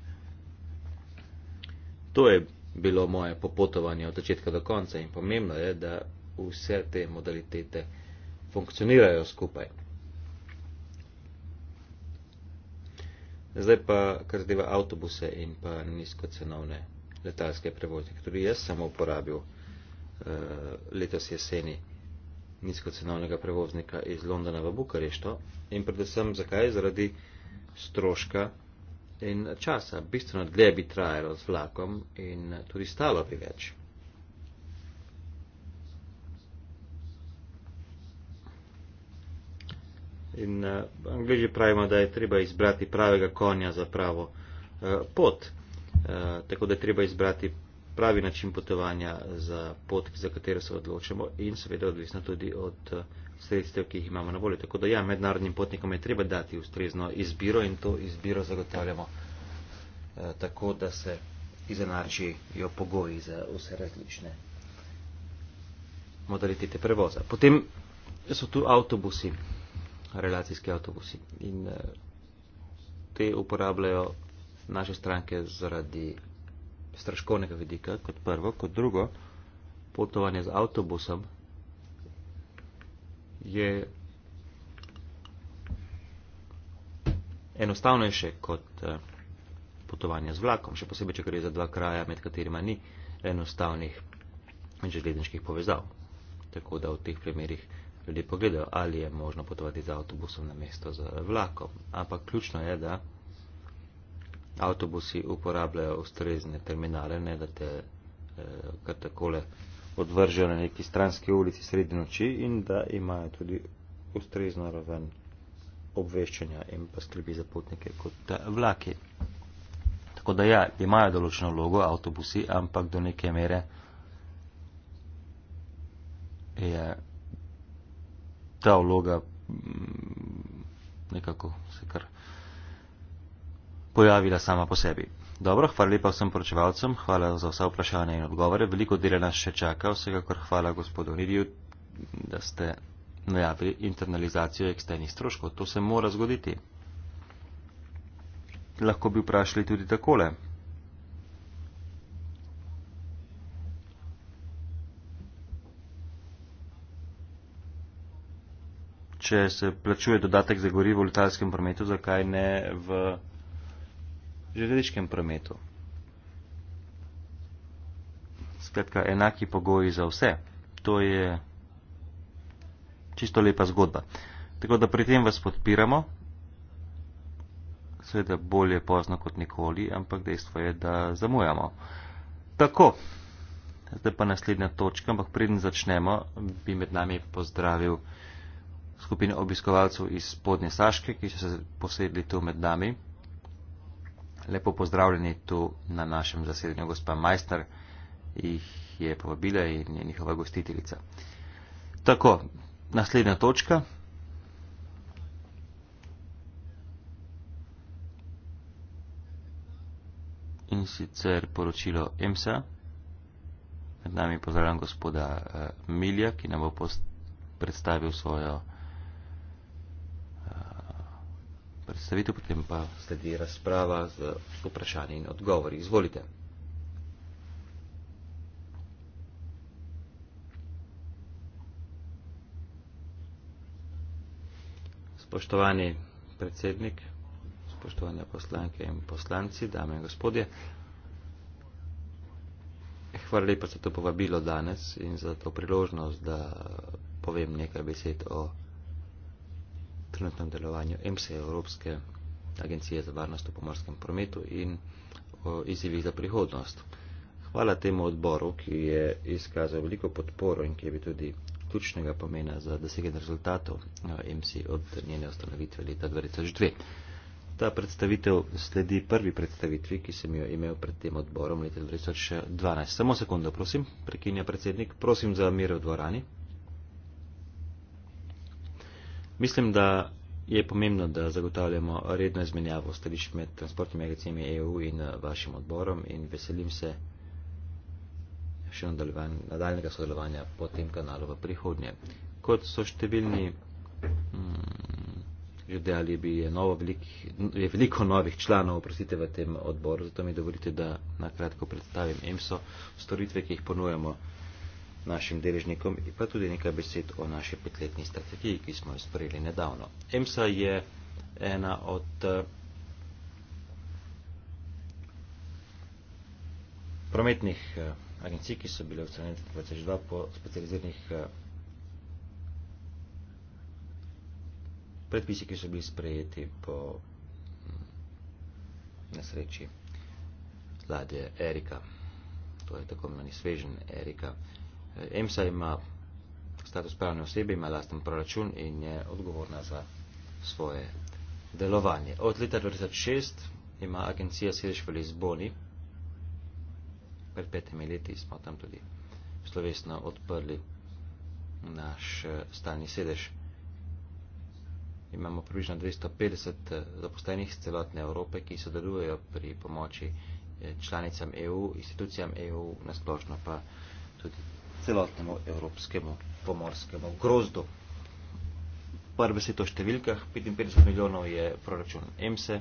To je bilo moje popotovanje od začetka do konca in pomembno je, da vse te modalitete funkcionirajo skupaj. Zdaj pa, kar zadeva avtobuse in pa nizkocenovne letalske prevoznike, tudi jaz sem uporabil uh, letos jeseni nizkocenovnega prevoznika iz Londona v Bukarešto in predvsem zakaj? Zaradi stroška in časa. Bistveno dlje bi trajalo z vlakom in tudi stalo bi več. In uh, eh, angliži pravimo, da je treba izbrati pravega konja za pravo uh, pot. Uh, tako da je treba izbrati pravi način potovanja za pot, za katero se odločimo in seveda odvisna tudi od eh, sredstev, ki jih imamo na voljo. Tako da ja, mednarodnim potnikom je treba dati ustrezno izbiro in to izbiro zagotavljamo eh, tako, da se izenačijo pogoji za vse različne modalitete prevoza. Potem so tu avtobusi, relacijski avtobusi in eh, te uporabljajo naše stranke zaradi stroškovnega vidika, kot prvo, kot drugo, potovanje z avtobusom je enostavnejše kot eh, potovanje z vlakom, še posebej, če gre za dva kraja, med katerima ni enostavnih železniških povezav. Tako da v teh primerjih ljudje pogledajo, ali je možno potovati z avtobusom na mesto z vlakom. Ampak ključno je, da avtobusi uporabljajo ustrezne terminale, ne da te eh, kar takole odvržijo na neki stranski ulici sredi noči in da imajo tudi ustrezno raven obveščanja in pa skrbi za potnike kot eh, vlaki. Tako da ja, imajo določeno vlogo avtobusi, ampak do neke mere je ta vloga mm, nekako se kar pojavila sama po sebi. Dobro, hvala lepa vsem poročevalcem, hvala za vsa vprašanja in odgovore. Veliko dela nas še čaka, vsekakor hvala gospodu Nidiju, da ste najavili internalizacijo eksternih stroškov. To se mora zgoditi. Lahko bi vprašali tudi takole. Če se plačuje dodatek za gorivo v letalskem prometu, zakaj ne v železniškem prometu. Skratka, enaki pogoji za vse. To je čisto lepa zgodba. Tako da pri tem vas podpiramo. Seveda bolje pozno kot nikoli, ampak dejstvo je, da zamujamo. Tako, zdaj pa naslednja točka, ampak preden začnemo, bi med nami pozdravil skupino obiskovalcev iz Spodnje Saške, ki so se posedli tu med nami lepo pozdravljeni tu na našem zasedanju, gospa Majstor, jih je povabila in je njihova gostiteljica. Tako, naslednja točka. In sicer poročilo EMSA. Med nami pozdravljam gospoda eh, Milja, ki nam bo predstavil svojo. predstavitev, potem pa sledi razprava z vprašanji in odgovori. Izvolite. Spoštovani predsednik, spoštovane poslanke in poslanci, dame in gospodje, hvala lepa za to povabilo danes in za to priložnost, da povem nekaj besed o trenutnem delovanju EMSE Evropske agencije za varnost v pomorskem prometu in o izzivih za prihodnost. Hvala temu odboru, ki je izkazal veliko podporo in ki je bil tudi ključnega pomena za doseganje rezultatov no, EMSI od njene ustanovitve leta 2002. Ta predstavitev sledi prvi predstavitvi, ki sem jo imel pred tem odborom leta 2012. Samo sekundo, prosim, prekinja predsednik, prosim za mir v dvorani. Mislim, da je pomembno, da zagotavljamo redno izmenjavo stališč med transportnimi agencijami EU in eh, vašim odborom in veselim se še nadaljnega sodelovanja po tem kanalu v prihodnje. Kot so številni hmm, že dejali, bi je, novo velik, je veliko novih članov oprostite, v tem odboru, zato mi dovolite, da nakratko predstavim EMSO, storitve, ki jih ponujamo našim deležnikom in pa tudi nekaj besed o naši petletni strategiji, ki smo jo sprejeli nedavno. EMSA je ena od eh, prometnih eh, agencij, ki so bile v strani 2022 po specializiranih eh, predpisi, ki so bili sprejeti po mm, nesreči ladje Erika. To je tako imenovani svežen Erika. EMSA ima status pravne osebe, ima lasten proračun in je odgovorna za svoje delovanje. Od leta 2006 ima agencija sedež v Lizboni, pred petimi leti smo tam tudi slovesno odprli naš eh, stalni sedež. Imamo približno 250 eh, zaposlenih z celotne Evrope, ki sodelujejo pri pomoči eh, članicam EU, institucijam EU, nasplošno pa tudi celotnemu evropskemu pomorskemu grozdu. Par besed o številkah, 55 milijonov je proračun EMSE,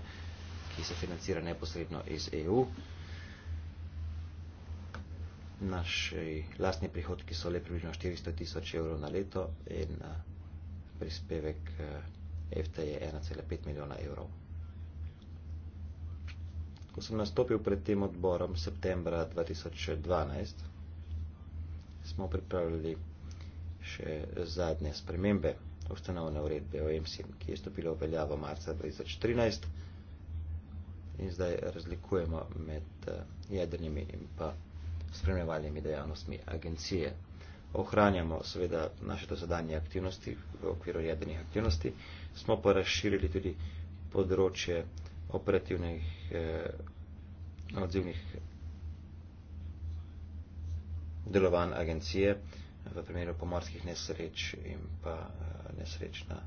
ki se financira neposredno iz EU. Naši lastni prihodki so le približno 400 tisoč evrov na leto in eh, prispevek EFTA eh, e je 1,5 milijona evrov. Ko sem nastopil pred tem odborom septembra 2012, smo pripravili še zadnje spremembe ustanovne uredbe o EMSI, ki je stopila v veljavo marca 2013 in zdaj razlikujemo med eh, jedrnimi in pa spremljevalnimi dejavnostmi agencije. Ohranjamo seveda naše dosedanje aktivnosti v okviru jedrnih aktivnosti, smo pa razširili tudi področje operativnih eh, odzivnih delovanj agencije v primeru pomorskih nesreč in pa eh, nesreč na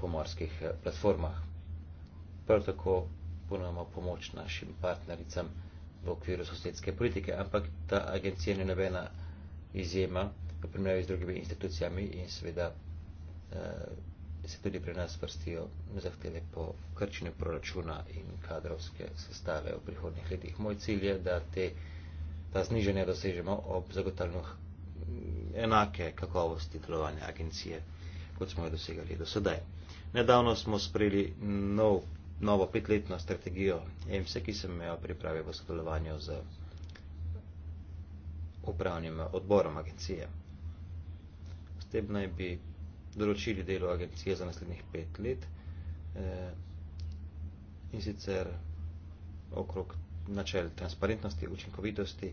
pomorskih eh, platformah. Prav tako ponujemo pomoč našim partnericam v okviru sosedske politike, ampak ta agencija ni nobena izjema v primerjavi z drugimi institucijami in seveda eh, se tudi pri nas vrstijo zahteve po krčenju proračuna in kadrovske sestave v prihodnih letih. Moj cilj je, da te agencije ta znižanja dosežemo ob zagotavljanju enake kakovosti delovanja agencije, kot smo jo dosegali do sedaj. Nedavno smo sprejeli nov, novo petletno strategijo EMSE, ki sem jo pripravil v sodelovanju z upravnim odborom agencije. S tem naj bi določili delo agencije za naslednjih pet let eh, in sicer okrog načel transparentnosti, učinkovitosti,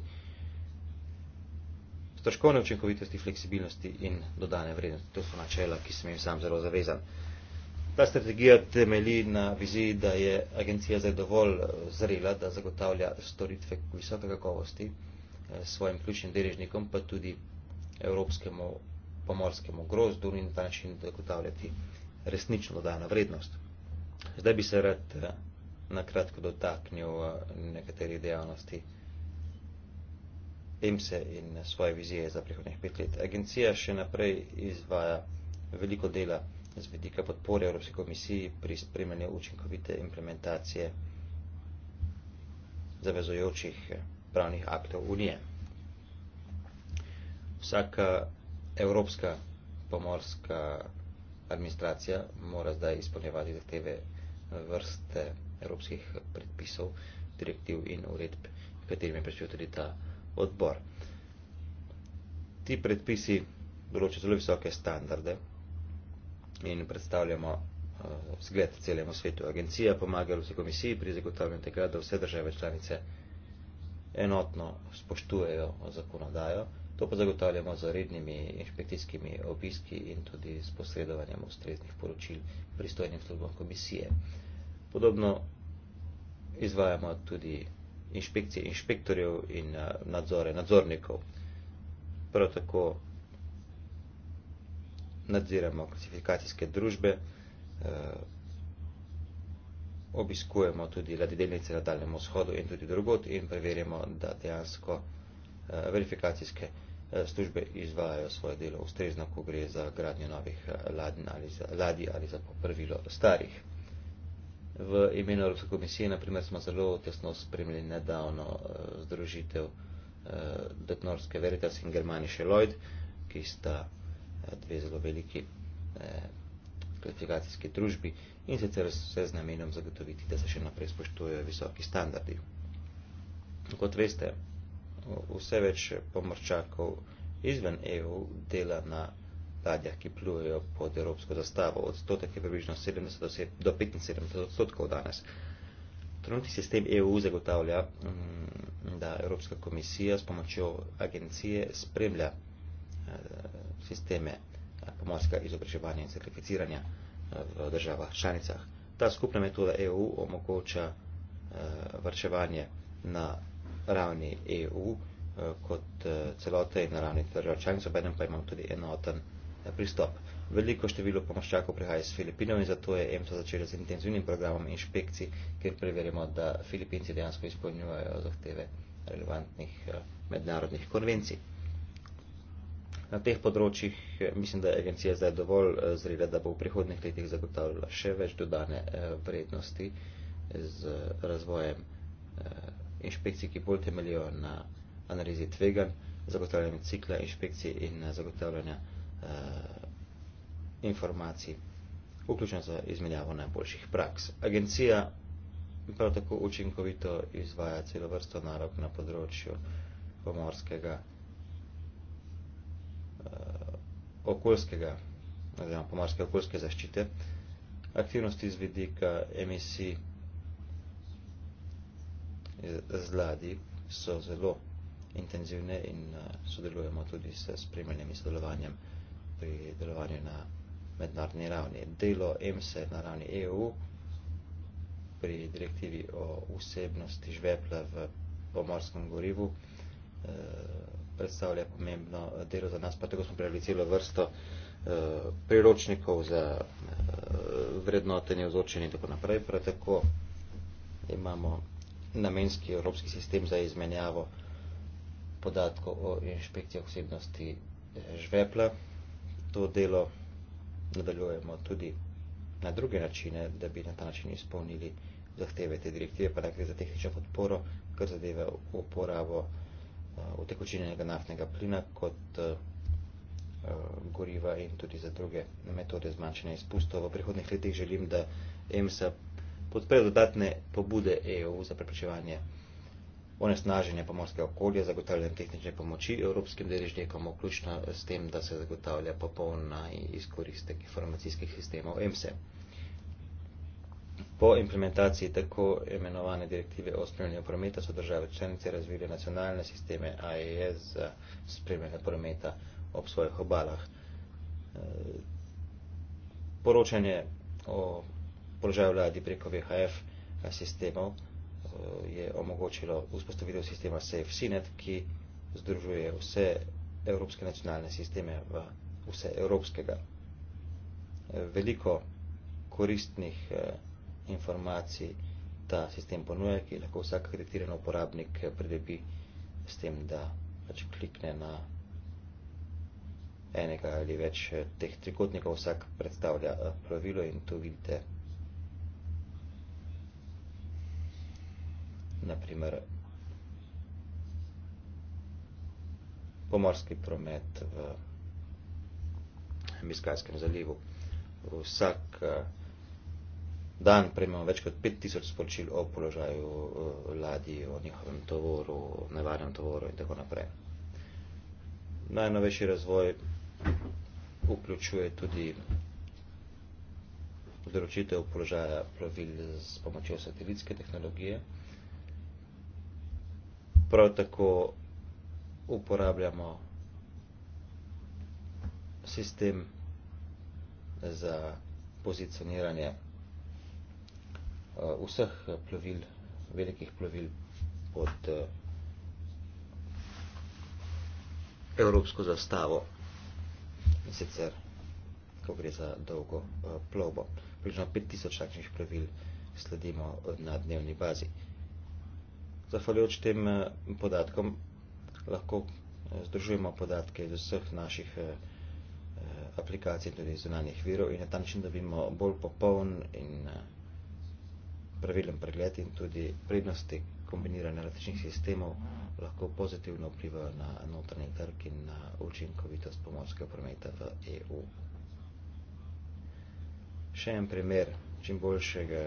stroškovne učinkovitosti, fleksibilnosti in dodane vrednosti. To so načela, ki sem jim sam zelo zavezan. Ta strategija temelji na viziji, da je agencija zdaj dovolj eh, zrela, da zagotavlja storitve visoke kakovosti eh, svojim ključnim deležnikom, pa tudi evropskemu pomorskemu grozdu in na ta način zagotavljati resnično dodano vrednost. Zdaj bi se rad eh, na kratko dotaknil eh, nekaterih dejavnosti EMSE in eh, svoje vizije za prihodnjih pet let. Agencija še naprej izvaja veliko dela z vedika podpore Evropske komisiji pri spremljanju učinkovite implementacije zavezojočih eh, pravnih aktov Unije. Vsaka evropska pomorska administracija mora zdaj izpolnjevati zahteve vrste evropskih predpisov, direktiv in uredb, katerim je prišel tudi ta odbor. Ti predpisi določajo zelo visoke standarde in predstavljamo uh, zgled celemu svetu. Agencija pomaga Evropski komisiji pri zagotavljanju tega, da vse države članice enotno spoštujejo zakonodajo. To pa zagotavljamo z rednimi inšpekcijskimi obiski in tudi s posredovanjem ustreznih poročil pristojnim službam komisije. Uh, Podobno izvajamo tudi inšpekcije inšpektorjev in eh, nadzore nadzornikov. Prav tako nadziramo klasifikacijske družbe, eh, obiskujemo tudi ladidelnice na Daljem vzhodu in tudi drugot in preverjamo, da dejansko eh, verifikacijske službe izvajajo svoje delo ustrezno, ko gre za gradnjo novih ladij ali za popravilo starih. V imenu Evropske komisije, naprimer, smo zelo tesno spremljali nedavno uh, združitev uh, Detnorske Veritas in Germanische Lloyd, ki sta uh, dve zelo veliki uh, kvalifikacijski družbi in sicer vse z namenom zagotoviti, da se še naprej spoštujejo visoki standardi. Kot veste, vse več pomorčakov izven EU dela na ladjah, ki plujejo pod evropsko zastavo. Odstotek je približno 70 do 75 odstotkov danes. Trenutni sistem EU zagotavlja, mm, da Evropska komisija s pomočjo agencije spremlja eh, sisteme eh, pomorskega izobraževanja in certificiranja eh, v državah članicah. Ta skupna metoda EU omogoča vrševanje na ravni EU kot celote in na ravni držav članic, obenem pa imamo tudi enoten uh, pristop. Veliko število pomoščakov prihaja iz Filipinov in zato je EMSA začela z intenzivnim programom inšpekcij, kjer preverjamo, da Filipinci dejansko izpolnjujejo zahteve relevantnih eh, mednarodnih konvencij. Na teh področjih eh, mislim, da je agencija zdaj dovolj eh, zrela, da bo v prihodnih letih zagotavljala še več dodane vrednosti z razvojem inšpekcij, ki bolj temeljijo na analizi tvegan, zagotavljanju cikla inšpekcij in zagotavljanja eh, informacij, vključno z izmenjavo najboljših praks. Agencija prav tako učinkovito izvaja celo vrsto nalog na področju pomorskega, eh, okoljskega, oziroma pomorske okoljske zaščite, aktivnosti z vidika emisij z ladi so zelo intenzivne in eh, sodelujemo tudi s spremljanjem in sodelovanjem pri delovanju na mednarodni ravni. Delo EMSE na ravni EU pri direktivi o vsebnosti žvepla v pomorskem gorivu eh, predstavlja pomembno delo za nas, pa tako smo prijeli celo vrsto eh, priročnikov za eh, vrednotenje, ozočenje in tako naprej. Prav tako imamo namenski evropski sistem za izmenjavo podatkov o inšpekcijah vsebnosti žvepla to delo nadaljujemo tudi na druge načine, da bi na ta način izpolnili zahteve te direktive, pa da gre za tehnično podporo, kar zadeve uporabo eh, utekočinjenega naftnega plina kot eh, eh, goriva in tudi za druge metode zmanjšanja izpustov. V prihodnih letih želim, da EMSA podpre dodatne pobude EU za preprečevanje onesnaženje pomorskega okolja, zagotavljanje tehnične pomoči evropskim deležnikom, vključno s tem, da se zagotavlja popolna izkoristek informacijskih sistemov EMSE. Po implementaciji tako imenovane direktive o spremljanju prometa so države članice razvile nacionalne sisteme AES za spremljanje prometa ob svojih obalah. Poročanje o položaju vladi preko VHF sistemov Eh, je omogočilo vzpostavitev sistema SafeSynet, ki združuje vse evropske nacionalne sisteme v vse evropskega. Eh, veliko koristnih eh, informacij ta sistem ponuje, ki lahko vsak kreditiran uporabnik pridobi s tem, da pač klikne na enega ali več teh trikotnikov, vsak predstavlja pravilo in tu vidite naprimer pomorski promet v Biskajskem zalivu. Vsak eh, dan prejmemo več kot 5000 sporočil o položaju eh, ladij, o njihovem tovoru, o nevarnem tovoru in tako naprej. Najnovejši razvoj vključuje tudi odročitev položaja plovil s pomočjo satelitske tehnologije prav tako uporabljamo sistem za pozicioniranje eh, vseh plovil, velikih plovil pod eh, evropsko zastavo in sicer, ko gre za dolgo eh, plovbo. Približno 5000 takšnih plovil sledimo na dnevni bazi zahvaljujoč tem eh, podatkom lahko eh, združujemo podatke iz vseh naših eh, aplikacij in tudi zunanjih virov in na ta način dobimo bolj popoln in pravilen pregled in tudi prednosti kombinirane različnih sistemov lahko pozitivno vplivajo na notranji trg in na učinkovitost pomorskega prometa v EU. Še en primer čim boljšega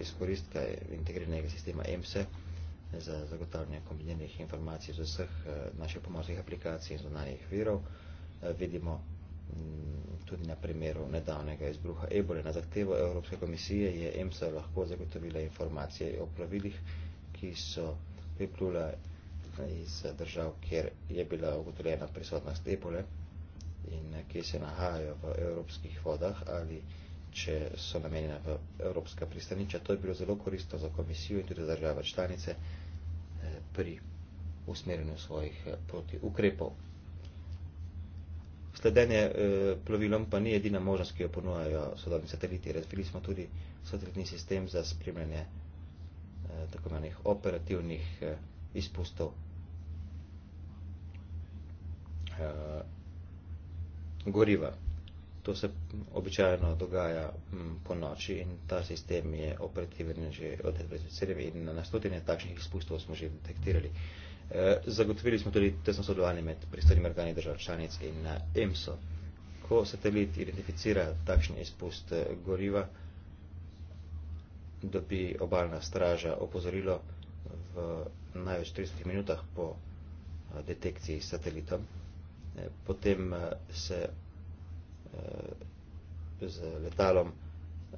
izkoristka integriranega sistema EMSE za zagotavljanje kombiniranih informacij iz vseh eh, naših pomožnih aplikacij in zunanjih virov. Eh, vidimo mm, tudi na primeru nedavnega izbruha Ebole. Na zahtevo Evropske komisije je EMSA lahko zagotovila informacije o pravilih, ki so priplula iz držav, kjer je bila ugotovljena prisotnost Ebole in eh, ki se nahajajo v evropskih vodah ali če so namenjena v evropska pristanica. To je bilo zelo koristno za komisijo in tudi za države članice pri usmerjanju svojih eh, protiukrepov. Sledenje eh, plovilom pa ni edina možnost, ki jo ponujajo sodobni sateliti. Razvili smo tudi satelitni sistem za spremljanje eh, tako imenih operativnih izpustov goriva. To se običajno dogaja m, hm, po noči in ta sistem je operativen že od 27 in na stotine takšnih izpustov smo že detektirali. E, zagotovili smo tudi tesno sodelovanje med pristojnimi organi držav članic in na eh, EMSO. Ko satelit identificira takšen izpust eh, goriva, dobi obalna straža opozorilo v največ 30 minutah po detekciji satelitom. E, potem se Eh, z letalom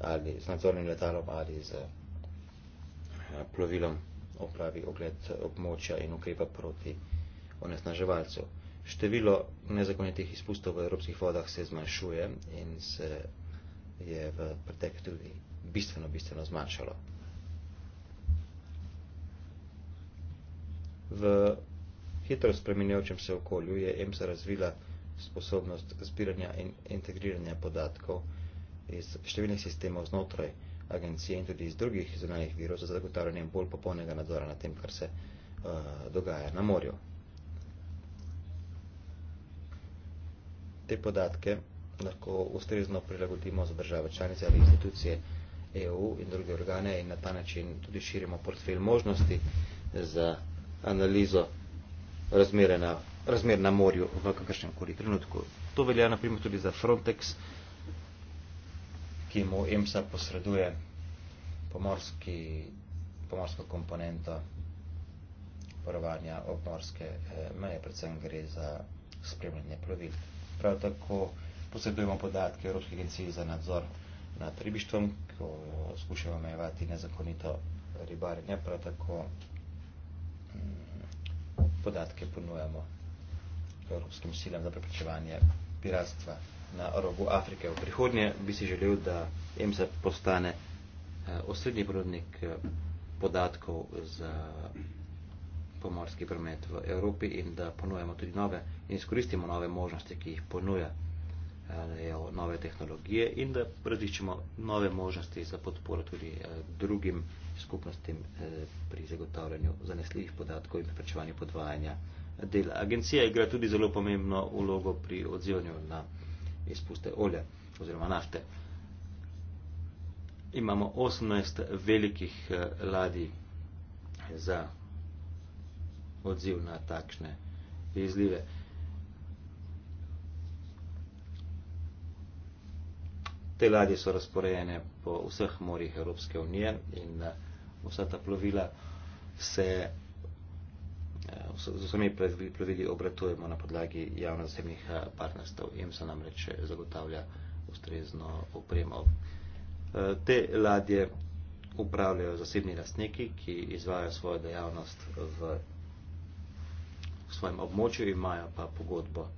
ali z nadzornim letalom ali z eh, plovilom opravi ogled območja in ukrepa proti onesnaževalcu. Število nezakonitih izpustov v evropskih vodah se zmanjšuje in se je v preteklosti tudi bistveno, bistveno zmanjšalo. V hitro spremenjajočem se okolju je EMSA razvila sposobnost zbiranja in integriranja podatkov iz številnih sistemov znotraj agencije in tudi iz drugih zunanjih virov za zagotavljanje bolj popolnega nadzora na tem, kar se uh, dogaja na morju. Te podatke lahko ustrezno prilagodimo za države članice ali institucije EU in druge organe in na ta način tudi širimo portfelj možnosti za analizo razmere na razmer na morju v kakršnem koli trenutku. To velja naprimer tudi za Frontex, ki mu EMSA posreduje pomorski, pomorsko komponento porovanja obmorske eh, meje, predvsem gre za spremljanje plovil. Prav tako posredujemo podatke Evropske agencije za nadzor nad ribištvom, ko skušamo omejevati nezakonito ribarenje, prav tako mm, podatke ponujemo evropskim silam za preprečevanje piratstva na rogu Afrike. V prihodnje bi si želel, da EMSA postane eh, osrednji porodnik eh, podatkov za pomorski promet v Evropi in da ponujemo tudi nove in izkoristimo nove možnosti, ki jih ponuja eh, nove tehnologije in da različimo nove možnosti za podporo tudi drugim skupnostim pri zagotavljanju zanesljivih podatkov in preprečevanju podvajanja dela. Agencija igra tudi zelo pomembno vlogo pri odzivanju na izpuste olja oziroma nafte. Imamo 18 velikih eh, ladij za odziv na takšne izlive. Te ladje so razporejene po vseh morjih Evropske unije in eh, vsa ta plovila se je z vsemi pravili obratujemo na podlagi javno-zasebnih eh, partnerstv. Im se namreč zagotavlja ustrezno opremo. Eh, te ladje upravljajo zasebni lastniki, ki izvajo svojo dejavnost v svojem območju, imajo pa pogodbo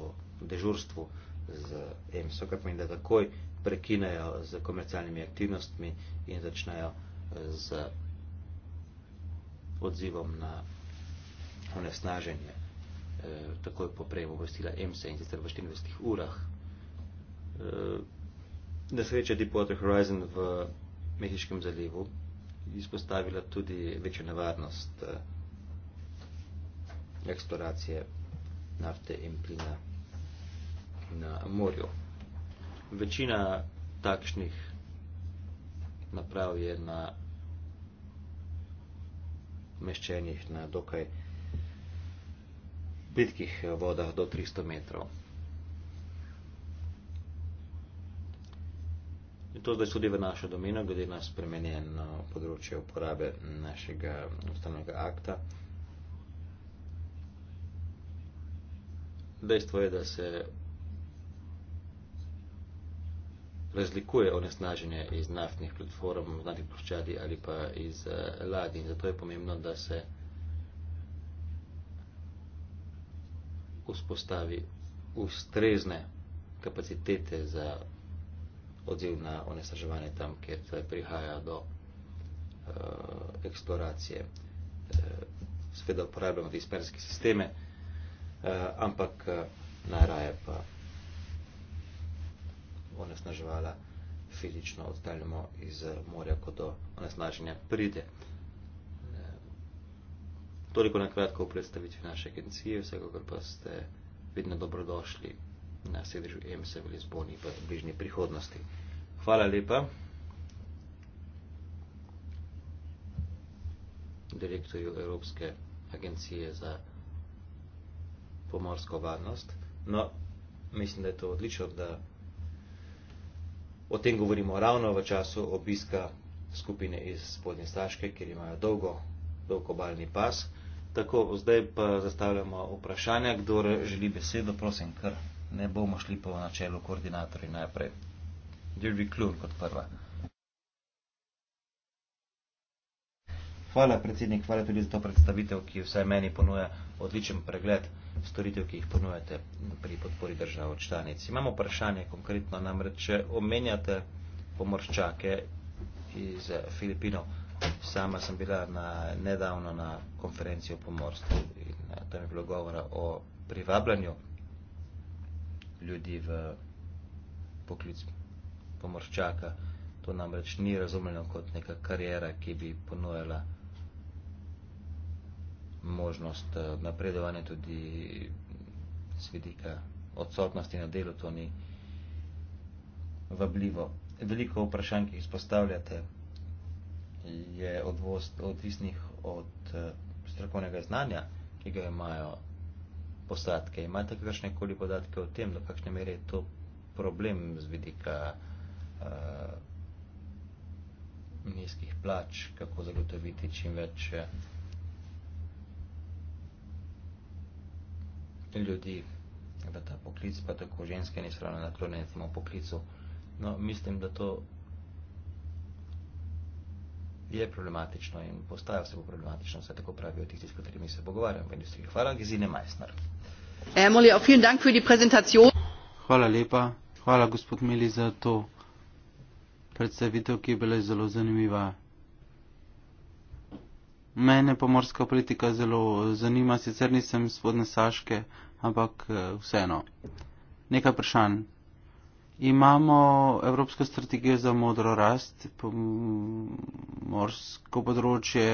o dežurstvu z EMSO, kar pomeni, da takoj prekinejo z komercialnimi aktivnostmi in začnejo eh, z odzivom na onesnaženje. E, eh, tako je poprejem obvestila EMSA in sicer v 24 urah. E, eh, da sreče Deepwater Horizon v Mehiškem zalivu izpostavila tudi večjo nevarnost e, eksploracije nafte in plina na morju. Večina takšnih naprav je na meščenih na dokaj plitkih vodah do 300 metrov. In to zdaj sodi v našo domeno, glede na spremenjeno področje uporabe našega ustavnega akta. Dejstvo je, da se razlikuje onesnaženje iz naftnih platform, iz naftnih ploščadi ali pa iz eh, ladij. Zato je pomembno, da se. vzpostavi ustrezne kapacitete za odziv na onesraževanje tam, kjer prihaja do uh, eksploracije. Uh, eh, Sveda uporabljamo dispersijske sisteme, uh, ampak uh, najraje pa onesnaževala fizično odstavljamo iz uh, morja, ko do onesnaženja pride. Uh, Toliko na kratko o predstavitvi naše agencije, vsekakor pa ste vedno dobrodošli na sedežu EMSA v Lizboni in bližnji prihodnosti. Hvala lepa. direktorju Evropske agencije za pomorsko varnost. No, mislim, da je to odlično, da o tem govorimo ravno v času obiska skupine iz Spodnje Staške, kjer imajo dolgo, dolgo obaljni pas. Tako, zdaj pa zastavljamo vprašanja, kdo želi besedo, prosim, ker ne bomo šli po načelu koordinatorji najprej. Dirby Klur kot prva. Hvala, predsednik, hvala tudi za to predstavitev, ki vsaj meni ponuja odličen pregled storitev, ki jih ponujate pri podpori držav od članic. Imamo vprašanje konkretno namreč, omenjate pomorščake iz Filipinov sama sam bila na, nedavno na konferenciji o pomorstvu in eh, tam je bilo govora o privabljanju ljudi v poklic pomorščaka. To namreč ni razumljeno kot neka karijera, ki bi ponujala možnost eh, napredovanja tudi z vidika odsotnosti na delu, to ni vabljivo. Veliko vprašanj, ki jih spostavljate, je odvisnih od eh, strokovnega znanja, ki ga imajo posadke. Imate kakšne koli podatke o tem, do kakšne mere je to problem z vidika uh, nizkih plač, kako zagotoviti čim več eh, ljudi v ta poklic, pa tako ženske niso ravno naklonjene temu poklicu. No, mislim, da to je problematično in postaja vse bo problematično, vse tako pravijo tisti, s katerimi se pogovarjam v industriji. Hvala, Gizine Meissner. Eh, oh, Hvala lepa. Hvala, gospod Meli, za to predstavitev, ki je bila zelo zanimiva. Mene pomorska politika zelo zanima, sicer nisem spodne Saške, ampak eh, vseeno. Nekaj vprašanj. Imamo Evropsko strategijo za modro rast, morsko področje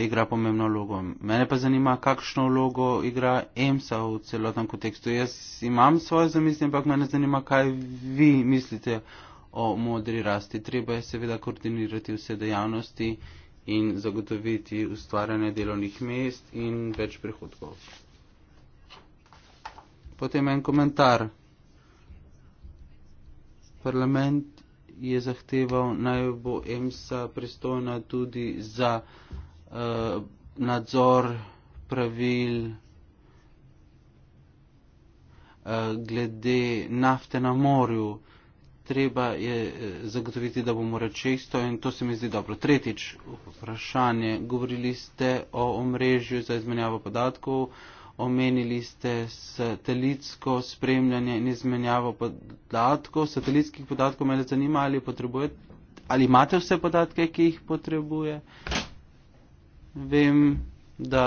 igra pomembno vlogo. Mene pa zanima, kakšno vlogo igra EMSA v celotnem kontekstu. Jaz imam svoje zamisli, ampak mene zanima, kaj vi mislite o modri rasti. Treba je seveda koordinirati vse dejavnosti in zagotoviti ustvarjanje delovnih mest in več prihodkov. Potem en komentar parlament je zahteval naj bo EMSA pristojna tudi za uh, nadzor pravil eh, glede nafte na morju, treba je eh, zagotoviti, da bomo reči čisto in to se mi zdi dobro. Tretjič vprašanje. Govorili ste o omrežju za izmenjavo podatkov, uh, omenili ste satelitsko spremljanje in izmenjavo podatkov, satelitskih podatkov, me zanima, ali, ali imate vse podatke, ki jih potrebuje. Vem, da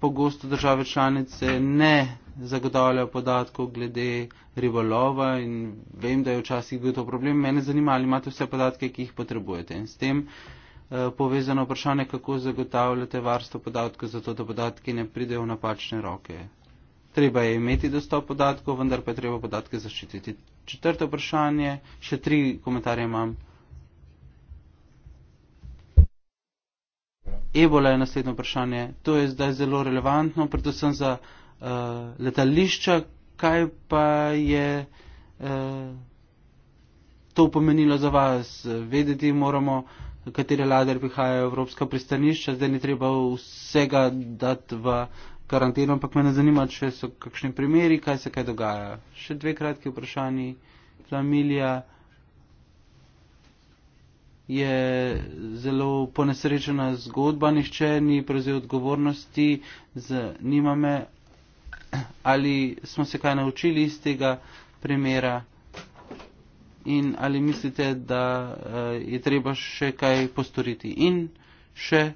pogosto države članice ne zagotavljajo podatkov glede ribolova in vem, da je včasih bil to problem. Mene zanima, ali imate vse podatke, ki jih potrebujete. In s tem uh, Eh, povezano vprašanje, kako zagotavljate varstvo podatkov, zato da podatki ne pridejo v napačne roke. Treba je imeti dostop podatkov, vendar pa je treba podatke zaščititi. Četrto vprašanje, še tri komentarje imam. Ebola je naslednje vprašanje. To je zdaj zelo relevantno, predvsem za uh, letališča. Kaj pa je uh, to pomenilo za vas. Vedeti moramo, katere ladre prihajajo v Evropska pristanišča, zdaj ni treba vsega dati v karanteno, ampak me ne zanima, če so kakšni primeri, kaj se kaj dogaja. Še dve kratki vprašanji. Flamilija je zelo ponesrečena zgodba, nišče ni prevzel odgovornosti, zanima me, ali smo se kaj naučili iz tega primera in ali mislite, da eh, je treba še kaj postoriti. In še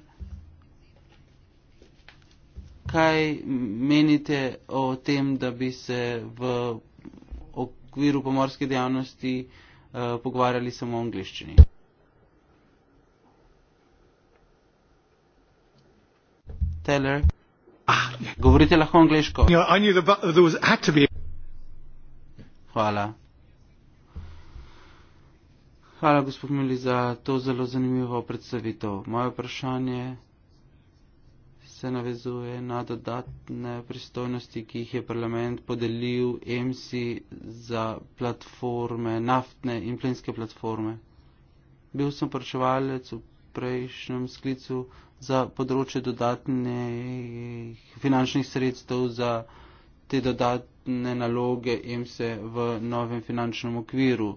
kaj menite o tem, da bi se v okviru pomorske dejavnosti eh, pogovarjali samo v angliščini. Teller. Ah, yeah. Ja. Govorite lahko angliško. Yeah, no, I knew the, there was, had to be. Hvala. Hvala, gospod Mili, za to zelo zanimivo predstavitev. Moje vprašanje se navezuje na dodatne pristojnosti, ki jih je parlament podelil EMSI za platforme, naftne in plinske platforme. Bil sem poročevalec v prejšnjem sklicu za področje dodatnih finančnih sredstev za te dodatne naloge EMSE v novem finančnem okviru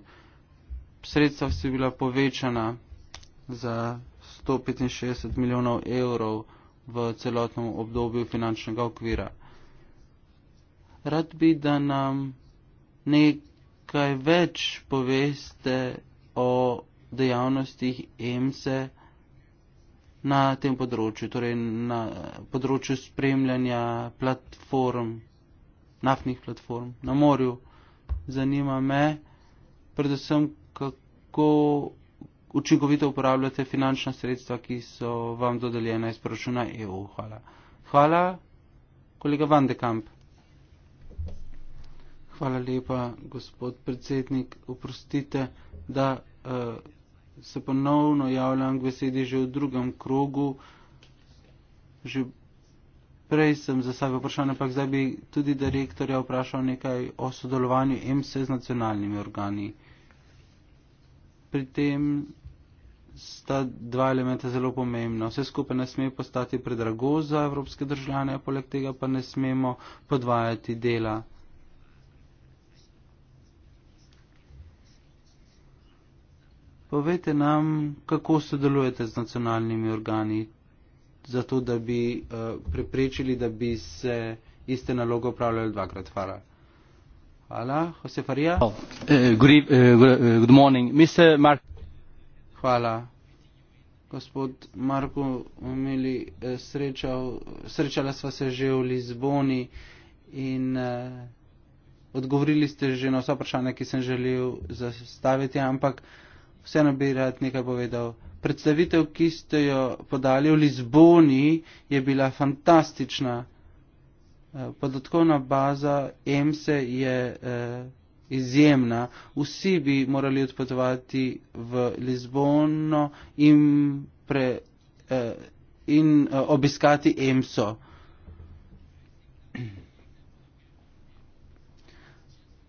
sredstva so bila povečana za 165 milijonov evrov v celotnem obdobju finančnega okvira. Rad bi, da nam nekaj več poveste o dejavnostih EMSE na tem področju, torej na področju spremljanja platform, naftnih platform na morju. Zanima me predvsem, kako učinkovito uporabljate finančna sredstva, ki so vam dodeljena iz proračuna EU. Hvala. Hvala, kolega Vandekamp. Hvala lepa, gospod predsednik. Oprostite, da uh, se ponovno javljam k besedi že v drugem krogu. Že prej sem za sebe vprašal, ampak zdaj bi tudi direktorja vprašal nekaj o sodelovanju MS e z nacionalnimi organi pri tem sta dva elementa zelo pomembna. Vse skupaj ne sme postati predrago za evropske državljane, poleg tega pa ne smemo podvajati dela. Povejte nam, kako sodelujete z nacionalnimi organi, zato da bi uh, preprečili, da bi se iste naloge upravljali dvakrat. Hvala. Oh, eh, eh, eh, Hvala. Gospod Marko, imeli srečo, srečala sva se že v Lizboni in eh, odgovorili ste že na vsa vprašanja, ki sem želel zastaviti, ampak vseeno bi rad nekaj povedal. Predstavitev, ki ste jo podali v Lizboni, je bila fantastična. Eh, podatkovna baza EMSE je eh, izjemna. Vsi bi morali odpotovati v Lizbono in, pre, eh, in eh, obiskati EMSO.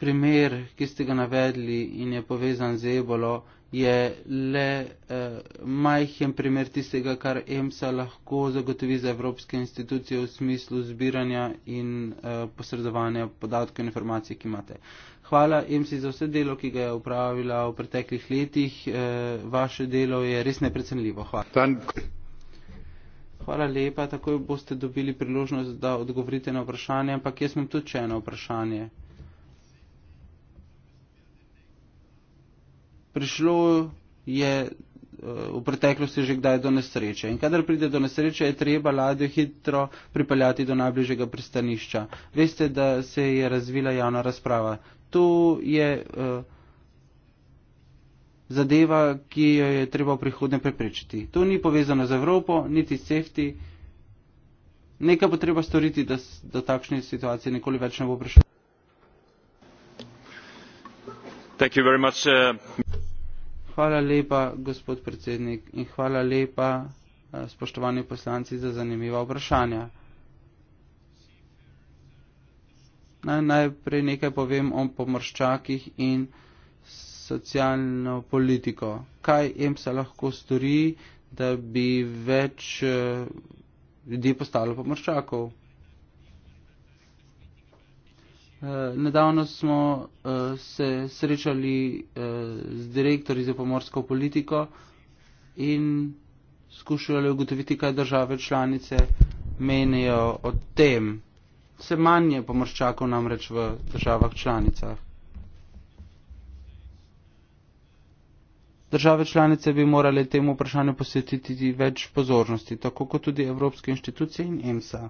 Primer, ki ste ga navedli in je povezan z ebolo, je le eh, majhen primer tistega, kar EMSA lahko zagotovi za evropske institucije v smislu zbiranja in eh, posredovanja podatkov in informacij, ki imate. Hvala EMSI za vse delo, ki ga je upravila v preteklih letih. Eh, vaše delo je res neprecenljivo. Hvala. Hvala lepa. Takoj boste dobili priložnost, da odgovorite na vprašanje, ampak jaz imam tudi še eno vprašanje. prišlo je eh, v preteklosti že kdaj do nesreče. In kadar pride do nesreče, je treba ladjo hitro pripeljati do najbližjega pristanišča. Veste, da se je razvila javna razprava. To je uh, zadeva, ki jo je treba v prihodnje preprečiti. To ni povezano z Evropo, niti s cefti. Nekaj bo treba storiti, da do takšne situacije nikoli več ne bo prišlo. Thank you very much. Uh... Hvala lepa, gospod predsednik, in hvala lepa, eh, spoštovani poslanci, za zanimiva vprašanja. Naj najprej nekaj povem o pomorščakih in socialno politiko. Kaj EMSA lahko stori, da bi več eh, ljudi postalo pomorščakov? Eh, nedavno smo eh, se srečali eh, z direktori za pomorsko politiko in skušali ugotoviti, kaj države članice menijo o tem. Vse manj je pomorščakov namreč v državah članicah. Države članice bi morale temu vprašanju posvetiti več pozornosti, tako kot tudi Evropske inštitucije in EMSA.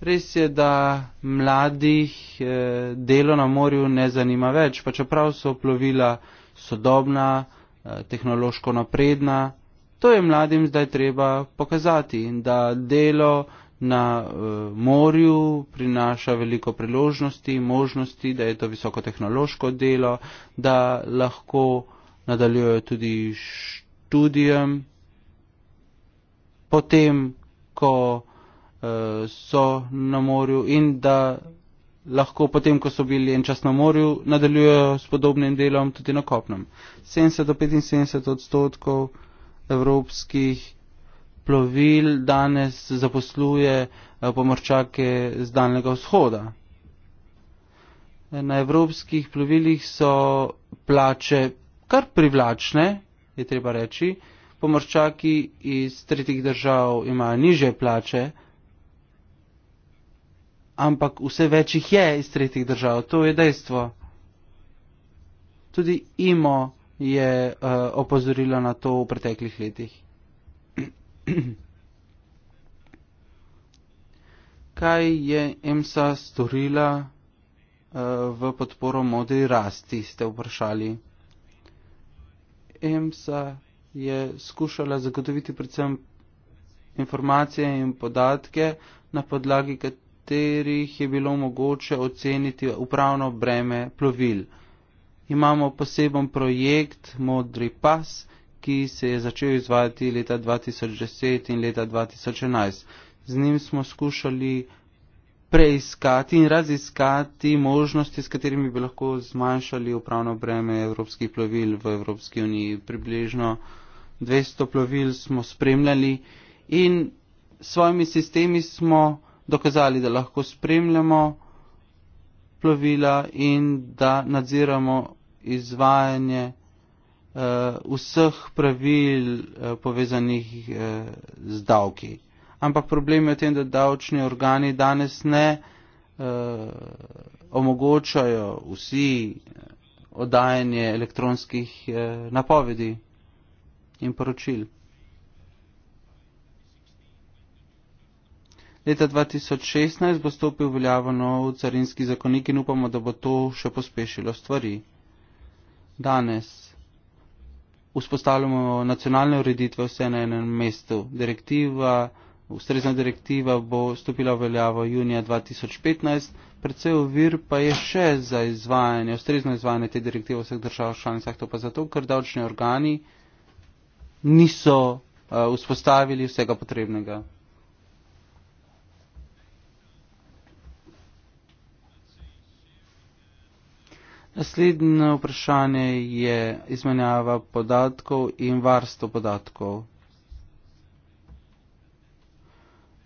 Res je, da mladih eh, delo na morju ne zanima več, pa čeprav so plovila sodobna, eh, tehnološko napredna. To je mladim zdaj treba pokazati, da delo na eh, morju prinaša veliko priložnosti, možnosti, da je to visokotehnološko delo, da lahko nadaljujejo tudi študijem. Potem, ko Eh, so na morju in da lahko potem, ko so bili en čas na morju, nadaljujejo s podobnim delom tudi na kopnem. 70 do 75 odstotkov evropskih plovil danes zaposluje eh, pomorčake z daljnega vzhoda. Na evropskih plovilih so plače kar privlačne, je treba reči. Pomorčaki iz tretjih držav imajo niže plače, ampak vse več jih je iz tretjih držav, to je dejstvo. Tudi IMO je uh, eh, opozorila na to v preteklih letih. [clears throat] Kaj je EMSA storila uh, v podporo modri rasti, ste vprašali. EMSA je skušala zagotoviti predvsem informacije in podatke, na podlagi katerih katerih je bilo mogoče oceniti upravno breme plovil. Imamo poseben projekt Modri pas, ki se je začel izvajati leta 2010 in leta 2011. Z njim smo skušali preiskati in raziskati možnosti, s katerimi bi lahko zmanjšali upravno breme evropskih plovil v Evropski uniji. Približno 200 plovil smo spremljali in s svojimi sistemi smo dokazali, da lahko spremljamo plovila in da nadziramo izvajanje uh, vseh pravil uh, povezanih uh, z davki. Ampak problem je v tem, da davčni organi danes ne uh, omogočajo vsi oddajanje elektronskih uh, napovedi in poročil. Leta 2016 bo stopil v veljavo nov carinski zakonik in upamo, da bo to še pospešilo stvari. Danes vzpostavljamo nacionalne ureditve vse na enem mestu. Direktiva, ustrezna direktiva bo stopila v veljavo junija 2015, predvsej ovir pa je še za izvajanje, ustrezno izvajanje te direktive v vseh državah članicah, to pa zato, ker davčni organi niso uh, vzpostavili vsega potrebnega. Naslednje vprašanje je izmenjava podatkov in varstvo podatkov.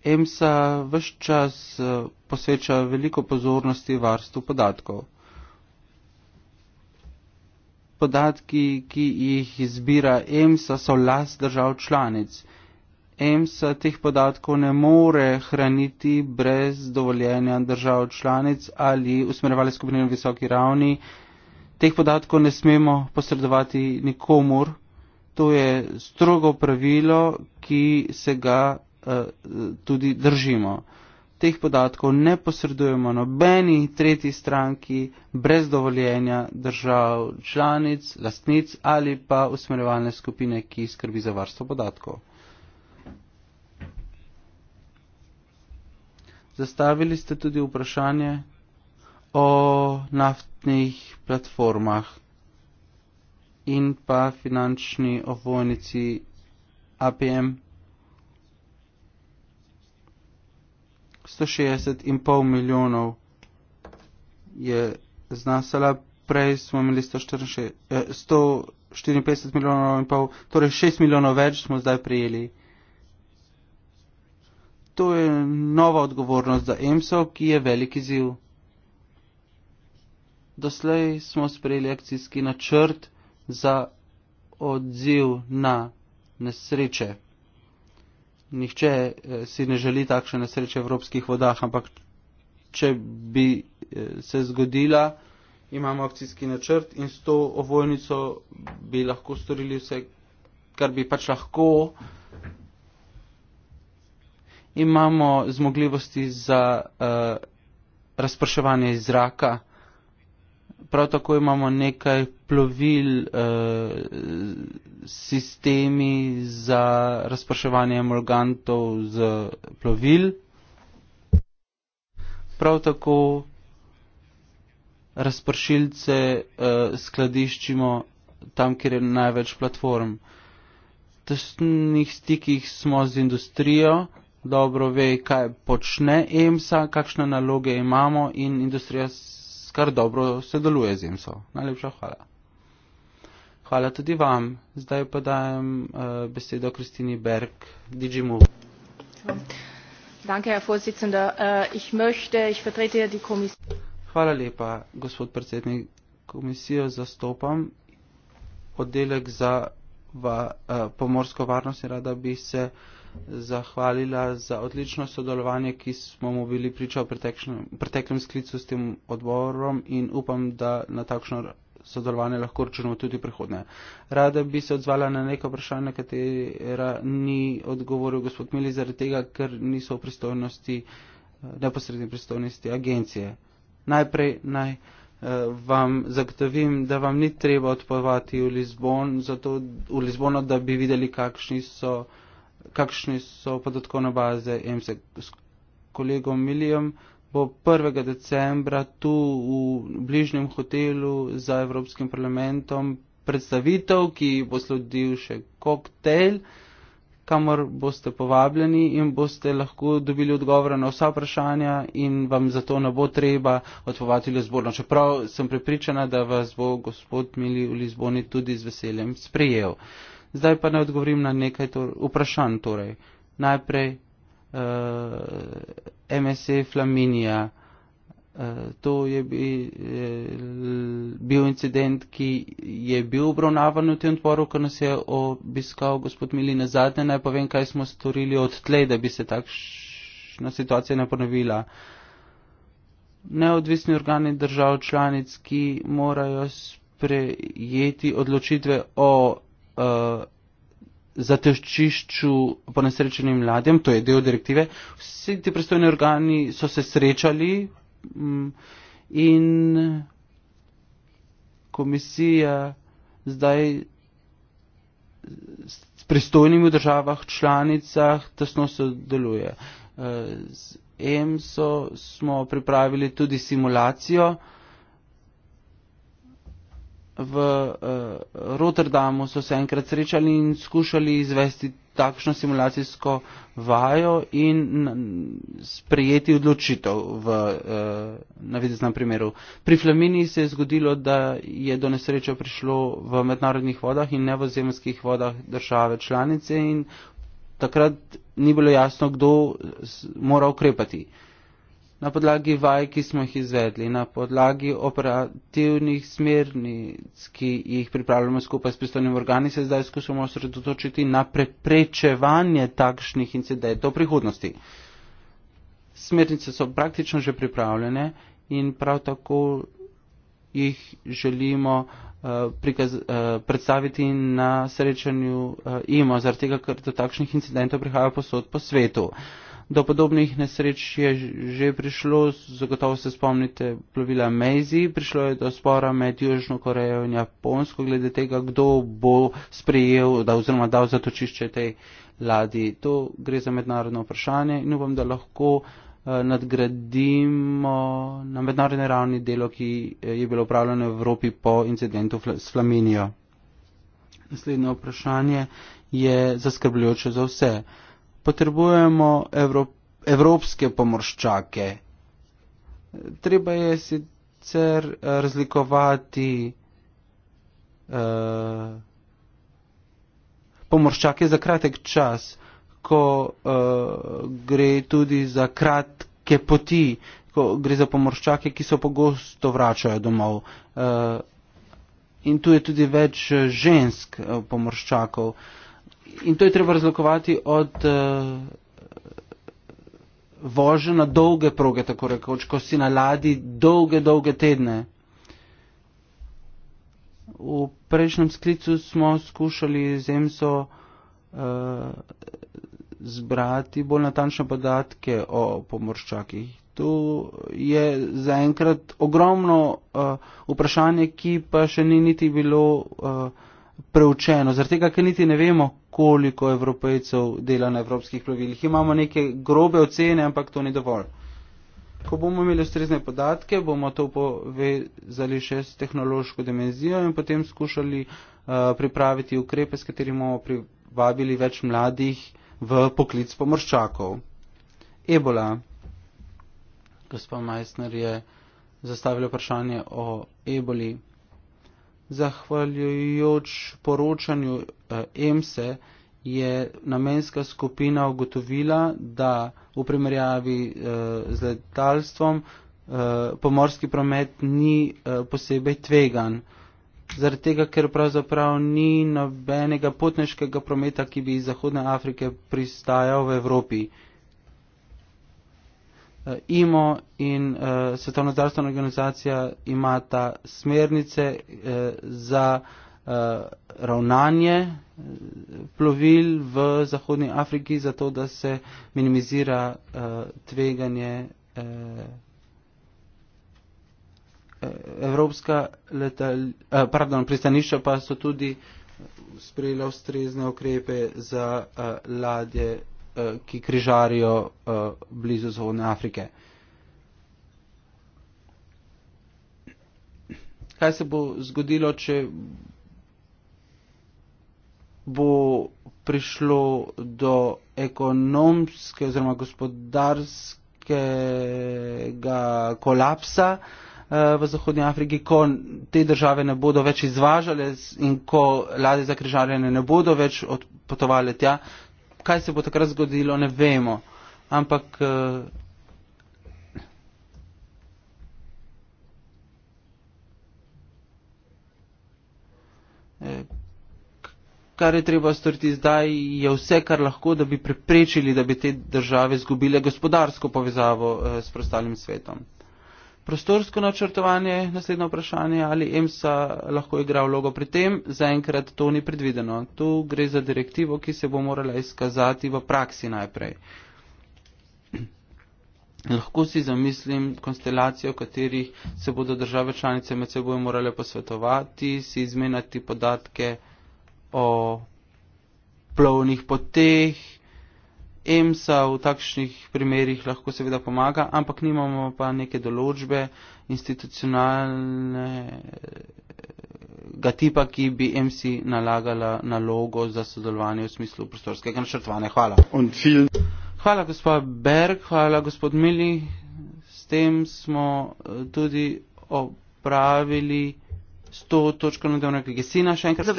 EMSA vse čas eh, posveča veliko pozornosti varstvu podatkov. Podatki, ki jih izbira EMSA, so last držav članic. EMSA teh podatkov ne more hraniti brez dovoljenja držav članic ali usmerjevalne skupine na visoki ravni, Teh podatkov ne smemo posredovati nikomur. To je strogo pravilo, ki se ga eh, tudi držimo. Teh podatkov ne posredujemo nobeni tretji stranki brez dovoljenja držav članic, lastnic ali pa usmerjevalne skupine, ki skrbi za varstvo podatkov. Zastavili ste tudi vprašanje, o naftnih platformah in pa finančni ovojnici APM. 160,5 milijonov je znašala, prej smo imeli 154 eh, milijonov in pol, torej 6 milijonov več smo zdaj prijeli. To je nova odgovornost za EMSO, ki je veliki ziv doslej smo sprejeli akcijski načrt za odziv na nesreče. Nihče eh, si ne želi takšne nesreče v evropskih vodah, ampak če bi eh, se zgodila, imamo akcijski načrt in s to ovojnico bi lahko storili vse, kar bi pač lahko. Imamo zmogljivosti za uh, razprševanje iz zraka prav tako imamo nekaj plovil, eh, sistemi za razpraševanje emulgantov z plovil. Prav tako razpršilce uh, skladiščimo tam, kjer je največ platform. V tesnih stikih smo z industrijo, dobro ve, kaj počne EMSA, kakšne naloge imamo in industrija kar dobro sodeluje z EMSO. Najlepša hvala. Hvala tudi vam. Zdaj pa dajem uh, besedo Kristini Berg, Digimu. Äh, ja hvala lepa, gospod predsednik. Komisijo zastopam oddelek za va, uh, pomorsko varnost in rada bi se uh, zahvalila za odlično sodelovanje, ki smo mu bili priča v preteklem sklicu s tem odborom in upam, da na takšno sodelovanje lahko računamo tudi prihodnje. Rada bi se odzvala na neko vprašanje, katera ni odgovoril gospod Mili zaradi tega, ker niso v pristojnosti, eh, neposredni pristojnosti agencije. Najprej naj eh, vam zagotovim, da vam ni treba odpovati v Lizbon, zato v Lizbono, da bi videli, kakšni so kakšne so podatkovne baze in se s kolegom Milijem bo 1. decembra tu v bližnjem hotelu za Evropskim parlamentom predstavitev, ki bo sledil še koktejl, kamor boste povabljeni in boste lahko dobili odgovore na vsa vprašanja in vam zato ne bo treba odpovati Lizbono. Čeprav sem prepričana, da vas bo gospod Mili v Lizboni tudi z veseljem sprejel. Uh, Zdaj pa ne odgovorim na nekaj tor vprašanj. Torej. Najprej uh, eh, MSC e Flaminija. Eh, to je eh, bil incident, ki je bil obravnavan v tem odboru, ko nas je obiskal gospod Milina zadnje. Naj povem, kaj smo storili od tlej, da bi se takšna situacija ne ponovila. Neodvisni organi držav članic, ki morajo sprejeti odločitve o uh, eh, zatečišču ponesrečenim mladim, to je del direktive, vsi ti pristojni organi so se srečali um, in komisija zdaj s pristojnimi državah, članicah tesno sodeluje. Uh, z EMSO smo pripravili tudi simulacijo, v uh, Rotterdamu so se enkrat srečali in skušali izvesti takšno simulacijsko vajo in sprejeti odločitev v uh, navideznem primeru. Pri Flamini se je zgodilo, da je do nesreče prišlo v mednarodnih vodah in ne v zemljskih vodah države članice in takrat ni bilo jasno, kdo mora ukrepati. Uh, na podlagi vaj, ki smo jih izvedli, na podlagi operativnih smernic, ki jih pripravljamo skupaj s pristojnim organi, se zdaj skušamo osredotočiti na preprečevanje takšnih incidentov v prihodnosti. Smernice so praktično že pripravljene in prav tako jih želimo uh, prikaz, uh, predstaviti na srečanju uh, IMO, zaradi tega, ker do takšnih incidentov prihaja posod po svetu. Uh, Do podobnih nesreč je že prišlo, zagotovo se spomnite plovila Meizi, prišlo je do spora med Južno Korejo in Japonsko glede tega, kdo bo sprejel da, oziroma dal zatočišče tej ladi. To gre za mednarodno vprašanje in upam, da lahko eh, nadgradimo na mednarodni ravni delo, ki eh, je bilo upravljeno v Evropi po incidentu s Flaminijo. Naslednje vprašanje je zaskrbljujoče za vse potrebujemo evro, evropske pomorščake. Treba je sicer razlikovati eh, pomorščake za kratek čas, ko eh, gre tudi za kratke poti, ko gre za pomorščake, ki se pogosto vračajo domov. Eh, in tu je tudi več eh, žensk eh, pomorščakov. Eh, in to je treba razlikovati od uh, vožnje na dolge proge, tako rekoč, ko si na ladi dolge, dolge tedne. V prejšnjem sklicu smo skušali zemljo uh, eh, zbrati bolj natančne podatke o pomorščakih. Tu je zaenkrat ogromno uh, vprašanje, ki pa še ni niti bilo. Uh, preučeno, zato ker niti ne vemo, koliko evropejcev dela na evropskih plovilih. Imamo neke grobe ocene, ampak to ni dovolj. Ko bomo imeli ustrezne podatke, bomo to povezali še s tehnološko dimenzijo in potem skušali uh, pripraviti ukrepe, s katerimi bomo privabili več mladih v poklic pomorščakov. Ebola. Gospod Meissner je zastavil vprašanje o eboli. Zahvaljujoč poročanju eh, EMSE je namenska skupina ugotovila, da v primerjavi eh, z letalstvom eh, pomorski promet ni posebej tvegan. Zaradi tega, ker pravzaprav ni nobenega potniškega prometa, ki bi iz Zahodne Afrike pristajal v Evropi. Eh, IMO in uh, Svetovna zdravstvena organizacija imata smernice uh, za uh, ravnanje plovil v Zahodnji Afriki, zato da se minimizira uh, tveganje. Uh, Evropska letal, uh, pardon, pristanišča pa so tudi sprejela ustrezne ukrepe za uh, ladje. Eh, ki križarijo eh, blizu zvone Afrike. Kaj se bo zgodilo, če bo prišlo do ekonomske oziroma gospodarskega kolapsa eh, v Zahodnji Afriki, ko te države ne bodo več izvažale in ko lade za križarjenje ne bodo več potovali tja, kaj se bo takrat zgodilo, ne vemo. Ampak eh, eh, kar je treba storiti zdaj, je vse, kar lahko, da bi preprečili, da bi te države zgubile gospodarsko povezavo eh, s prostalim svetom prostorsko načrtovanje, naslednje vprašanje, ali EMSA lahko igra vlogo pri tem, zaenkrat to ni predvideno. Tu gre za direktivo, ki se bo morala izkazati v praksi najprej. [clears throat] Lahko si zamislim konstelacijo, v kateri se bodo države članice med seboj morale posvetovati, si izmenjati podatke o plovnih poteh EMSA v takšnih primerih lahko seveda pomaga, ampak nimamo pa neke določbe institucionalnega tipa, ki bi EMSI nalagala nalogo za sodelovanje v smislu prostorskega načrtovanja. Hvala. Hvala, gospod Berg, hvala, gospod Mili. S tem smo eh, tudi opravili 100 točk na dnevnem reku. Gesina, še enkrat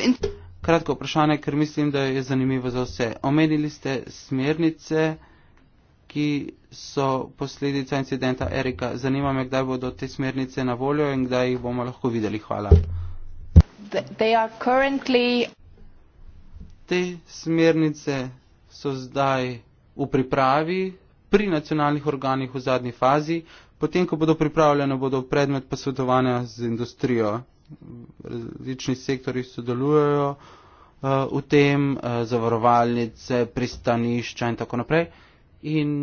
kratko vprašanje, ker mislim, da je zanimivo za vse. Omenili ste smernice, ki so posledica incidenta Erika. Zanima me, kdaj bodo te smernice na voljo in kdaj jih bomo lahko videli. Hvala. Currently... Te smernice so zdaj v pripravi pri nacionalnih organih v zadnji fazi. Potem, ko bodo pripravljene, bodo predmet posvetovanja z industrijo različni sektori sodelujejo eh, v tem, eh, zavarovalnice, pristanišča in tako naprej. In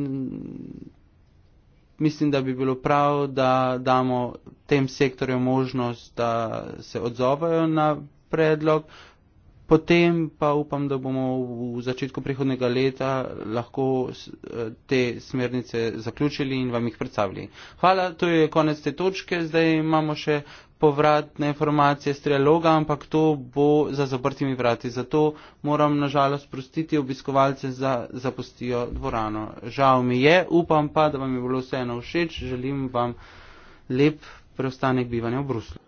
mislim, da bi bilo prav, da damo tem sektorjem možnost, da se odzovejo na predlog. Potem pa upam, da bomo v začetku prihodnega leta lahko eh, te smernice zaključili in vam jih predstavili. Hvala, to je konec te točke. Zdaj imamo še povratne informacije s trialoga, ampak to bo za zaprtimi vrati. Zato moram nažalost prostiti obiskovalce za zapustijo dvorano. Žal mi je, upam pa, da vam je bilo vseeno všeč, želim vam lep preostanek bivanja v Bruslu.